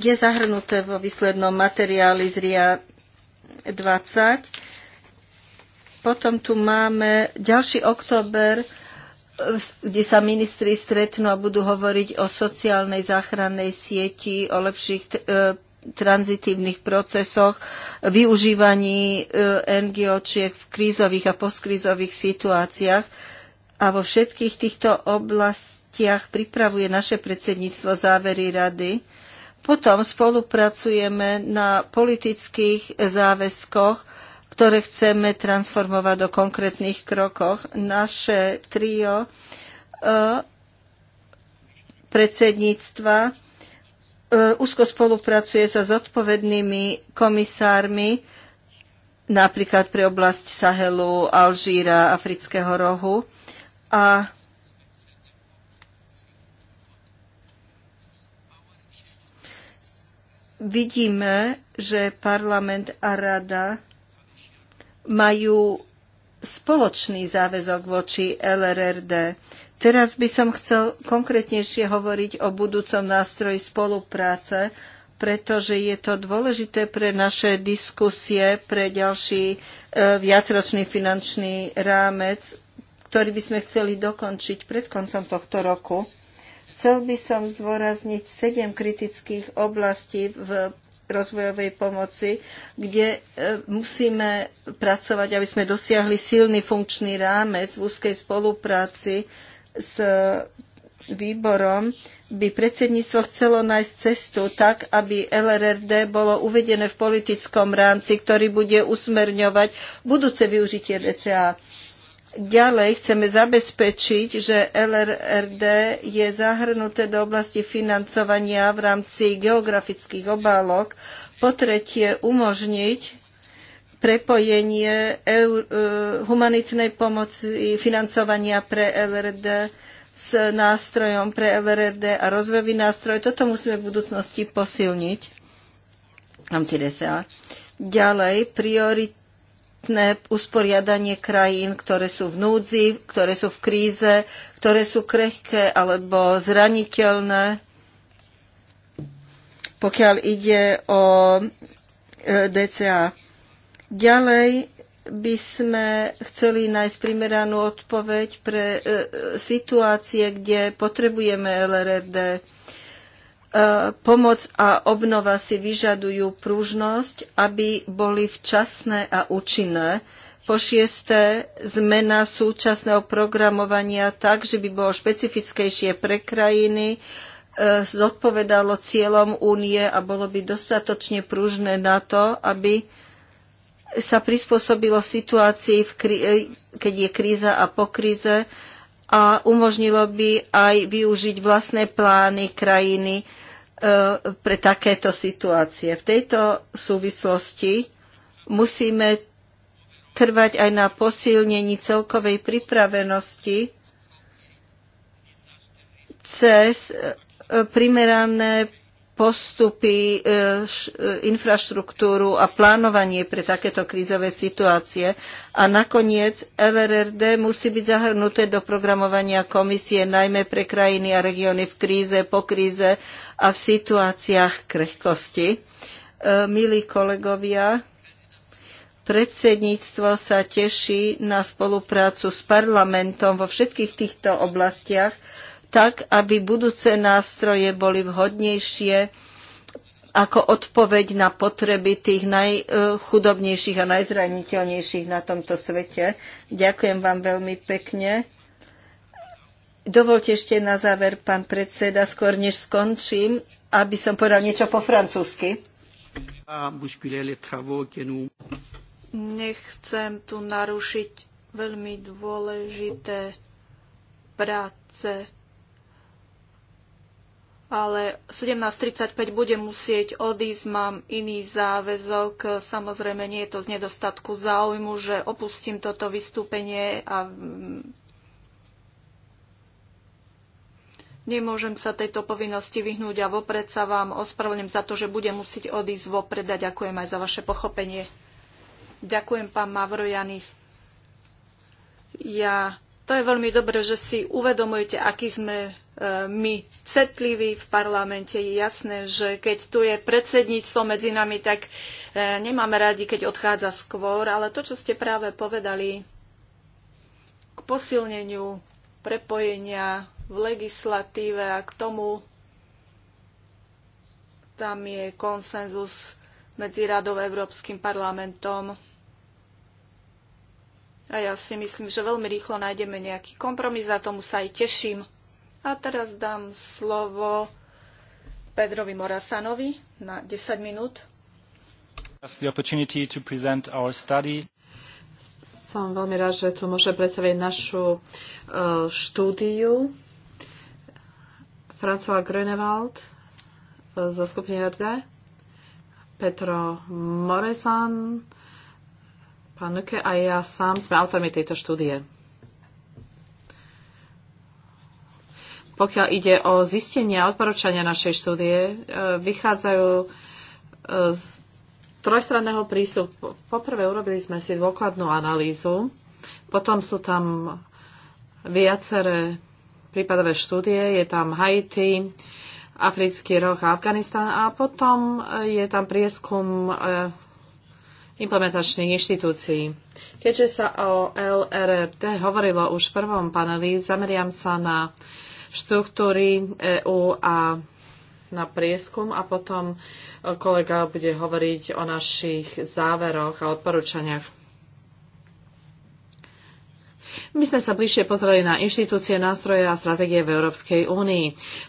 je zahrnuté vo výslednom materiáli z RIA 20 potom tu máme ďalší október, e, kde sa ministri stretnú a budú hovoriť o sociálnej záchrannej sieti, o lepších e, tranzitívnych procesoch, využívaní e, NGOčiek v krízových a postkrízových situáciách. A vo všetkých týchto oblastiach pripravuje naše predsedníctvo závery rady. Potom spolupracujeme na politických záväzkoch, ktoré chceme transformovať do konkrétnych krokoch. Naše trio e, predsedníctva e, úzko spolupracuje so zodpovednými komisármi, napríklad pre oblasť Sahelu, Alžíra, Afrického rohu. A vidíme, že parlament a rada majú spoločný záväzok voči LRRD. Teraz by som chcel konkrétnejšie hovoriť o budúcom nástroji spolupráce, pretože je to dôležité pre naše diskusie, pre ďalší e, viacročný finančný rámec, ktorý by sme chceli dokončiť pred koncom tohto roku. Chcel by som zdôrazniť sedem kritických oblastí v rozvojovej pomoci, kde e, musíme pracovať, aby sme dosiahli silný funkčný rámec v úzkej spolupráci s výborom, by predsedníctvo chcelo nájsť cestu tak, aby LRRD bolo uvedené v politickom rámci, ktorý bude usmerňovať budúce využitie DCA. Ďalej chceme zabezpečiť, že LRRD je zahrnuté do oblasti financovania v rámci geografických obálok. Po tretie, umožniť prepojenie e, humanitnej pomoci financovania pre LRD s nástrojom pre LRD a rozvojový nástroj. Toto musíme v budúcnosti posilniť. Ďalej, priority kvalitné usporiadanie krajín, ktoré sú v núdzi, ktoré sú v kríze, ktoré sú krehké alebo zraniteľné. Pokiaľ ide o e, DCA. Ďalej by sme chceli nájsť primeranú odpoveď pre e, e, situácie, kde potrebujeme LRRD E, pomoc a obnova si vyžadujú prúžnosť, aby boli včasné a účinné. Po šiesté, zmena súčasného programovania tak, že by bolo špecifickejšie pre krajiny, e, zodpovedalo cieľom únie a bolo by dostatočne pružné na to, aby sa prispôsobilo situácii, e, keď je kríza a po kríze a umožnilo by aj využiť vlastné plány krajiny, E, pre takéto situácie. V tejto súvislosti musíme trvať aj na posilnení celkovej pripravenosti cez primerané postupy, e, e, infraštruktúru a plánovanie pre takéto krízové situácie. A nakoniec LRRD musí byť zahrnuté do programovania komisie najmä pre krajiny a regióny v kríze, po kríze a v situáciách krehkosti. E, milí kolegovia, predsedníctvo sa teší na spoluprácu s parlamentom vo všetkých týchto oblastiach tak aby budúce nástroje boli vhodnejšie ako odpoveď na potreby tých najchudobnejších a najzraniteľnejších na tomto svete. Ďakujem vám veľmi pekne. Dovolte ešte na záver, pán predseda, skôr než skončím, aby som povedal niečo po francúzsky. Nechcem tu narušiť veľmi dôležité práce ale 17.35 budem musieť odísť, mám iný záväzok. Samozrejme, nie je to z nedostatku záujmu, že opustím toto vystúpenie a mm, nemôžem sa tejto povinnosti vyhnúť a vopred sa vám ospravedlňujem za to, že budem musieť odísť vopred a ďakujem aj za vaše pochopenie. Ďakujem, pán Mavrojanis. Ja, to je veľmi dobré, že si uvedomujete, aký sme E, my cetliví v parlamente. Je jasné, že keď tu je predsedníctvo medzi nami, tak e, nemáme radi, keď odchádza skôr, ale to, čo ste práve povedali k posilneniu prepojenia v legislatíve a k tomu tam je konsenzus medzi Radou a Európskym parlamentom. A ja si myslím, že veľmi rýchlo nájdeme nejaký kompromis a tomu sa aj teším. A teraz dám slovo Pedrovi Morasanovi na 10 minút. Som veľmi rád, že tu môžem predstaviť našu uh, štúdiu. François Grönewald e, zo skupiny RD, Petro Moresan, pán Nuke a ja sám sme autormi tejto štúdie. Pokiaľ ide o zistenia a odporúčania našej štúdie, e, vychádzajú e, z trojstranného prístupu. Poprvé urobili sme si dôkladnú analýzu, potom sú tam viaceré prípadové štúdie, je tam Haiti, Africký roh a Afganistan a potom e, je tam prieskum implementačných inštitúcií. Keďže sa o LRRT hovorilo už v prvom paneli, zameriam sa na štruktúry EÚ a na prieskum a potom e, kolega bude hovoriť o našich záveroch a odporúčaniach. My sme sa bližšie pozreli na inštitúcie, nástroje a stratégie v Európskej únii.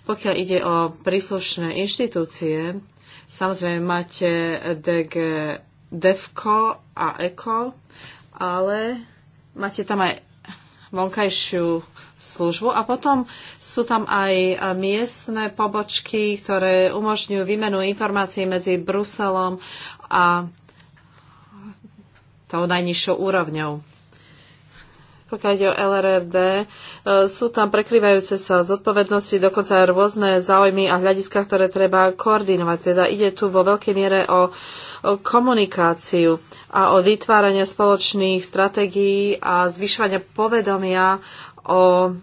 Pokiaľ ide o príslušné inštitúcie, samozrejme máte DG DEFCO a ECO, ale máte tam aj vonkajšiu službu. A potom sú tam aj eh, miestne pobočky, ktoré umožňujú výmenu informácií medzi Bruselom a tou najnižšou úrovňou. Pokiaľ ide o LRD, eh, sú tam prekryvajúce sa zodpovednosti, dokonca aj rôzne záujmy a hľadiska, ktoré treba koordinovať. Teda ide tu vo veľkej miere o, o komunikáciu a o vytváranie spoločných stratégií a zvyšovanie povedomia o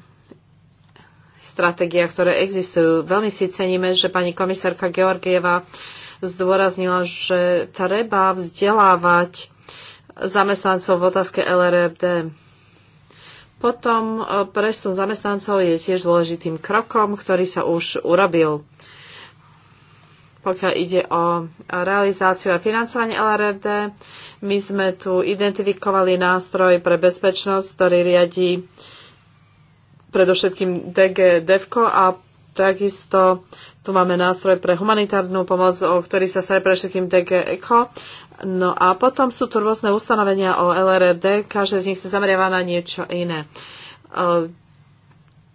stratégiách, ktoré existujú. Veľmi si ceníme, že pani komisárka Georgieva zdôraznila, že treba vzdelávať zamestnancov v otázke LRRD. Potom e, presun zamestnancov je tiež dôležitým krokom, ktorý sa už urobil. Pokiaľ ide o realizáciu a financovanie LRRD, my sme tu identifikovali nástroj pre bezpečnosť, ktorý riadi predovšetkým DG DEVKO a takisto tu máme nástroj pre humanitárnu pomoc, o ktorý sa stará všetkým DG ECHO. No a potom sú tu rôzne ustanovenia o LRD, každé z nich sa zameriava na niečo iné.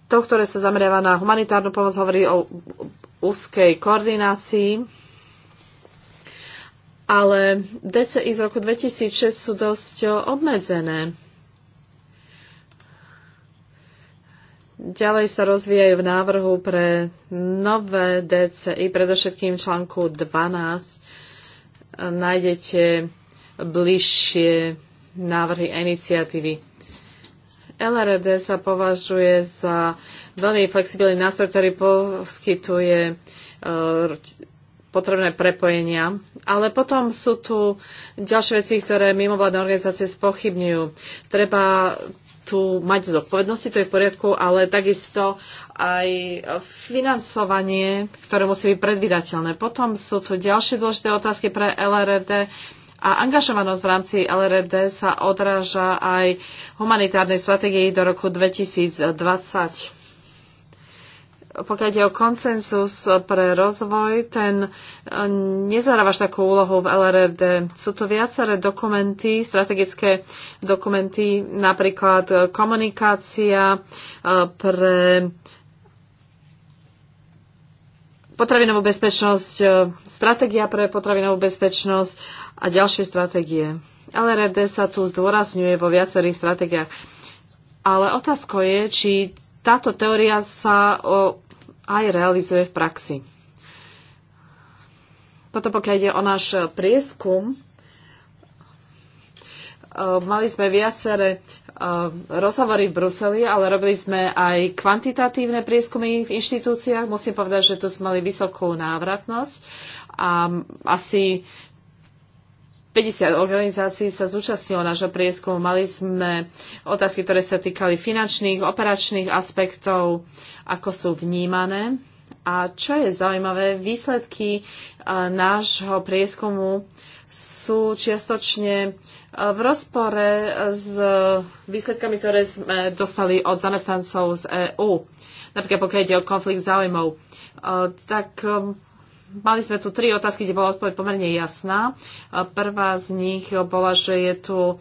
To, ktoré sa zameriava na humanitárnu pomoc, hovorí o úzkej koordinácii, ale DCI z roku 2006 sú dosť obmedzené. Ďalej sa rozvíjajú v návrhu pre nové DCI, predovšetkým v článku 12 nájdete bližšie návrhy a iniciatívy. LRD sa považuje za veľmi flexibilný nástroj, ktorý poskytuje e, potrebné prepojenia. Ale potom sú tu ďalšie veci, ktoré mimovládne organizácie spochybňujú. Treba tu mať zodpovednosti, to je v poriadku, ale takisto aj financovanie, ktoré musí byť predvydateľné. Potom sú tu ďalšie dôležité otázky pre LRD. A angažovanosť v rámci LRD sa odráža aj humanitárnej stratégii do roku 2020 pokiaľ ide o konsensus pre rozvoj, ten e, nezahrávaš takú úlohu v LRRD. Sú to viaceré dokumenty, strategické dokumenty, napríklad komunikácia e, pre potravinovú bezpečnosť, e, stratégia pre potravinovú bezpečnosť a ďalšie stratégie. LRD sa tu zdôrazňuje vo viacerých stratégiách. Ale otázko je, či táto teória sa aj realizuje v praxi. Potom pokiaľ ide o náš prieskum, e, mali sme viaceré e, rozhovory v Bruseli, ale robili sme aj kvantitatívne prieskumy v inštitúciách. Musím povedať, že tu sme mali vysokú návratnosť a asi 50 organizácií sa zúčastnilo nášho prieskumu. Mali sme otázky, ktoré sa týkali finančných, operačných aspektov, ako sú vnímané. A čo je zaujímavé, výsledky nášho prieskumu sú čiastočne v rozpore s výsledkami, ktoré sme dostali od zamestnancov z EÚ. Napríklad pokiaľ ide o konflikt záujmov. Tak um, Mali sme tu tri otázky, kde bola odpoveď pomerne jasná. Prvá z nich bola, že je tu e,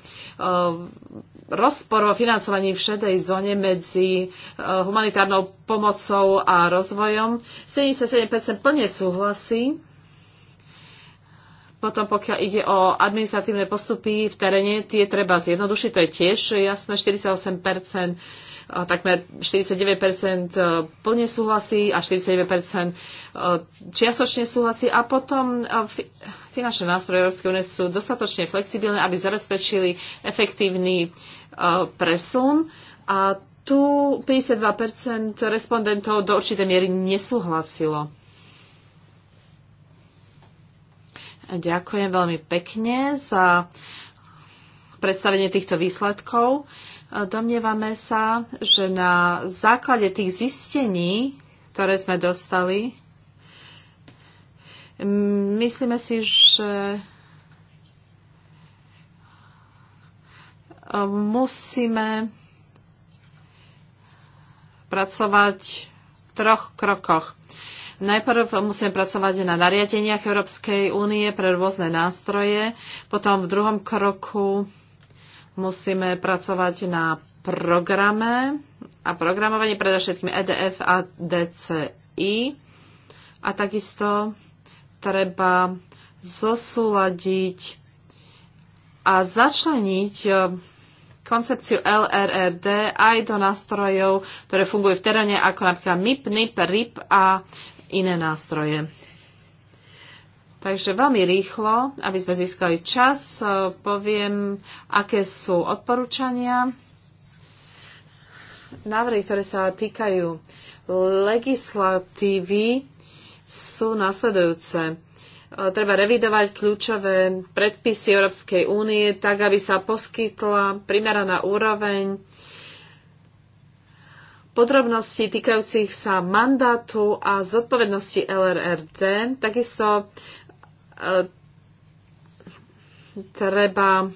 rozpor o financovaní v šedej zóne medzi e, humanitárnou pomocou a rozvojom. 77% plne súhlasí. Potom pokiaľ ide o administratívne postupy v teréne, tie treba zjednodušiť, to je tiež jasné, 48% Eh, takmer 49% eh, plne súhlasí a 49% eh, čiastočne súhlasí a potom finančné nástroje Európskej únie sú dostatočne flexibilné, aby zabezpečili efektívny presun a tu 52% respondentov do určitej miery nesúhlasilo. Ďakujem veľmi pekne za predstavenie týchto výsledkov. Domnievame sa, že na základe tých zistení, ktoré sme dostali, myslíme si, že e, musíme pracovať v troch krokoch. Najprv musíme pracovať na nariadeniach Európskej únie pre rôzne nástroje, potom v druhom kroku Musíme pracovať na programe a programovaní predovšetkým EDF a DCI a takisto treba zosúladiť a začleniť e, koncepciu LRRD aj do nástrojov, ktoré fungujú v teréne, ako napríklad MIP, NIP, RIP a iné nástroje. Takže veľmi rýchlo, aby sme získali čas, e, poviem, aké sú odporúčania. Návrhy, ktoré sa týkajú legislatívy, sú nasledujúce. E, treba revidovať kľúčové predpisy Európskej únie tak, aby sa poskytla primeraná úroveň Podrobností týkajúcich sa mandátu a zodpovednosti LRRD, takisto E, treba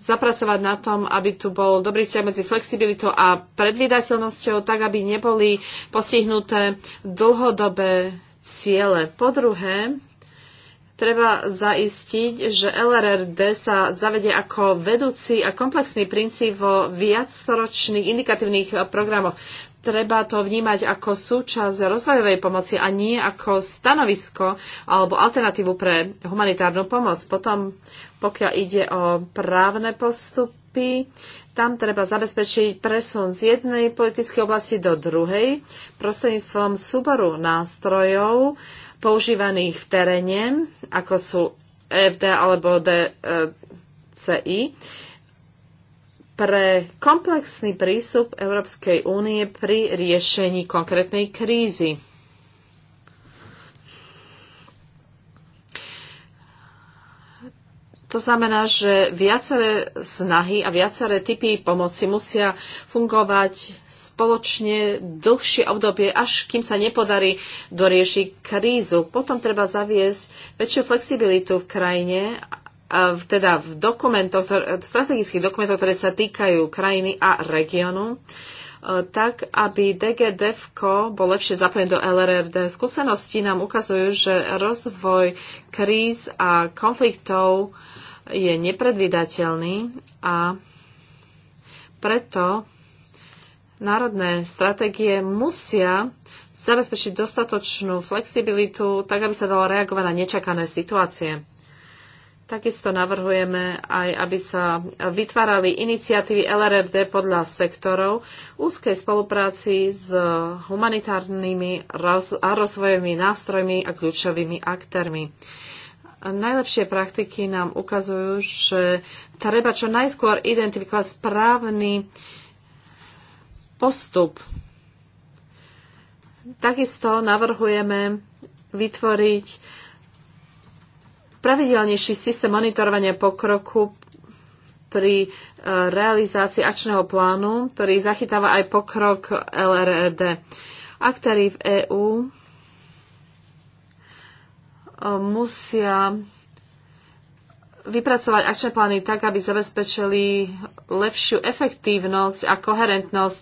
zapracovať na tom, aby tu bol dobrý vzťah medzi flexibilitou a predvídateľnosťou, tak aby neboli postihnuté dlhodobé ciele. Po druhé, treba zaistiť, že LRRD sa zavede ako vedúci a komplexný princíp vo viacročných indikatívnych programoch treba to vnímať ako súčasť rozvojovej pomoci a nie ako stanovisko alebo alternatívu pre humanitárnu pomoc. Potom, pokiaľ ide o právne postupy, tam treba zabezpečiť presun z jednej politickej oblasti do druhej prostredníctvom súboru nástrojov používaných v teréne, ako sú FD e alebo DCI. E, pre komplexný prístup Európskej únie pri riešení konkrétnej krízy. To znamená, že viaceré snahy a viaceré typy pomoci musia fungovať spoločne dlhšie obdobie, až kým sa nepodarí doriešiť krízu. Potom treba zaviesť väčšiu flexibilitu v krajine teda v dokumentoch, strategických dokumentoch, ktoré sa týkajú krajiny a regiónu, e, tak aby DGDFko e bol lepšie zapojené do LRRD. Skúsenosti nám ukazujú, že rozvoj kríz a konfliktov je nepredvydateľný a preto národné stratégie musia zabezpečiť dostatočnú flexibilitu, tak aby sa dalo reagovať na nečakané situácie. Takisto navrhujeme aj, aby sa vytvárali iniciatívy LRRD podľa sektorov úzkej spolupráci s humanitárnymi a rozvojovými nástrojmi a kľúčovými aktérmi. Najlepšie praktiky nám ukazujú, že treba čo najskôr identifikovať správny postup. Takisto navrhujeme vytvoriť pravidelnejší systém monitorovania pokroku pri e, realizácii akčného plánu, ktorý zachytáva aj pokrok LRD. Aktéry v EÚ e, musia vypracovať akčné plány tak, aby zabezpečili lepšiu efektívnosť a koherentnosť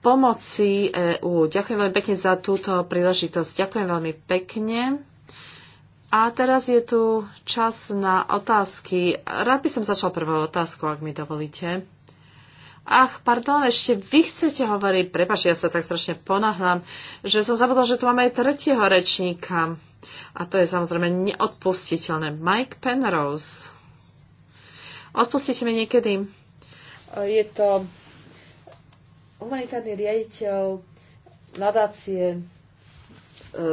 pomoci EÚ. Ďakujem veľmi pekne za túto príležitosť. Ďakujem veľmi pekne. A teraz je tu čas na otázky. Rád by som začal prvou otázku, ak mi dovolíte. Ach, pardon, ešte vy chcete hovoriť. prepáč, ja sa tak strašne ponahlám, že som zabudol, že tu máme aj tretieho rečníka. A to je samozrejme neodpustiteľné. Mike Penrose. Odpustite mi niekedy. Je to humanitárny riaditeľ nadácie e,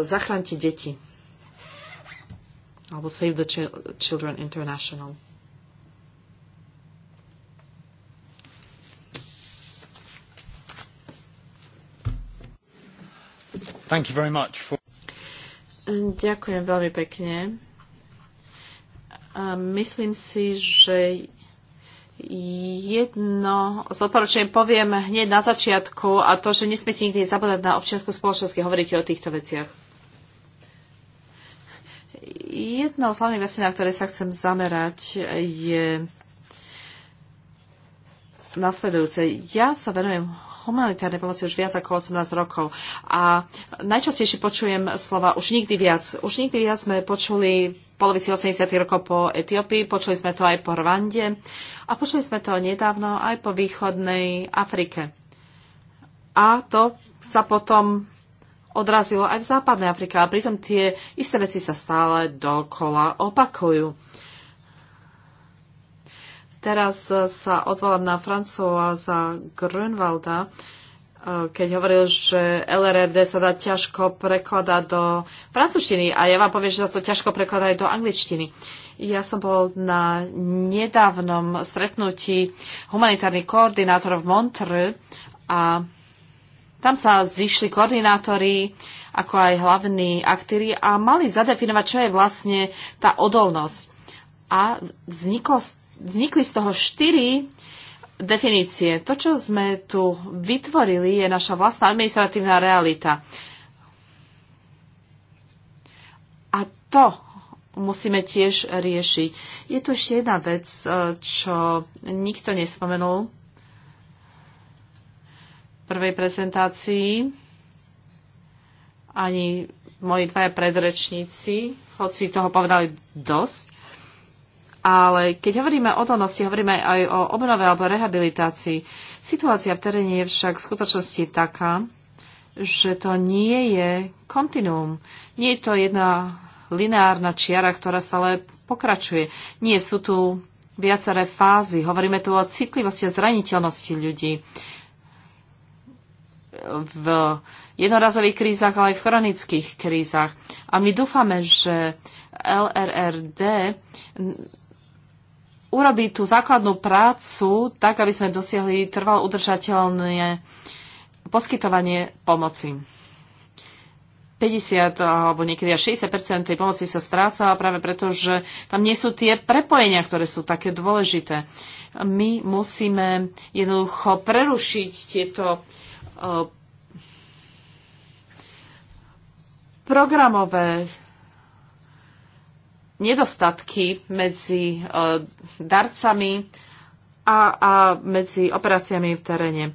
Zachránte deti alebo Save the Children International. Thank you very much for... Ďakujem veľmi pekne. A myslím si, že jedno z odporúčaní poviem hneď na začiatku a to, že nesmiete nikdy zabúdať na občianskú spoločnosť, keď hovoríte o týchto veciach. Jedna z hlavných vecí, na ktoré sa chcem zamerať, je nasledujúce. Ja sa venujem humanitárnej pomoci už viac ako 18 rokov. A najčastejšie počujem slova už nikdy viac. Už nikdy viac sme počuli polovici 80. rokov po Etiópii, počuli sme to aj po Rwande a počuli sme to nedávno aj po východnej Afrike. A to sa potom odrazilo aj v západnej Afrike, ale pritom tie isté veci sa stále dokola opakujú. Teraz sa odvolám na za Grunwalda, eh, keď hovoril, že LRRD sa dá ťažko prekladať do francúzštiny a ja vám poviem, že sa to ťažko prekladá aj do angličtiny. Ja som bol na nedávnom stretnutí humanitárnych koordinátorov v Montreux a tam sa zišli koordinátori, ako aj hlavní aktíri a mali zadefinovať, čo je vlastne tá odolnosť. A vzniklo, vznikli z toho štyri definície. To, čo sme tu vytvorili, je naša vlastná administratívna realita. A to musíme tiež riešiť. Je tu ešte jedna vec, eh, čo nikto nespomenul prvej prezentácii ani moji dvaja predrečníci, hoci toho povedali dosť. Ale keď hovoríme o donosti, hovoríme aj o obnove alebo rehabilitácii. Situácia v teréne je však v skutočnosti taká, že to nie je kontinuum. Nie je to jedna lineárna čiara, ktorá stále pokračuje. Nie sú tu viaceré fázy. Hovoríme tu o citlivosti a zraniteľnosti ľudí v jednorazových krízach, ale aj v chronických krízach. A my dúfame, že LRRD urobí tú základnú prácu tak, aby sme dosiahli trvalo udržateľné poskytovanie pomoci. 50 alebo niekedy až 60 tej pomoci sa stráca práve preto, že tam nie sú tie prepojenia, ktoré sú také dôležité. My musíme jednoducho prerušiť tieto Eh, programové nedostatky medzi eh, darcami a, a medzi operáciami v teréne.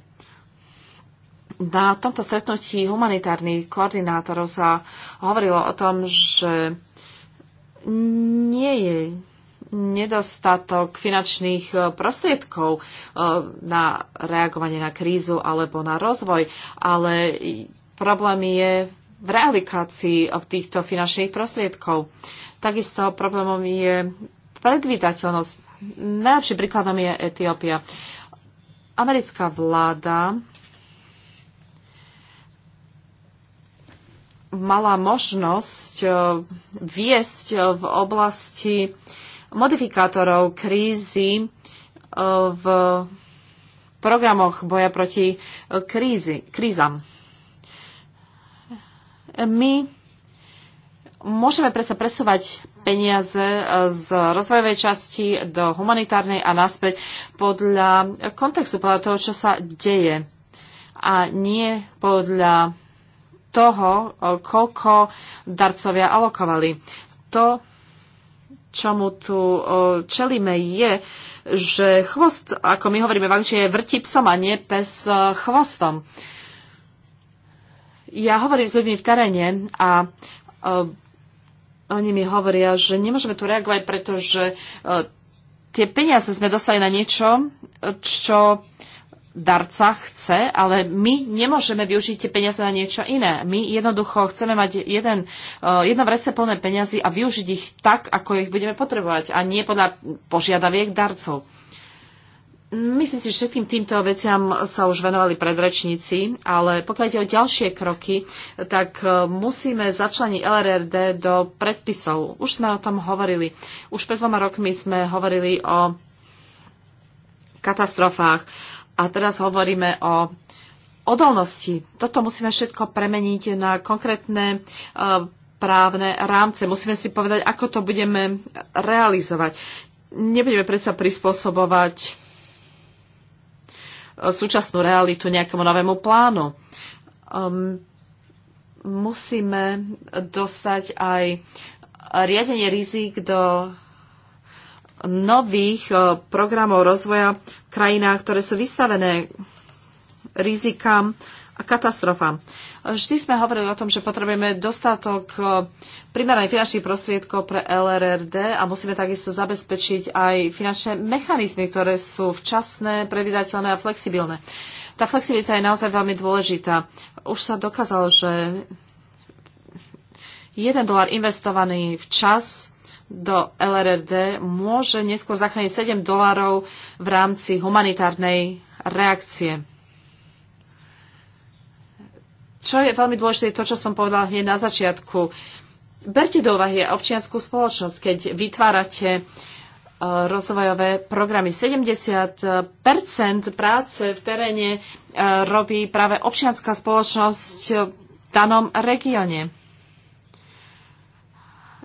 Na tomto stretnutí humanitárnych koordinátorov sa hovorilo o tom, že nie je nedostatok finančných e, prostriedkov e, na reagovanie na krízu alebo na rozvoj, ale problém je v realizácii týchto finančných prostriedkov. Takisto problémom je predvídateľnosť. Najlepším príkladom je Etiópia. Americká vláda mala možnosť e, viesť v oblasti modifikátorov krízy eh, v programoch boja proti eh, krízy, krízam. My môžeme predsa presúvať peniaze eh, z rozvojovej časti do humanitárnej a naspäť podľa kontextu, podľa toho, čo sa deje a nie podľa toho, koľko darcovia alokovali. To čomu tu čelíme, je, že chvost, ako my hovoríme v angličtine, vrti psom a nie pes chvostom. Ja hovorím s ľuďmi v teréne a oni mi hovoria, že nemôžeme tu reagovať, pretože tie peniaze sme dostali na niečo, čo darca chce, ale my nemôžeme využiť tie peniaze na niečo iné. My jednoducho chceme mať jeden, e, jedno vrece plné peniazy a využiť ich tak, ako ich budeme potrebovať a nie podľa požiadaviek darcov. Myslím si, že všetkým týmto veciam sa už venovali predrečníci, ale pokiaľ ide o ďalšie kroky, tak e, musíme začleniť LRRD do predpisov. Už sme o tom hovorili. Už pred dvoma rokmi sme hovorili o katastrofách a teraz hovoríme o odolnosti. Toto musíme všetko premeniť na konkrétne e, právne rámce. Musíme si povedať, ako to budeme realizovať. Nebudeme predsa prispôsobovať e, súčasnú realitu nejakému novému plánu. Um, musíme dostať aj riadenie rizik do nových e, programov rozvoja v krajinách, ktoré sú vystavené rizikám a katastrofám. Vždy sme hovorili o tom, že potrebujeme dostatok e, primeraných finančných prostriedkov pre LRRD a musíme takisto zabezpečiť aj finančné mechanizmy, ktoré sú včasné, predvydateľné a flexibilné. Tá flexibilita je naozaj veľmi dôležitá. Už sa dokázalo, že jeden dolar investovaný včas do LRRD môže neskôr zachrániť 7 dolárov v rámci humanitárnej reakcie. Čo je veľmi dôležité, to, čo som povedala hneď na začiatku. Berte do úvahy občianskú spoločnosť, keď vytvárate e, rozvojové programy. 70 práce v teréne e, robí práve občianská spoločnosť v danom regióne.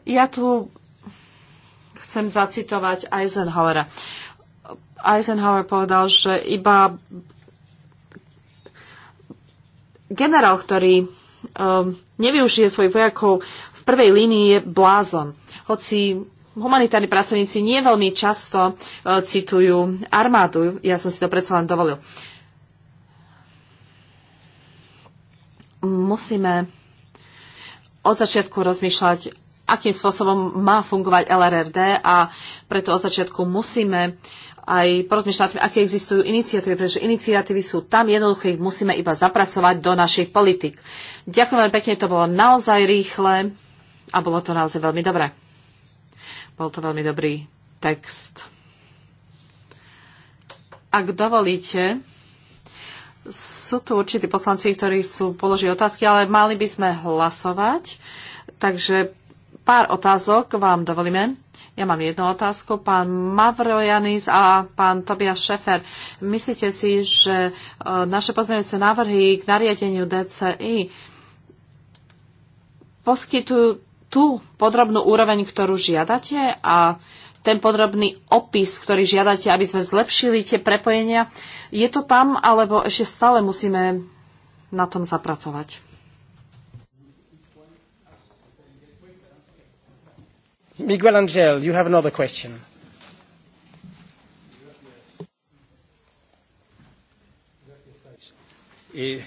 Ja tu chcem zacitovať Eisenhowera. Eisenhower povedal, že iba generál, ktorý um, nevyužije svojich vojakov v prvej línii, je blázon. Hoci humanitárni pracovníci nie veľmi často uh, citujú armádu, ja som si to predsa len dovolil. Musíme od začiatku rozmýšľať akým spôsobom má fungovať LRRD a preto od začiatku musíme aj porozmýšľať, aké existujú iniciatívy, pretože iniciatívy sú tam, jednoducho ich musíme iba zapracovať do našich politik. Ďakujem veľmi pekne, to bolo naozaj rýchle a bolo to naozaj veľmi dobré. Bol to veľmi dobrý text. Ak dovolíte, sú tu určití poslanci, ktorí chcú položiť otázky, ale mali by sme hlasovať. Takže Pár otázok vám dovolíme. Ja mám jednu otázku. Pán Mavrojanis a pán Tobias Šefer, myslíte si, že e, naše pozmeňujúce návrhy k nariadeniu DCI poskytujú tú podrobnú úroveň, ktorú žiadate a ten podrobný opis, ktorý žiadate, aby sme zlepšili tie prepojenia, je to tam, alebo ešte stále musíme na tom zapracovať? Miguel Angel, you have another question. Eh,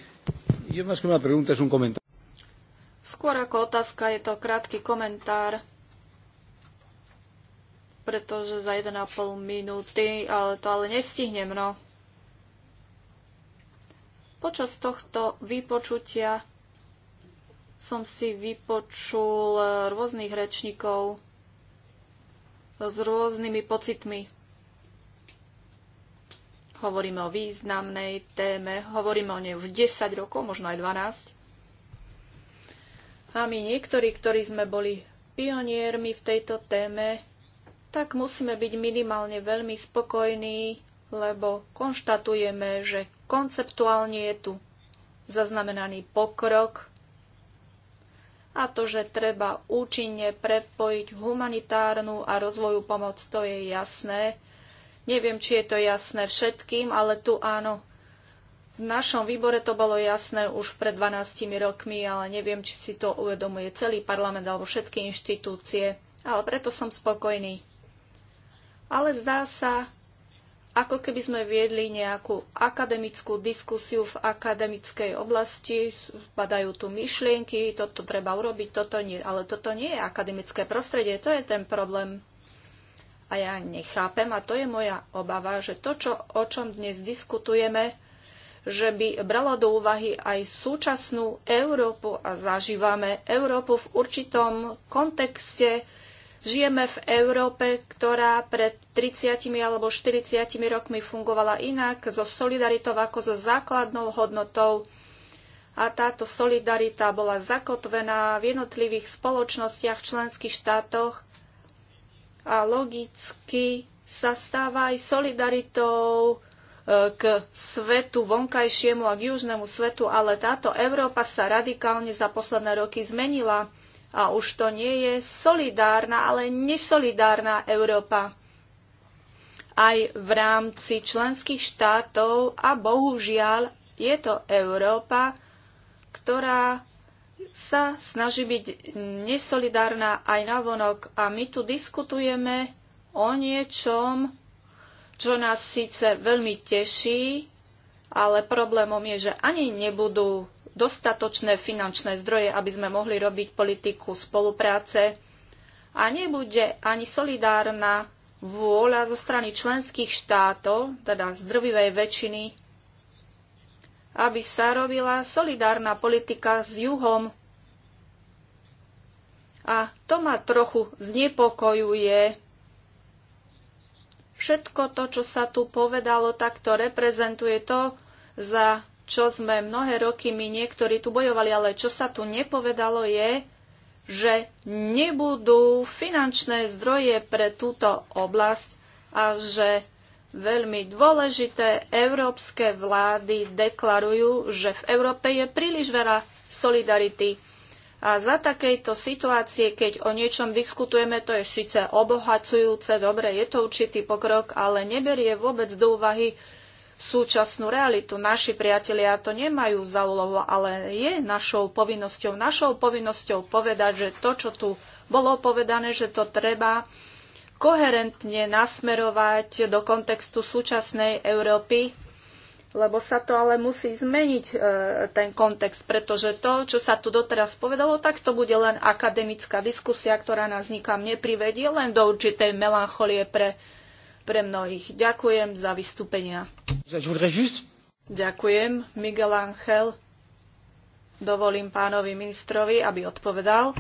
Skôr ako otázka je to krátky komentár, pretože za 1,5 minúty, ale to ale nestihnem, no. Počas tohto vypočutia som si vypočul rôznych rečníkov, s rôznymi pocitmi. Hovoríme o významnej téme, hovoríme o nej už 10 rokov, možno aj 12. A my niektorí, ktorí sme boli pioniermi v tejto téme, tak musíme byť minimálne veľmi spokojní, lebo konštatujeme, že konceptuálne je tu zaznamenaný pokrok a to, že treba účinne prepojiť humanitárnu a rozvoju pomoc, to je jasné. Neviem, či je to jasné všetkým, ale tu áno. V našom výbore to bolo jasné už pred 12 rokmi, ale neviem, či si to uvedomuje celý parlament alebo všetky inštitúcie. Ale preto som spokojný. Ale zdá sa, ako keby sme viedli nejakú akademickú diskusiu v akademickej oblasti, padajú tu myšlienky, toto treba urobiť, toto nie, ale toto nie je akademické prostredie, to je ten problém. A ja nechápem, a to je moja obava, že to, čo, o čom dnes diskutujeme, že by bralo do úvahy aj súčasnú Európu a zažívame Európu v určitom kontexte, Žijeme v Európe, ktorá pred 30 alebo 40 rokmi fungovala inak, so solidaritou ako so základnou hodnotou. A táto solidarita bola zakotvená v jednotlivých spoločnostiach členských štátoch a logicky sa stáva aj solidaritou e, k svetu vonkajšiemu a k južnému svetu, ale táto Európa sa radikálne za posledné roky zmenila a už to nie je solidárna, ale nesolidárna Európa. Aj v rámci členských štátov a bohužiaľ je to Európa, ktorá sa snaží byť nesolidárna aj navonok. A my tu diskutujeme o niečom, čo nás síce veľmi teší, ale problémom je, že ani nebudú dostatočné finančné zdroje, aby sme mohli robiť politiku spolupráce a nebude ani solidárna vôľa zo strany členských štátov, teda zdrvivej väčšiny, aby sa robila solidárna politika s juhom. A to ma trochu znepokojuje. Všetko to, čo sa tu povedalo, takto reprezentuje to, za čo sme mnohé roky my niektorí tu bojovali, ale čo sa tu nepovedalo je, že nebudú finančné zdroje pre túto oblasť a že veľmi dôležité európske vlády deklarujú, že v Európe je príliš veľa solidarity. A za takejto situácie, keď o niečom diskutujeme, to je síce obohacujúce, dobre, je to určitý pokrok, ale neberie vôbec do úvahy súčasnú realitu. Naši priatelia to nemajú za úlohu, ale je našou povinnosťou, našou povinnosťou povedať, že to, čo tu bolo povedané, že to treba koherentne nasmerovať do kontextu súčasnej Európy, lebo sa to ale musí zmeniť e, ten kontext, pretože to, čo sa tu doteraz povedalo, tak to bude len akademická diskusia, ktorá nás nikam neprivedie, len do určitej melancholie pre pre mnohých. Ďakujem za vystúpenia. Ďakujem, Miguel Angel. Dovolím pánovi ministrovi, aby odpovedal.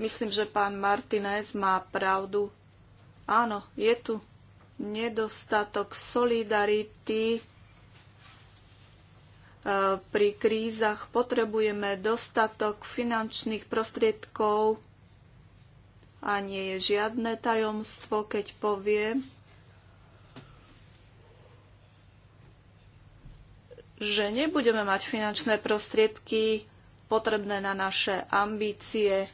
Myslím, že pán Martinez má pravdu. Áno, je tu nedostatok solidarity e, pri krízach potrebujeme dostatok finančných prostriedkov a nie je žiadne tajomstvo, keď povie, že nebudeme mať finančné prostriedky potrebné na naše ambície.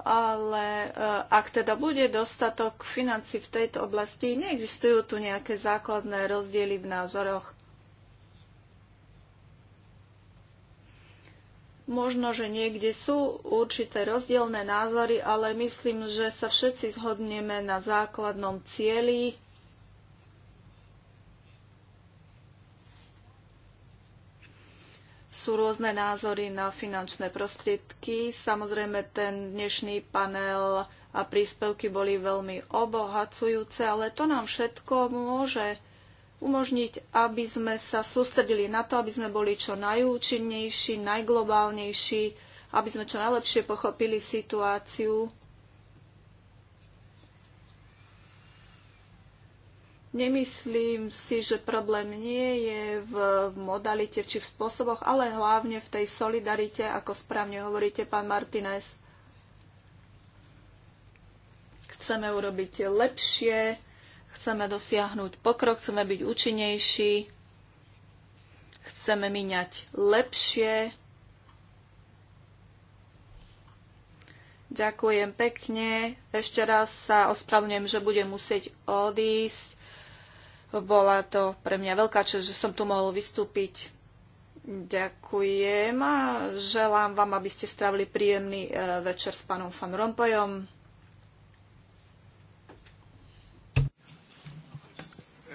Ale e, ak teda bude dostatok financí v tejto oblasti, neexistujú tu nejaké základné rozdiely v názoroch. Možno, že niekde sú určité rozdielne názory, ale myslím, že sa všetci zhodneme na základnom cieli. Sú rôzne názory na finančné prostriedky. Samozrejme, ten dnešný panel a príspevky boli veľmi obohacujúce, ale to nám všetko môže umožniť, aby sme sa sústredili na to, aby sme boli čo najúčinnejší, najglobálnejší, aby sme čo najlepšie pochopili situáciu. Nemyslím si, že problém nie je v modalite či v spôsoboch, ale hlavne v tej solidarite, ako správne hovoríte, pán Martinez. Chceme urobiť lepšie, Chceme dosiahnuť pokrok, chceme byť účinnejší, chceme miňať lepšie. Ďakujem pekne. Ešte raz sa ospravňujem, že budem musieť odísť. Bola to pre mňa veľká čest, že som tu mohol vystúpiť. Ďakujem a želám vám, aby ste strávili príjemný eh, večer s pánom Fan Rompojom.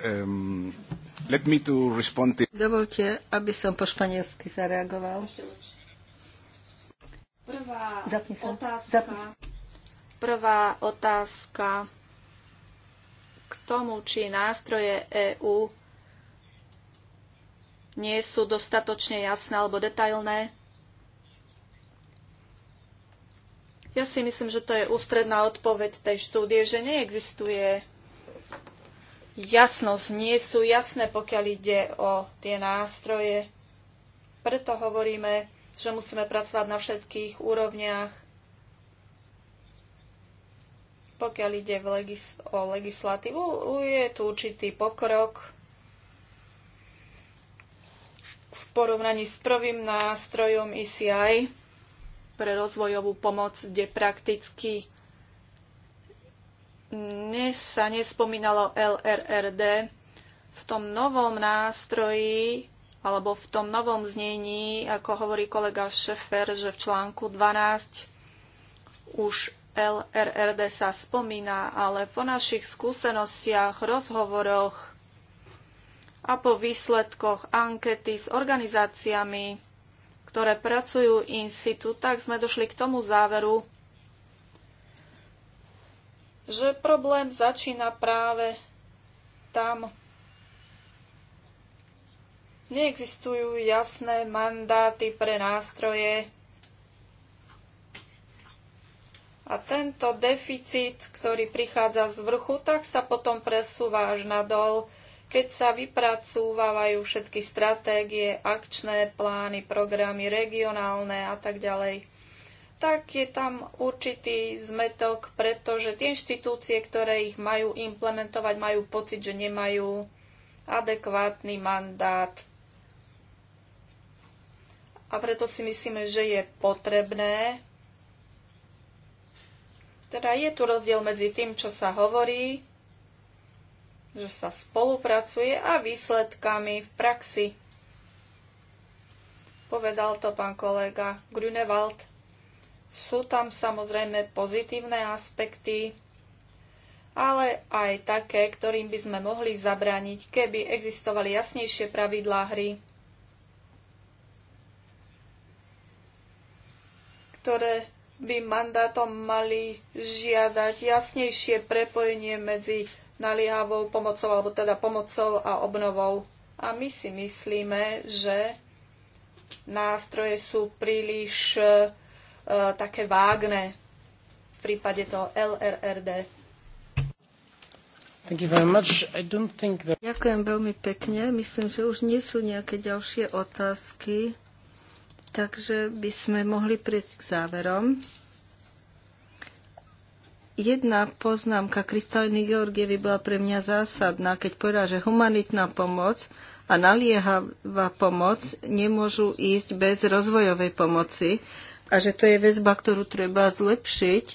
Um, let me to respond to... Dovolte, aby som po španielsky zareagoval. Prvá Zapni sa. otázka. Zapni. Prvá otázka k tomu, či nástroje EÚ nie sú dostatočne jasné alebo detailné. Ja si myslím, že to je ústredná odpoveď tej štúdie, že neexistuje jasnosť nie sú jasné, pokiaľ ide o tie nástroje. Preto hovoríme, že musíme pracovať na všetkých úrovniach, pokiaľ ide v legis- o legislatívu, je tu určitý pokrok v porovnaní s prvým nástrojom ECI pre rozvojovú pomoc, kde prakticky dnes sa nespomínalo LRRD. V tom novom nástroji alebo v tom novom znení, ako hovorí kolega Šefer, že v článku 12 už LRRD sa spomína, ale po našich skúsenostiach, rozhovoroch a po výsledkoch ankety s organizáciami, ktoré pracujú in situ, tak sme došli k tomu záveru, že problém začína práve tam. Neexistujú jasné mandáty pre nástroje. A tento deficit, ktorý prichádza z vrchu, tak sa potom presúva až nadol, keď sa vypracúvajú všetky stratégie, akčné plány, programy regionálne a tak ďalej tak je tam určitý zmetok, pretože tie inštitúcie, ktoré ich majú implementovať, majú pocit, že nemajú adekvátny mandát. A preto si myslíme, že je potrebné. Teda je tu rozdiel medzi tým, čo sa hovorí, že sa spolupracuje a výsledkami v praxi. Povedal to pán kolega Grünewald. Sú tam samozrejme pozitívne aspekty, ale aj také, ktorým by sme mohli zabrániť, keby existovali jasnejšie pravidlá hry, ktoré by mandátom mali žiadať jasnejšie prepojenie medzi naliehavou pomocou, alebo teda pomocou a obnovou. A my si myslíme, že nástroje sú príliš E, také vágne v prípade toho LRRD. That... Ďakujem veľmi pekne. Myslím, že už nie sú nejaké ďalšie otázky, takže by sme mohli prejsť k záverom. Jedna poznámka Kristaliny Georgievi bola pre mňa zásadná, keď povedala, že humanitná pomoc a naliehavá pomoc nemôžu ísť bez rozvojovej pomoci a že to je väzba, ktorú treba zlepšiť.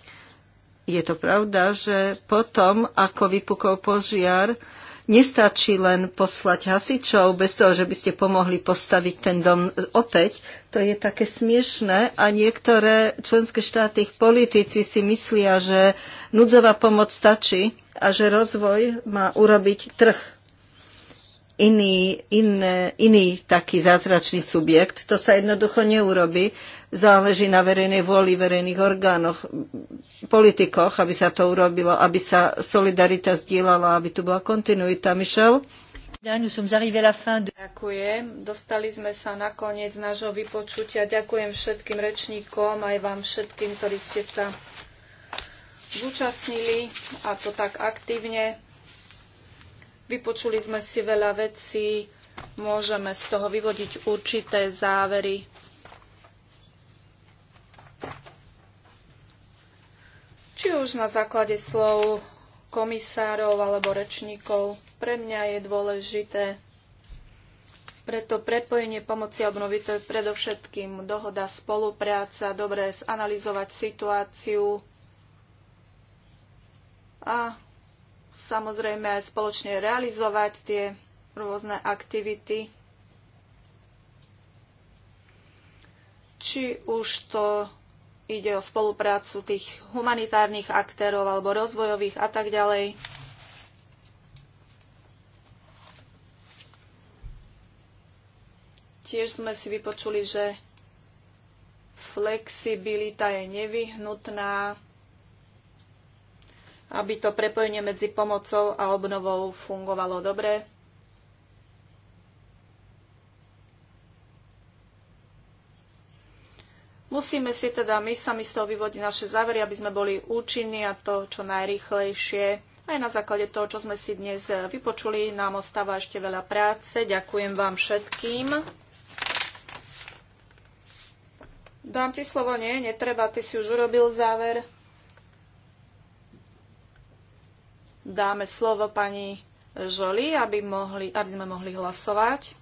Je to pravda, že potom, ako vypukol požiar, nestačí len poslať hasičov bez toho, že by ste pomohli postaviť ten dom opäť. To je také smiešné a niektoré členské štáty, politici si myslia, že núdzová pomoc stačí a že rozvoj má urobiť trh. Iný, iné, iný taký zázračný subjekt. To sa jednoducho neurobi záleží na verejnej vôli, verejných orgánoch, politikoch, aby sa to urobilo, aby sa solidarita zdieľala, aby tu bola kontinuita. Michel? No Ďakujem. Dostali sme sa na koniec nášho vypočutia. Ďakujem všetkým rečníkom, aj vám všetkým, ktorí ste sa zúčastnili a to tak aktívne. Vypočuli sme si veľa vecí, môžeme z toho vyvodiť určité závery. či už na základe slov komisárov alebo rečníkov. Pre mňa je dôležité preto prepojenie pomoci a obnovy to je predovšetkým dohoda, spolupráca, dobre zanalizovať situáciu a samozrejme aj spoločne realizovať tie rôzne aktivity. Či už to ide o spoluprácu tých humanitárnych aktérov alebo rozvojových a tak ďalej. Tiež sme si vypočuli, že flexibilita je nevyhnutná, aby to prepojenie medzi pomocou a obnovou fungovalo dobre. Musíme si teda my sami z toho vyvodiť naše závery, aby sme boli účinní a to čo najrychlejšie. Aj na základe toho, čo sme si dnes vypočuli, nám ostáva ešte veľa práce. Ďakujem vám všetkým. Dám ti slovo, nie, netreba, ty si už urobil záver. Dáme slovo pani Žoli, aby, mohli, aby sme mohli hlasovať.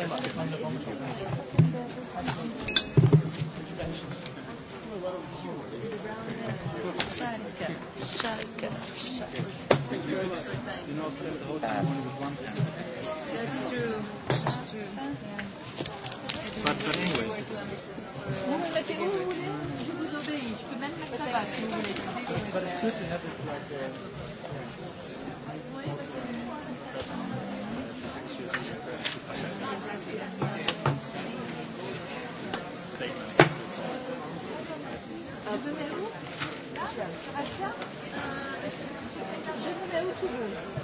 That's true. But it's good to have it like. Uh, Deux numéros Deux où tout bon.